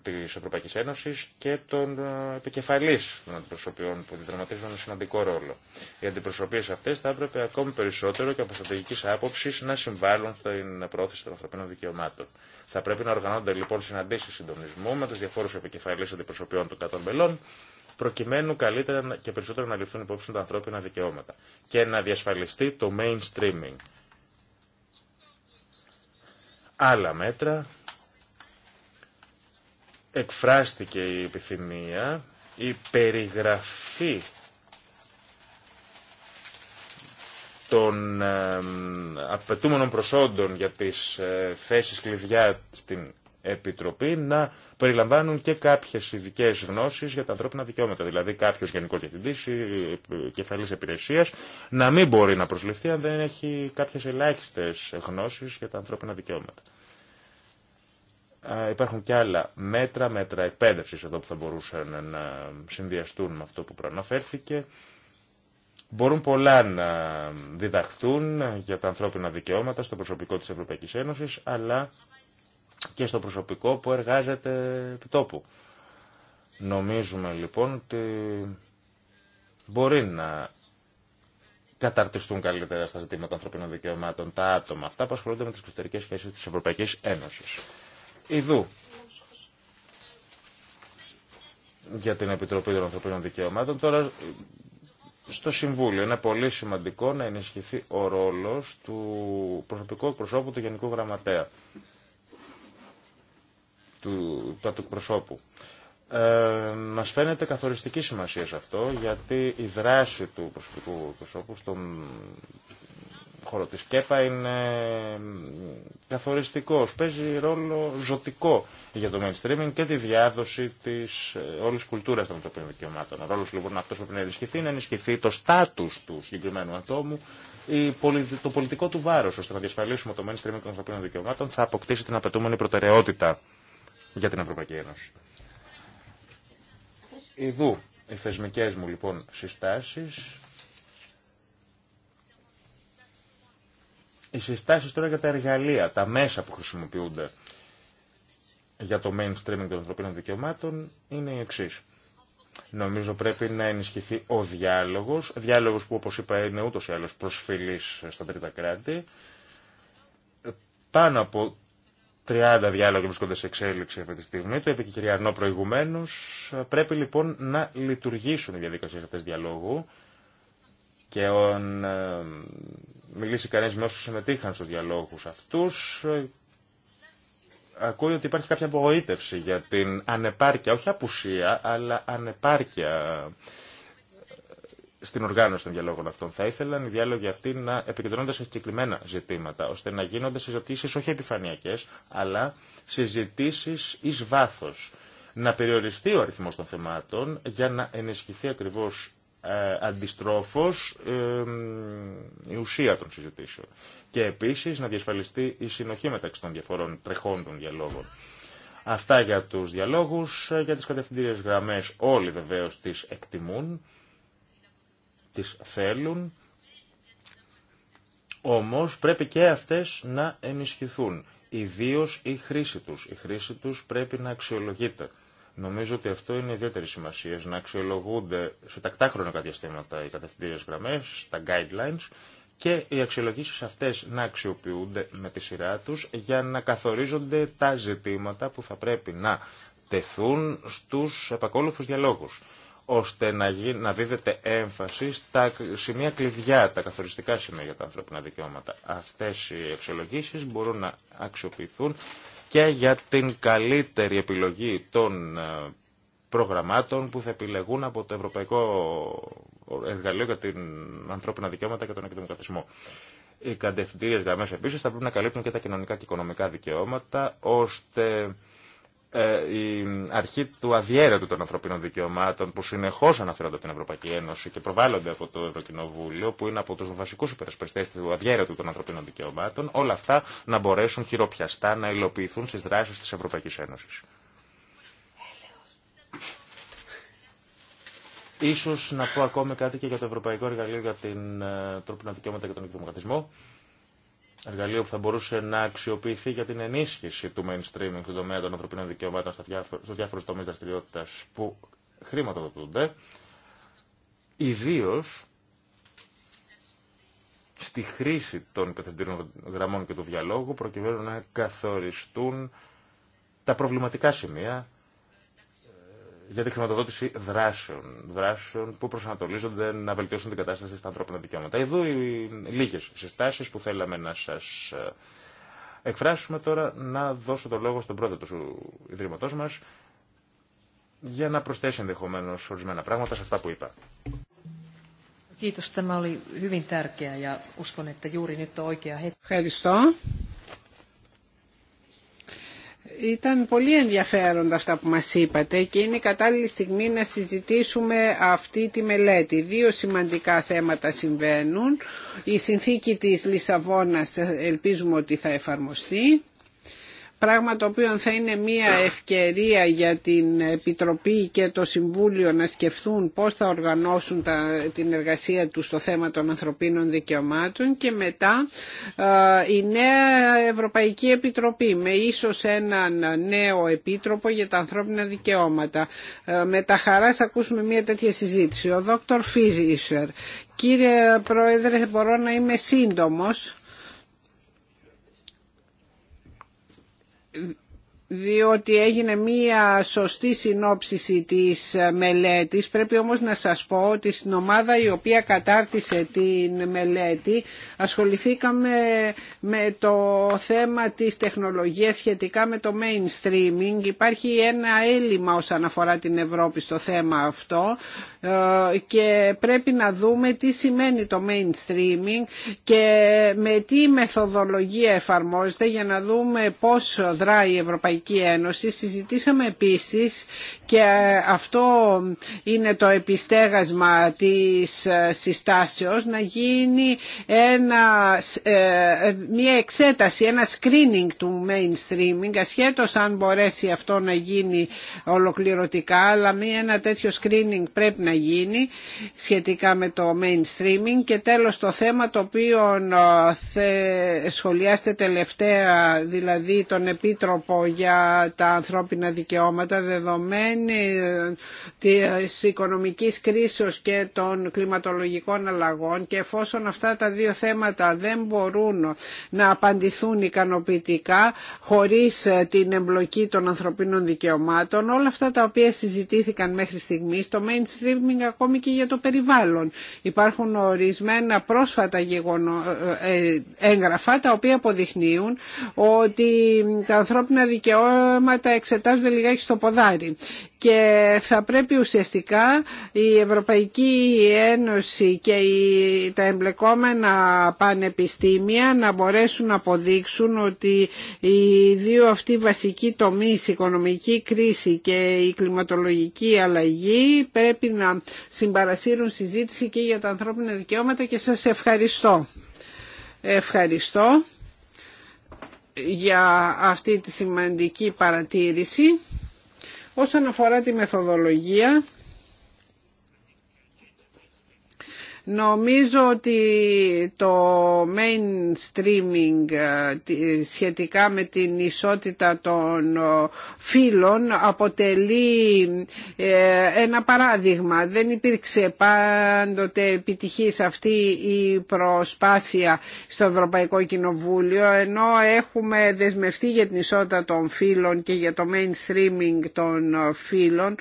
της Ευρωπαϊκής Ένωσης και των ε, επικεφαλής των αντιπροσωπιών που διδραματίζουν σημαντικό ρόλο. Οι αντιπροσωπείες αυτές θα έπρεπε ακόμη περισσότερο και από στρατηγική άποψη να συμβάλλουν στην πρόθεση των ανθρωπίνων δικαιωμάτων. Θα πρέπει να οργανώνονται λοιπόν συναντήσεις συντονισμού με τους διαφόρους επικεφαλής αντιπροσωπιών των κατών μελών, προκειμένου καλύτερα και περισσότερο να ληφθούν υπόψη τα ανθρώπινα δικαιώματα και να διασφαλιστεί το mainstreaming άλλα μέτρα. Εκφράστηκε η επιθυμία, η περιγραφή των απαιτούμενων προσόντων για τις ε, θέσεις κλειδιά στην Επιτροπή να περιλαμβάνουν και κάποιε ειδικέ γνώσει για τα ανθρώπινα δικαιώματα. Δηλαδή κάποιο γενικό διευθυντή ή κεφαλή υπηρεσία να μην μπορεί να προσληφθεί αν δεν έχει κάποιε ελάχιστε γνώσει για τα ανθρώπινα δικαιώματα. Υπάρχουν και άλλα μέτρα, μέτρα εκπαίδευση εδώ που θα μπορούσαν να συνδυαστούν με αυτό που προαναφέρθηκε. Μπορούν πολλά να διδαχθούν για τα ανθρώπινα δικαιώματα στο προσωπικό της Ευρωπαϊκής Ένωσης, αλλά και στο προσωπικό που εργάζεται επί τόπου. Νομίζουμε λοιπόν ότι μπορεί να καταρτιστούν καλύτερα στα ζητήματα ανθρωπίνων δικαιωμάτων τα άτομα αυτά που ασχολούνται με τις εξωτερικές σχέσεις της Ευρωπαϊκής Ένωσης. Ιδού για την Επιτροπή των Ανθρωπίνων Δικαιωμάτων. Τώρα στο Συμβούλιο είναι πολύ σημαντικό να ενισχυθεί ο ρόλος του προσωπικού προσώπου του Γενικού Γραμματέα του προσώπου. Ε, μας φαίνεται καθοριστική σημασία σε αυτό γιατί η δράση του προσωπικού προσώπου στον χώρο της ΚΕΠΑ είναι καθοριστικός, παίζει ρόλο ζωτικό για το mainstreaming και τη διάδοση της ε, όλης κουλτούρας των ανθρωπίνων δικαιωμάτων. Ο ρόλος λοιπόν αυτός πρέπει να ενισχυθεί, να ενισχυθεί το στάτους του συγκεκριμένου ατόμου, το πολιτικό του βάρος, ώστε να διασφαλίσουμε το mainstreaming των ανθρωπίνων δικαιωμάτων θα αποκτήσει την απαιτούμενη προτεραιότητα για την Ευρωπαϊκή Ένωση. Ιδού οι θεσμικές μου λοιπόν συστάσεις. Οι συστάσεις τώρα για τα εργαλεία, τα μέσα που χρησιμοποιούνται για το mainstreaming των ανθρωπίνων δικαιωμάτων είναι η εξή. Νομίζω πρέπει να ενισχυθεί ο διάλογος, διάλογος που όπως είπα είναι ούτως ή άλλως προσφυλής στα τρίτα κράτη, πάνω από 30 διάλογοι βρίσκονται σε εξέλιξη αυτή τη στιγμή. Το είπε και η κυρία Αρνό προηγουμένω. Πρέπει λοιπόν να λειτουργήσουν οι διαδικασίε αυτέ διαλόγου και αν ε, μιλήσει κανεί με όσου συμμετείχαν στους διαλόγους αυτούς, ε, ακούει ότι υπάρχει κάποια απογοήτευση για την ανεπάρκεια, όχι απουσία, αλλά ανεπάρκεια στην οργάνωση των διαλόγων αυτών. Θα ήθελαν οι διάλογοι αυτοί να επικεντρώνονται σε συγκεκριμένα ζητήματα, ώστε να γίνονται συζητήσει όχι επιφανειακέ, αλλά συζητήσει ει βάθο. Να περιοριστεί ο αριθμό των θεμάτων για να ενισχυθεί ακριβώ ε, αντιστρόφως η ουσία των συζητήσεων. Και επίση να διασφαλιστεί η συνοχή μεταξύ των διαφορών τρεχών των διαλόγων. Αυτά για τους διαλόγους, ε, για τις κατευθυντήριες γραμμές όλοι βεβαίως τις εκτιμούν τις θέλουν, όμως πρέπει και αυτές να ενισχυθούν. Ιδίω η χρήση τους. Η χρήση τους πρέπει να αξιολογείται. Νομίζω ότι αυτό είναι ιδιαίτερη σημασία, να αξιολογούνται σε τακτά χρονοκαδιαστήματα οι κατευθυντήριες γραμμές, τα guidelines και οι αξιολογήσεις αυτές να αξιοποιούνται με τη σειρά τους για να καθορίζονται τα ζητήματα που θα πρέπει να τεθούν στους επακόλουθους διαλόγους ώστε να, γι, να δίδεται έμφαση στα σημεία κλειδιά, τα καθοριστικά σημεία για τα ανθρώπινα δικαιώματα. Αυτές οι αξιολογήσεις μπορούν να αξιοποιηθούν και για την καλύτερη επιλογή των ε, προγραμμάτων που θα επιλεγούν από το Ευρωπαϊκό Εργαλείο για την Ανθρώπινα Δικαιώματα και τον Εκδημοκρατισμό. Οι κατευθυντήριες γραμμές επίσης θα πρέπει να καλύπτουν και τα κοινωνικά και οικονομικά δικαιώματα, ώστε ε, η αρχή του αδιέρετου των ανθρωπίνων δικαιωμάτων που συνεχώ αναφέρονται από την Ευρωπαϊκή Ένωση και προβάλλονται από το Ευρωκοινοβούλιο, που είναι από του βασικού υπερασπιστέ του αδιέρετου των ανθρωπίνων δικαιωμάτων, όλα αυτά να μπορέσουν χειροπιαστά να υλοποιηθούν στι δράσει τη Ευρωπαϊκή Ένωση. Ίσως να πω ακόμη κάτι και για το Ευρωπαϊκό Εργαλείο για την Τρόπινα ε, Δικαιώματα και τον Εκδημοκρατισμό εργαλείο που θα μπορούσε να αξιοποιηθεί για την ενίσχυση του mainstreaming του τομέα των ανθρωπίνων δικαιωμάτων στου διάφορου τομεί δραστηριότητα που χρηματοδοτούνται, ιδίω στη χρήση των κατευθυντήρων γραμμών και του διαλόγου προκειμένου να καθοριστούν τα προβληματικά σημεία για τη χρηματοδότηση δράσεων. που προσανατολίζονται να βελτιώσουν την κατάσταση στα ανθρώπινα δικαιώματα. Εδώ οι λίγες συστάσεις που θέλαμε να σα ε, εκφράσουμε τώρα να δώσω το λόγο στον πρόεδρο του ιδρύματό μα για να προσθέσει ενδεχομένω ορισμένα πράγματα σε αυτά που είπα. Ευχαριστώ. Ήταν πολύ ενδιαφέροντα αυτά που μας είπατε και είναι κατάλληλη στιγμή να συζητήσουμε αυτή τη μελέτη. Δύο σημαντικά θέματα συμβαίνουν. Η συνθήκη της Λισαβόνας ελπίζουμε ότι θα εφαρμοστεί πράγμα το οποίο θα είναι μια ευκαιρία για την Επιτροπή και το Συμβούλιο να σκεφτούν πώς θα οργανώσουν την εργασία τους στο θέμα των ανθρωπίνων δικαιωμάτων και μετά η νέα Ευρωπαϊκή Επιτροπή με ίσως έναν νέο επίτροπο για τα ανθρώπινα δικαιώματα. Με τα θα ακούσουμε μια τέτοια συζήτηση. Ο Δόκτωρ Φίρισερ, Κύριε Πρόεδρε, μπορώ να είμαι σύντομος διότι έγινε μία σωστή συνόψιση της μελέτης. Πρέπει όμως να σας πω ότι στην ομάδα η οποία κατάρτισε την μελέτη ασχοληθήκαμε με το θέμα της τεχνολογίας σχετικά με το mainstreaming. Υπάρχει ένα έλλειμμα όσον αφορά την Ευρώπη στο θέμα αυτό ε, και πρέπει να δούμε τι σημαίνει το mainstreaming και με τι μεθοδολογία εφαρμόζεται για να δούμε πώς δράει η Ευρωπαϊκή Ευρωπαϊκή Συζητήσαμε επίσης και αυτό είναι το επιστέγασμα της ε, συστάσεως να γίνει ένα, ε, μια εξέταση, ένα screening του mainstreaming ασχέτως αν μπορέσει αυτό να γίνει ολοκληρωτικά αλλά μια, ένα τέτοιο screening πρέπει να γίνει σχετικά με το mainstreaming και τέλος το θέμα το οποίο ε, σχολιάστε τελευταία δηλαδή τον Επίτροπο για για τα ανθρώπινα δικαιώματα δεδομένη ε, της οικονομικής κρίσεως και των κλιματολογικών αλλαγών και εφόσον αυτά τα δύο θέματα δεν μπορούν να απαντηθούν ικανοποιητικά χωρίς ε, την εμπλοκή των ανθρωπίνων δικαιωμάτων όλα αυτά τα οποία συζητήθηκαν μέχρι στιγμή στο mainstreaming ακόμη και για το περιβάλλον. Υπάρχουν ορισμένα πρόσφατα ε, έγγραφα τα οποία αποδεικνύουν ότι τα ανθρώπινα δικαιώματα δικαιώματα εξετάζονται λιγάκι στο ποδάρι και θα πρέπει ουσιαστικά η Ευρωπαϊκή Ένωση και τα εμπλεκόμενα πανεπιστήμια να μπορέσουν να αποδείξουν ότι οι δύο αυτοί βασικοί τομείς, η οικονομική κρίση και η κλιματολογική αλλαγή πρέπει να συμπαρασύρουν συζήτηση και για τα ανθρώπινα δικαιώματα και σας ευχαριστώ. Ευχαριστώ για αυτή τη σημαντική παρατήρηση. Όσον αφορά τη μεθοδολογία, Νομίζω ότι το mainstreaming ε, σχετικά με την ισότητα των ε, φύλων αποτελεί ε, ένα παράδειγμα. Δεν υπήρξε πάντοτε επιτυχής αυτή η προσπάθεια στο Ευρωπαϊκό Κοινοβούλιο ενώ έχουμε δεσμευτεί για την ισότητα των φύλων και για το mainstreaming των φύλων.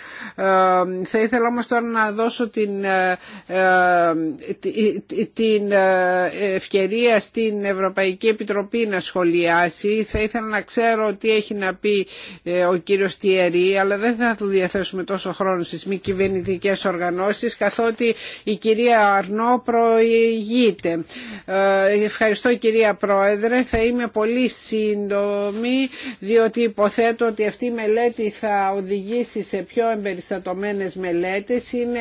Θα ήθελα όμως τώρα να δώσω την την ε, ευκαιρία στην Ευρωπαϊκή Επιτροπή να σχολιάσει. Θα ήθελα να ξέρω τι έχει να πει ε, ο κύριος Τιερή, αλλά δεν θα του διαθέσουμε τόσο χρόνο στις μη κυβερνητικέ οργανώσεις, καθότι η κυρία Αρνό προηγείται. Ε, ευχαριστώ κυρία Πρόεδρε. Θα είμαι πολύ σύντομη, διότι υποθέτω ότι αυτή η μελέτη θα οδηγήσει σε πιο εμπεριστατωμένες μελέτες. Είναι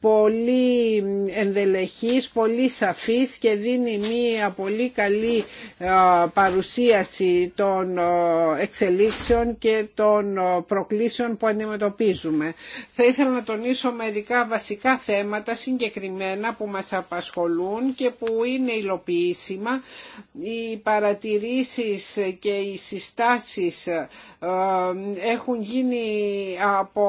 πολύ ενδελεχής, πολύ σαφής και δίνει μία πολύ καλή παρουσίαση των εξελίξεων και των προκλήσεων που αντιμετωπίζουμε. Θα ήθελα να τονίσω μερικά βασικά θέματα συγκεκριμένα που μας απασχολούν και που είναι υλοποιήσιμα. Οι παρατηρήσεις και οι συστάσεις έχουν γίνει από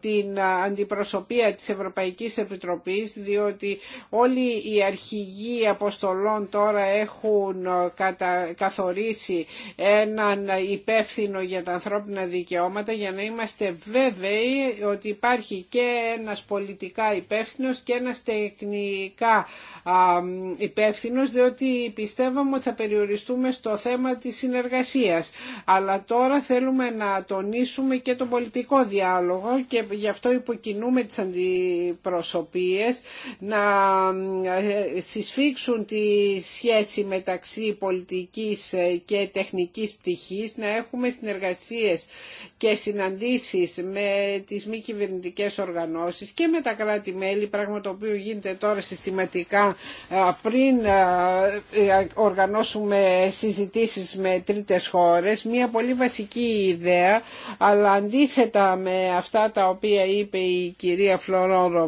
την αντιπροσωπεία της Ευρωπαϊκής Ευρωπαϊκής Επιτροπής διότι όλοι οι αρχηγοί αποστολών τώρα έχουν ε, καθορίσει έναν υπεύθυνο για τα ανθρώπινα δικαιώματα για να είμαστε βέβαιοι ότι υπάρχει και ένας πολιτικά υπεύθυνος και ένας τεχνικά υπεύθυνος διότι πιστεύαμε ότι θα περιοριστούμε στο θέμα της συνεργασίας αλλά τώρα θέλουμε να τονίσουμε και τον πολιτικό διάλογο και γι' αυτό υποκινούμε τις αντι να ε, συσφίξουν τη σχέση μεταξύ πολιτικής ε, και τεχνικής πτυχής, να έχουμε συνεργασίες και συναντήσεις με τις μη κυβερνητικέ οργανώσεις και με τα κράτη-μέλη, πράγμα το οποίο γίνεται τώρα συστηματικά ε, πριν οργανώσουμε συζητήσεις με τρίτες χώρες. Μία πολύ βασική ιδέα, αλλά αντίθετα με αυτά τα οποία είπε η κυρία Φλωρόρο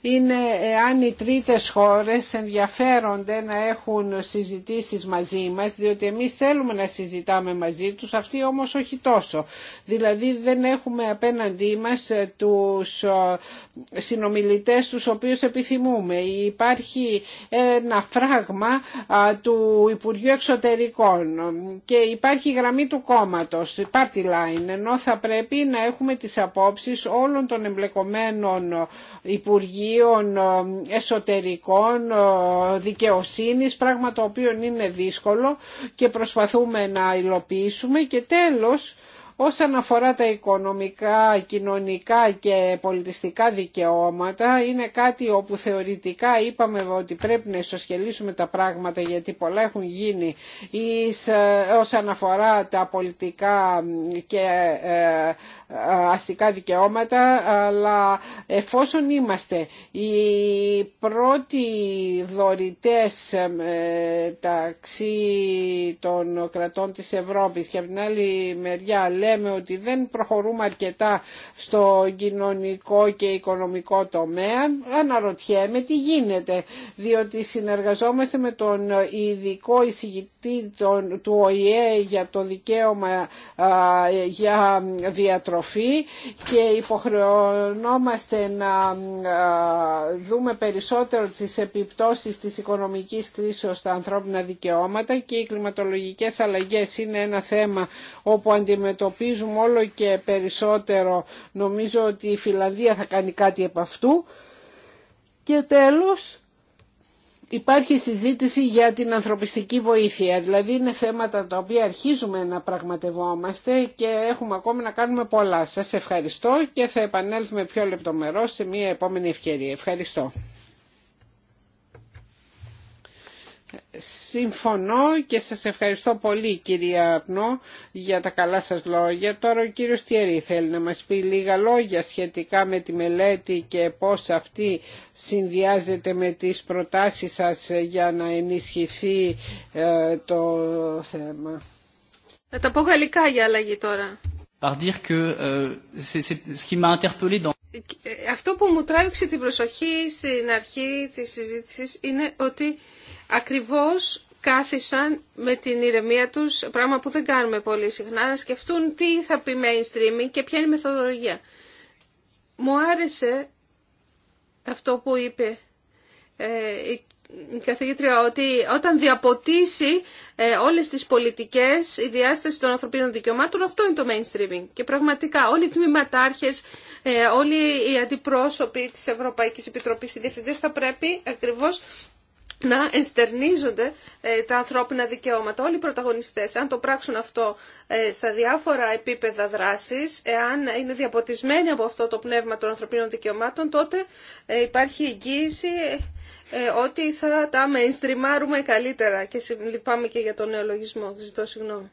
είναι εάν οι τρίτες χώρες ενδιαφέρονται να έχουν συζητήσεις μαζί μας διότι εμείς θέλουμε να συζητάμε μαζί τους, αυτοί όμως όχι τόσο. Δηλαδή δεν έχουμε απέναντί μας τους ε, συνομιλητές τους οποίους επιθυμούμε. Υπάρχει ένα φράγμα του Υπουργείου Εξωτερικών και υπάρχει η γραμμή του κόμματος, η party line, ενώ θα πρέπει να έχουμε τις απόψεις όλων των εμπλεκομένων Υπουργείων ε, Εσωτερικών ε, Δικαιοσύνης, πράγμα το οποίο είναι δύσκολο και προσπαθούμε να υλοποιήσουμε και τέλος Όσον αφορά τα οικονομικά, κοινωνικά και πολιτιστικά δικαιώματα, είναι κάτι όπου θεωρητικά είπαμε ότι πρέπει να ισοσχελίσουμε τα πράγματα γιατί πολλά έχουν γίνει ε, όσον αφορά τα πολιτικά και αστικά δικαιώματα, αλλά εφόσον είμαστε οι πρώτοι δωρητές ε, ταξί των κρατών της Ευρώπης και από την άλλη μεριά λέμε ότι δεν προχωρούμε αρκετά στο κοινωνικό και οικονομικό τομέα, αναρωτιέμαι τι γίνεται, διότι συνεργαζόμαστε με τον ειδικό εισηγητή αυτή του ΟΗΕ για το δικαίωμα για διατροφή και υποχρεωνόμαστε να δούμε περισσότερο τις επιπτώσεις της οικονομικής κρίσης στα ανθρώπινα δικαιώματα και οι κλιματολογικές αλλαγές είναι ένα θέμα όπου αντιμετωπίζουμε όλο και περισσότερο. Νομίζω ότι η Φιλανδία θα κάνει κάτι επ' αυτού. Και τέλος, υπάρχει συζήτηση για την ανθρωπιστική βοήθεια. Δηλαδή είναι θέματα τα οποία αρχίζουμε να πραγματευόμαστε και έχουμε ακόμη να κάνουμε πολλά. Σας ευχαριστώ και θα επανέλθουμε πιο λεπτομερώς σε μια επόμενη ευκαιρία. Ευχαριστώ. Συμφωνώ και σας ευχαριστώ πολύ κυρία Απνό για τα καλά σας λόγια. Τώρα ο κύριος Τιερή θέλει να μας πει λίγα λόγια σχετικά με τη μελέτη και πώς αυτή συνδυάζεται με τις προτάσεις σας για να ενισχυθεί ε, το θέμα. Θα τα πω γαλλικά για αλλαγή τώρα. Αυτό που μου τράβηξε την προσοχή στην αρχή της συζήτησης είναι ότι ακριβώς κάθισαν με την ηρεμία τους, πράγμα που δεν κάνουμε πολύ συχνά, να σκεφτούν τι θα πει mainstreaming και ποια είναι η μεθοδολογία. Μου άρεσε αυτό που είπε ε, η καθηγήτρια, ότι όταν διαποτίσει ε, όλες τις πολιτικές, η διάσταση των ανθρωπίνων δικαιωμάτων, αυτό είναι το mainstreaming. Και πραγματικά όλοι οι τμήματάρχες, ε, όλοι οι αντιπρόσωποι της Ευρωπαϊκής Επιτροπής, οι διευθυντές θα πρέπει ακριβώς να ενστερνίζονται ε, τα ανθρώπινα δικαιώματα. Όλοι οι πρωταγωνιστές, αν το πράξουν αυτό ε, στα διάφορα επίπεδα δράσης, εάν είναι διαποτισμένοι από αυτό το πνεύμα των ανθρωπίνων δικαιωμάτων, τότε ε, υπάρχει εγγύηση ότι θα τα mainstreamάρουμε καλύτερα και λυπάμαι και για τον νεολογισμό, ζητώ συγγνώμη.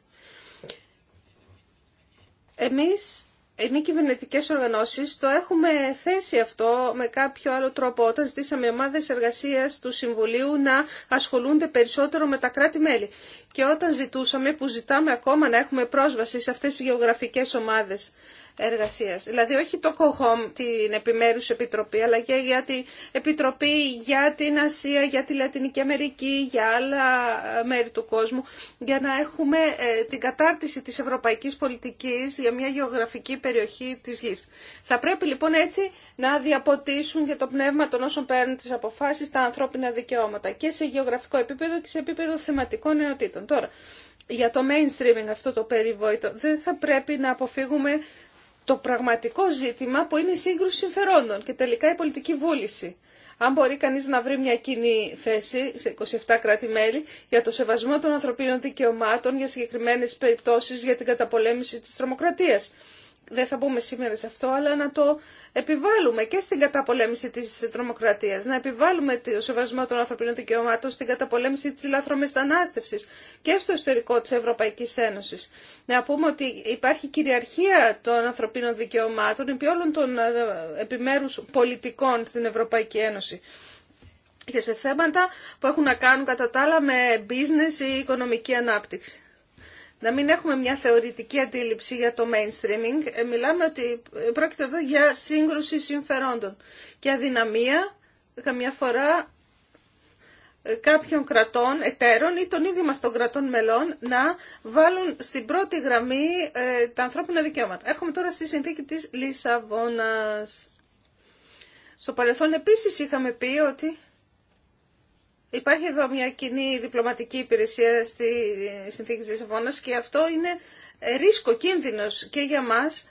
Εμείς οι μη κυβερνητικέ οργανώσει το έχουμε θέσει αυτό με κάποιο άλλο τρόπο όταν ζητήσαμε ομάδε εργασία του Συμβουλίου να ασχολούνται περισσότερο με τα κράτη-μέλη. Και όταν ζητούσαμε, που ζητάμε ακόμα να έχουμε πρόσβαση σε αυτέ τι γεωγραφικέ ομάδε, Δηλαδή όχι το COHOM, την επιμέρους επιτροπή, αλλά και για την επιτροπή για την Ασία, για τη Λατινική Αμερική, για άλλα ε, μέρη του κόσμου, για να έχουμε ε, την κατάρτιση της ευρωπαϊκής πολιτικής για μια γεωγραφική περιοχή της γης. Θα πρέπει λοιπόν έτσι να διαποτίσουν για το πνεύμα των όσων παίρνουν τις αποφάσεις τα ανθρώπινα δικαιώματα και σε γεωγραφικό επίπεδο και σε επίπεδο θεματικών ενωτήτων. Τώρα, για το mainstreaming αυτό το περιβόητο δεν θα πρέπει να αποφύγουμε το πραγματικό ζήτημα που είναι η σύγκρουση συμφερόντων και τελικά η πολιτική βούληση. Αν μπορεί κανείς να βρει μια κοινή θέση σε 27 κράτη-μέλη για το σεβασμό των ανθρωπίνων δικαιωμάτων, για συγκεκριμένες περιπτώσεις για την καταπολέμηση της τρομοκρατίας δεν θα μπούμε σήμερα σε αυτό, αλλά να το επιβάλλουμε και στην καταπολέμηση της τρομοκρατίας, να επιβάλλουμε το σεβασμό των ανθρωπίνων δικαιωμάτων στην καταπολέμηση της λαθρομεστανάστευσης και στο ιστορικό της Ευρωπαϊκής Ένωσης. Να πούμε ότι υπάρχει κυριαρχία των ανθρωπίνων δικαιωμάτων επί όλων των ε, επιμέρους πολιτικών στην Ευρωπαϊκή Ένωση και σε θέματα που έχουν να κάνουν κατά τα άλλα με business ή οικονομική ανάπτυξη να μην έχουμε μια θεωρητική αντίληψη για το mainstreaming. Ε, μιλάμε ότι ε, πρόκειται εδώ για σύγκρουση συμφερόντων και αδυναμία καμιά φορά ε, κάποιων κρατών, εταίρων ή των ίδιων μας των κρατών μελών να βάλουν στην πρώτη γραμμή ε, τα ανθρώπινα δικαιώματα. Έρχομαι τώρα στη συνθήκη της Λισαβόνας. Στο παρελθόν επίσης είχαμε πει ότι Υπάρχει εδώ μια κοινή διπλωματική υπηρεσία στη συνθήκη της Λισαβόνας και αυτό είναι ρίσκο, κίνδυνος και για μας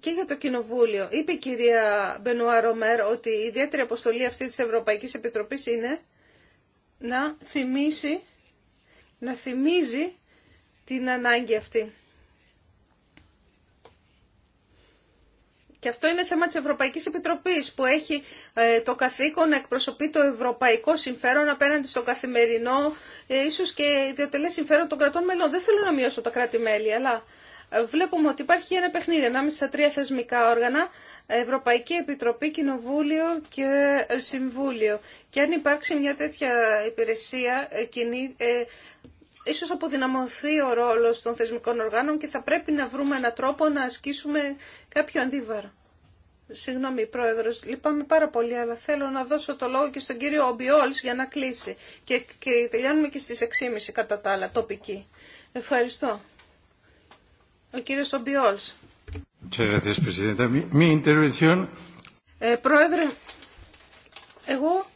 και για το Κοινοβούλιο. Είπε η κυρία Μπενουά Ρομέρ ότι η ιδιαίτερη αποστολή αυτή της Ευρωπαϊκής Επιτροπής είναι να θυμίσει, να θυμίζει την ανάγκη αυτή. Και αυτό είναι θέμα της Ευρωπαϊκής Επιτροπής που έχει ε, το καθήκον να εκπροσωπεί το ευρωπαϊκό συμφέρον απέναντι στο καθημερινό, ε, ίσως και ιδιωτελές συμφέρον των κρατών μελών. Δεν θέλω να μειώσω τα κράτη-μέλη, αλλά ε, βλέπουμε ότι υπάρχει ένα παιχνίδι ανάμεσα στα τρία θεσμικά όργανα, Ευρωπαϊκή Επιτροπή, Κοινοβούλιο και Συμβούλιο. Και αν υπάρξει μια τέτοια υπηρεσία κοινή, ίσως αποδυναμωθεί ο ρόλος των θεσμικών οργάνων και θα πρέπει να βρούμε έναν τρόπο να ασκήσουμε κάποιο αντίβαρο. Συγγνώμη, Πρόεδρος, λυπάμαι πάρα πολύ, αλλά θέλω να δώσω το λόγο και στον κύριο Ομπιόλς για να κλείσει. Και, και τελειώνουμε και στις 6.30 κατά τα άλλα, τοπική. Ευχαριστώ. Ο κύριο Ομπιόλ. Ε, πρόεδρε, εγώ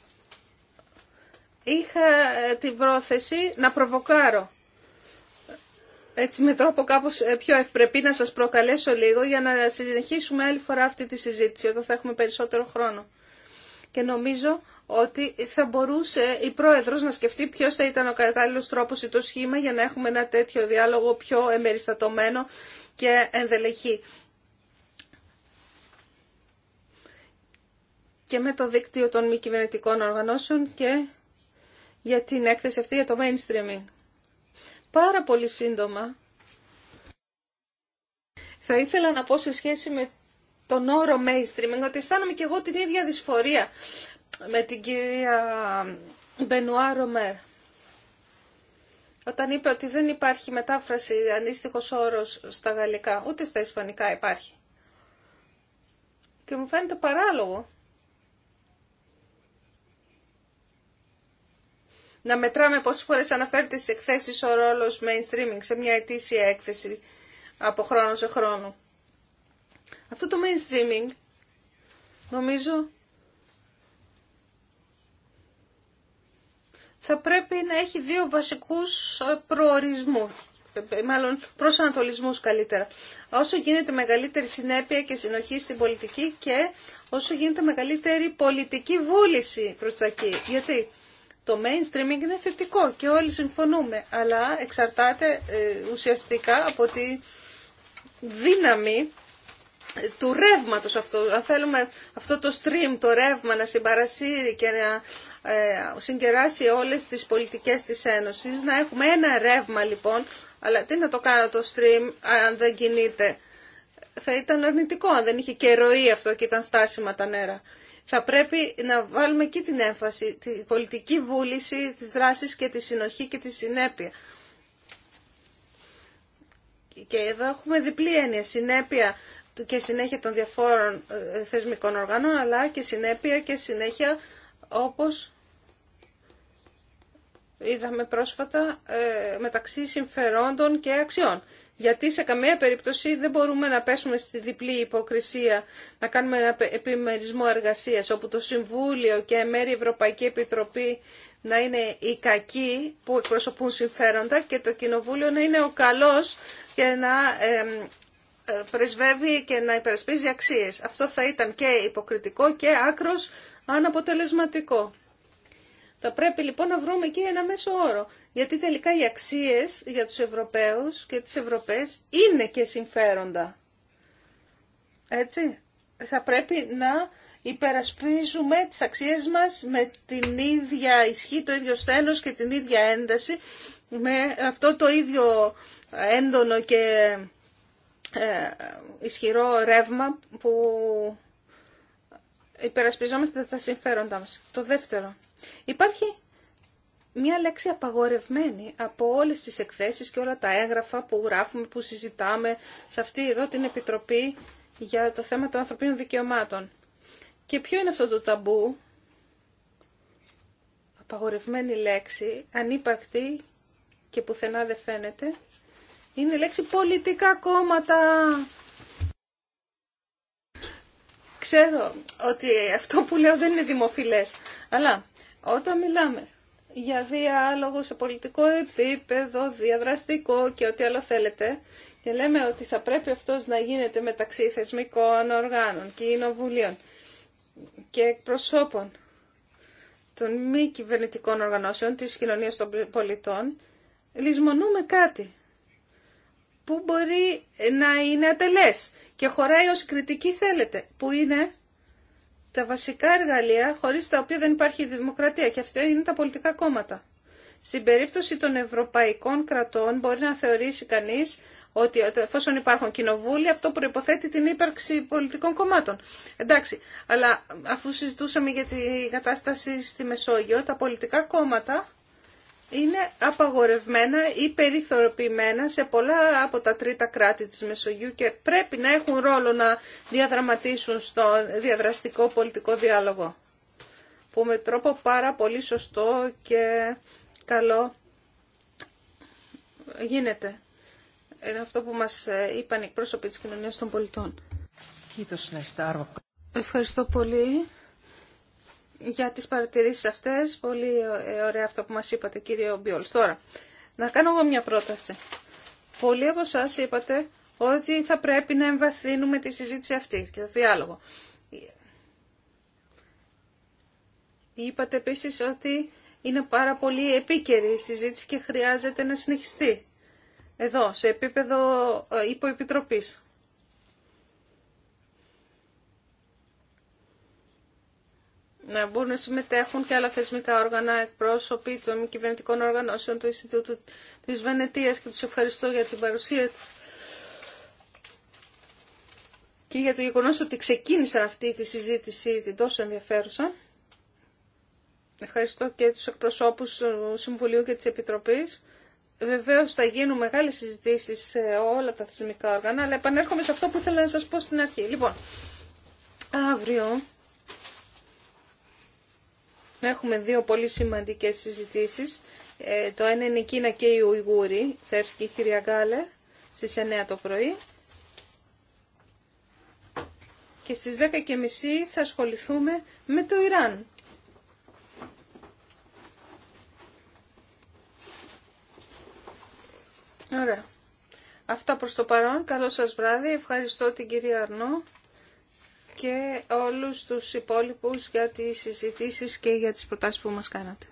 είχα ε, την πρόθεση να προβοκάρω. Έτσι με τρόπο κάπως ε, πιο ευπρεπή να σας προκαλέσω λίγο για να συνεχίσουμε άλλη φορά αυτή τη συζήτηση όταν θα έχουμε περισσότερο χρόνο. Και νομίζω ότι θα μπορούσε η Πρόεδρος να σκεφτεί ποιος θα ήταν ο κατάλληλος τρόπος ή το σχήμα για να έχουμε ένα τέτοιο διάλογο πιο εμεριστατωμένο και ενδελεχή. Και με το δίκτυο των μη κυβερνητικών οργανώσεων και για την έκθεση αυτή για το mainstreaming. Πάρα πολύ σύντομα θα ήθελα να πω σε σχέση με τον όρο mainstreaming ότι αισθάνομαι και εγώ την ίδια δυσφορία με την κυρία Μπενουά Ρομέρ. Όταν είπε ότι δεν υπάρχει μετάφραση αντίστοιχο όρος στα γαλλικά, ούτε στα ισπανικά υπάρχει. Και μου φαίνεται παράλογο να μετράμε πόσες φορές αναφέρεται στις εκθέσεις ο ρόλος mainstreaming σε μια ετήσια έκθεση από χρόνο σε χρόνο. Αυτό το mainstreaming νομίζω θα πρέπει να έχει δύο βασικούς ε, προορισμούς, ε, ε, μάλλον προσανατολισμούς καλύτερα. Όσο γίνεται μεγαλύτερη συνέπεια και συνοχή στην πολιτική και όσο γίνεται μεγαλύτερη πολιτική βούληση προς τα εκεί. Γιατί το mainstreaming είναι θετικό και όλοι συμφωνούμε, αλλά εξαρτάται ε, ουσιαστικά από τη δύναμη ε, του ρεύματος αυτού. Αν θέλουμε αυτό το stream, το ρεύμα να συμπαρασύρει και να ε, συγκεράσει όλες τις πολιτικές της Ένωσης, να έχουμε ένα ρεύμα λοιπόν, αλλά τι να το κάνω το stream αν δεν κινείται. Θα ήταν αρνητικό αν δεν είχε και ροή αυτό και ήταν στάσιμα τα νερά θα πρέπει να βάλουμε εκεί την έμφαση, την πολιτική βούληση, τις δράσεις και τη συνοχή και τη συνέπεια. Και εδώ έχουμε διπλή έννοια, συνέπεια και συνέχεια των διαφόρων ε, θεσμικών οργάνων, αλλά και συνέπεια και συνέχεια όπως είδαμε πρόσφατα ε, μεταξύ συμφερόντων και αξιών γιατί σε καμία περίπτωση δεν μπορούμε να πέσουμε στη διπλή υποκρισία, να κάνουμε ένα επιμερισμό εργασίας, όπου το Συμβούλιο και μέρη Ευρωπαϊκή Επιτροπή να είναι οι κακοί που εκπροσωπούν συμφέροντα και το Κοινοβούλιο να είναι ο καλός και να ε, πρεσβεύει και να υπερασπίζει αξίες. Αυτό θα ήταν και υποκριτικό και άκρος αναποτελεσματικό. Θα πρέπει λοιπόν να βρούμε εκεί ένα μέσο όρο, γιατί τελικά οι αξίες για τους Ευρωπαίους και τις Ευρωπαίες είναι και συμφέροντα. Έτσι, θα πρέπει να υπερασπίζουμε τις αξίες μας με την ίδια ισχύ, το ίδιο στένος και την ίδια ένταση, με αυτό το ίδιο έντονο και ε, ισχυρό ρεύμα που υπερασπιζόμαστε τα συμφέροντά μας. Το δεύτερο. Υπάρχει μία λέξη απαγορευμένη από όλες τις εκθέσεις και όλα τα έγγραφα που γράφουμε, που συζητάμε σε αυτή εδώ την Επιτροπή για το θέμα των ανθρωπίνων δικαιωμάτων. Και ποιο είναι αυτό το ταμπού, απαγορευμένη λέξη, ανύπαρκτη και πουθενά δεν φαίνεται, είναι η λέξη πολιτικά κόμματα. Ξέρω ότι αυτό που λέω δεν είναι δημοφιλές, αλλά όταν μιλάμε για διάλογο σε πολιτικό επίπεδο, διαδραστικό και ό,τι άλλο θέλετε, και λέμε ότι θα πρέπει αυτός να γίνεται μεταξύ θεσμικών οργάνων, κοινοβουλίων και εκπροσώπων των μη κυβερνητικών οργανώσεων της κοινωνίας των πολιτών, λησμονούμε κάτι που μπορεί να είναι ατελές και χωράει ως κριτική θέλετε, που είναι τα βασικά εργαλεία χωρίς τα οποία δεν υπάρχει δημοκρατία και αυτά είναι τα πολιτικά κόμματα. Στην περίπτωση των ευρωπαϊκών κρατών μπορεί να θεωρήσει κανείς ότι εφόσον υπάρχουν κοινοβούλια αυτό προϋποθέτει την ύπαρξη πολιτικών κομμάτων. Εντάξει, αλλά αφού συζητούσαμε για την κατάσταση στη Μεσόγειο, τα πολιτικά κόμματα είναι απαγορευμένα ή περιθωριοποιημένα σε πολλά από τα τρίτα κράτη της Μεσογείου και πρέπει να έχουν ρόλο να διαδραματίσουν στο διαδραστικό πολιτικό διάλογο που με τρόπο πάρα πολύ σωστό και καλό γίνεται. Είναι αυτό που μας είπαν οι πρόσωποι της κοινωνίας των πολιτών. Ευχαριστώ πολύ για τις παρατηρήσεις αυτές. Πολύ ε, ωραία αυτό που μας είπατε κύριε Μπιόλς. Τώρα, να κάνω εγώ μια πρόταση. Πολλοί από εσά είπατε ότι θα πρέπει να εμβαθύνουμε τη συζήτηση αυτή και το διάλογο. Είπατε επίσης ότι είναι πάρα πολύ επίκαιρη η συζήτηση και χρειάζεται να συνεχιστεί. Εδώ, σε επίπεδο ε, υποεπιτροπής. να μπορούν να συμμετέχουν και άλλα θεσμικά όργανα, εκπρόσωποι των μη κυβερνητικών οργανώσεων του Ινστιτούτου της Βενετίας και τους ευχαριστώ για την παρουσία και για το γεγονός ότι ξεκίνησαν αυτή τη συζήτηση την τόσο ενδιαφέρουσα. Ευχαριστώ και τους εκπροσώπους του Συμβουλίου και της Επιτροπής. Βεβαίως θα γίνουν μεγάλες συζητήσεις σε όλα τα θεσμικά όργανα, αλλά επανέρχομαι σε αυτό που ήθελα να σας πω στην αρχή. Λοιπόν, αύριο έχουμε δύο πολύ σημαντικές συζητήσεις. Ε, το ένα είναι η Κίνα και η Ουιγούροι. Θα έρθει και η κυρία Γκάλε στις 9 το πρωί. Και στις 10.30 θα ασχοληθούμε με το Ιράν. Ωραία. Αυτά προς το παρόν. Καλό σας βράδυ. Ευχαριστώ την κυρία Αρνό και όλους τους υπόλοιπους για τις συζητήσεις και για τις προτάσεις που μας κάνατε.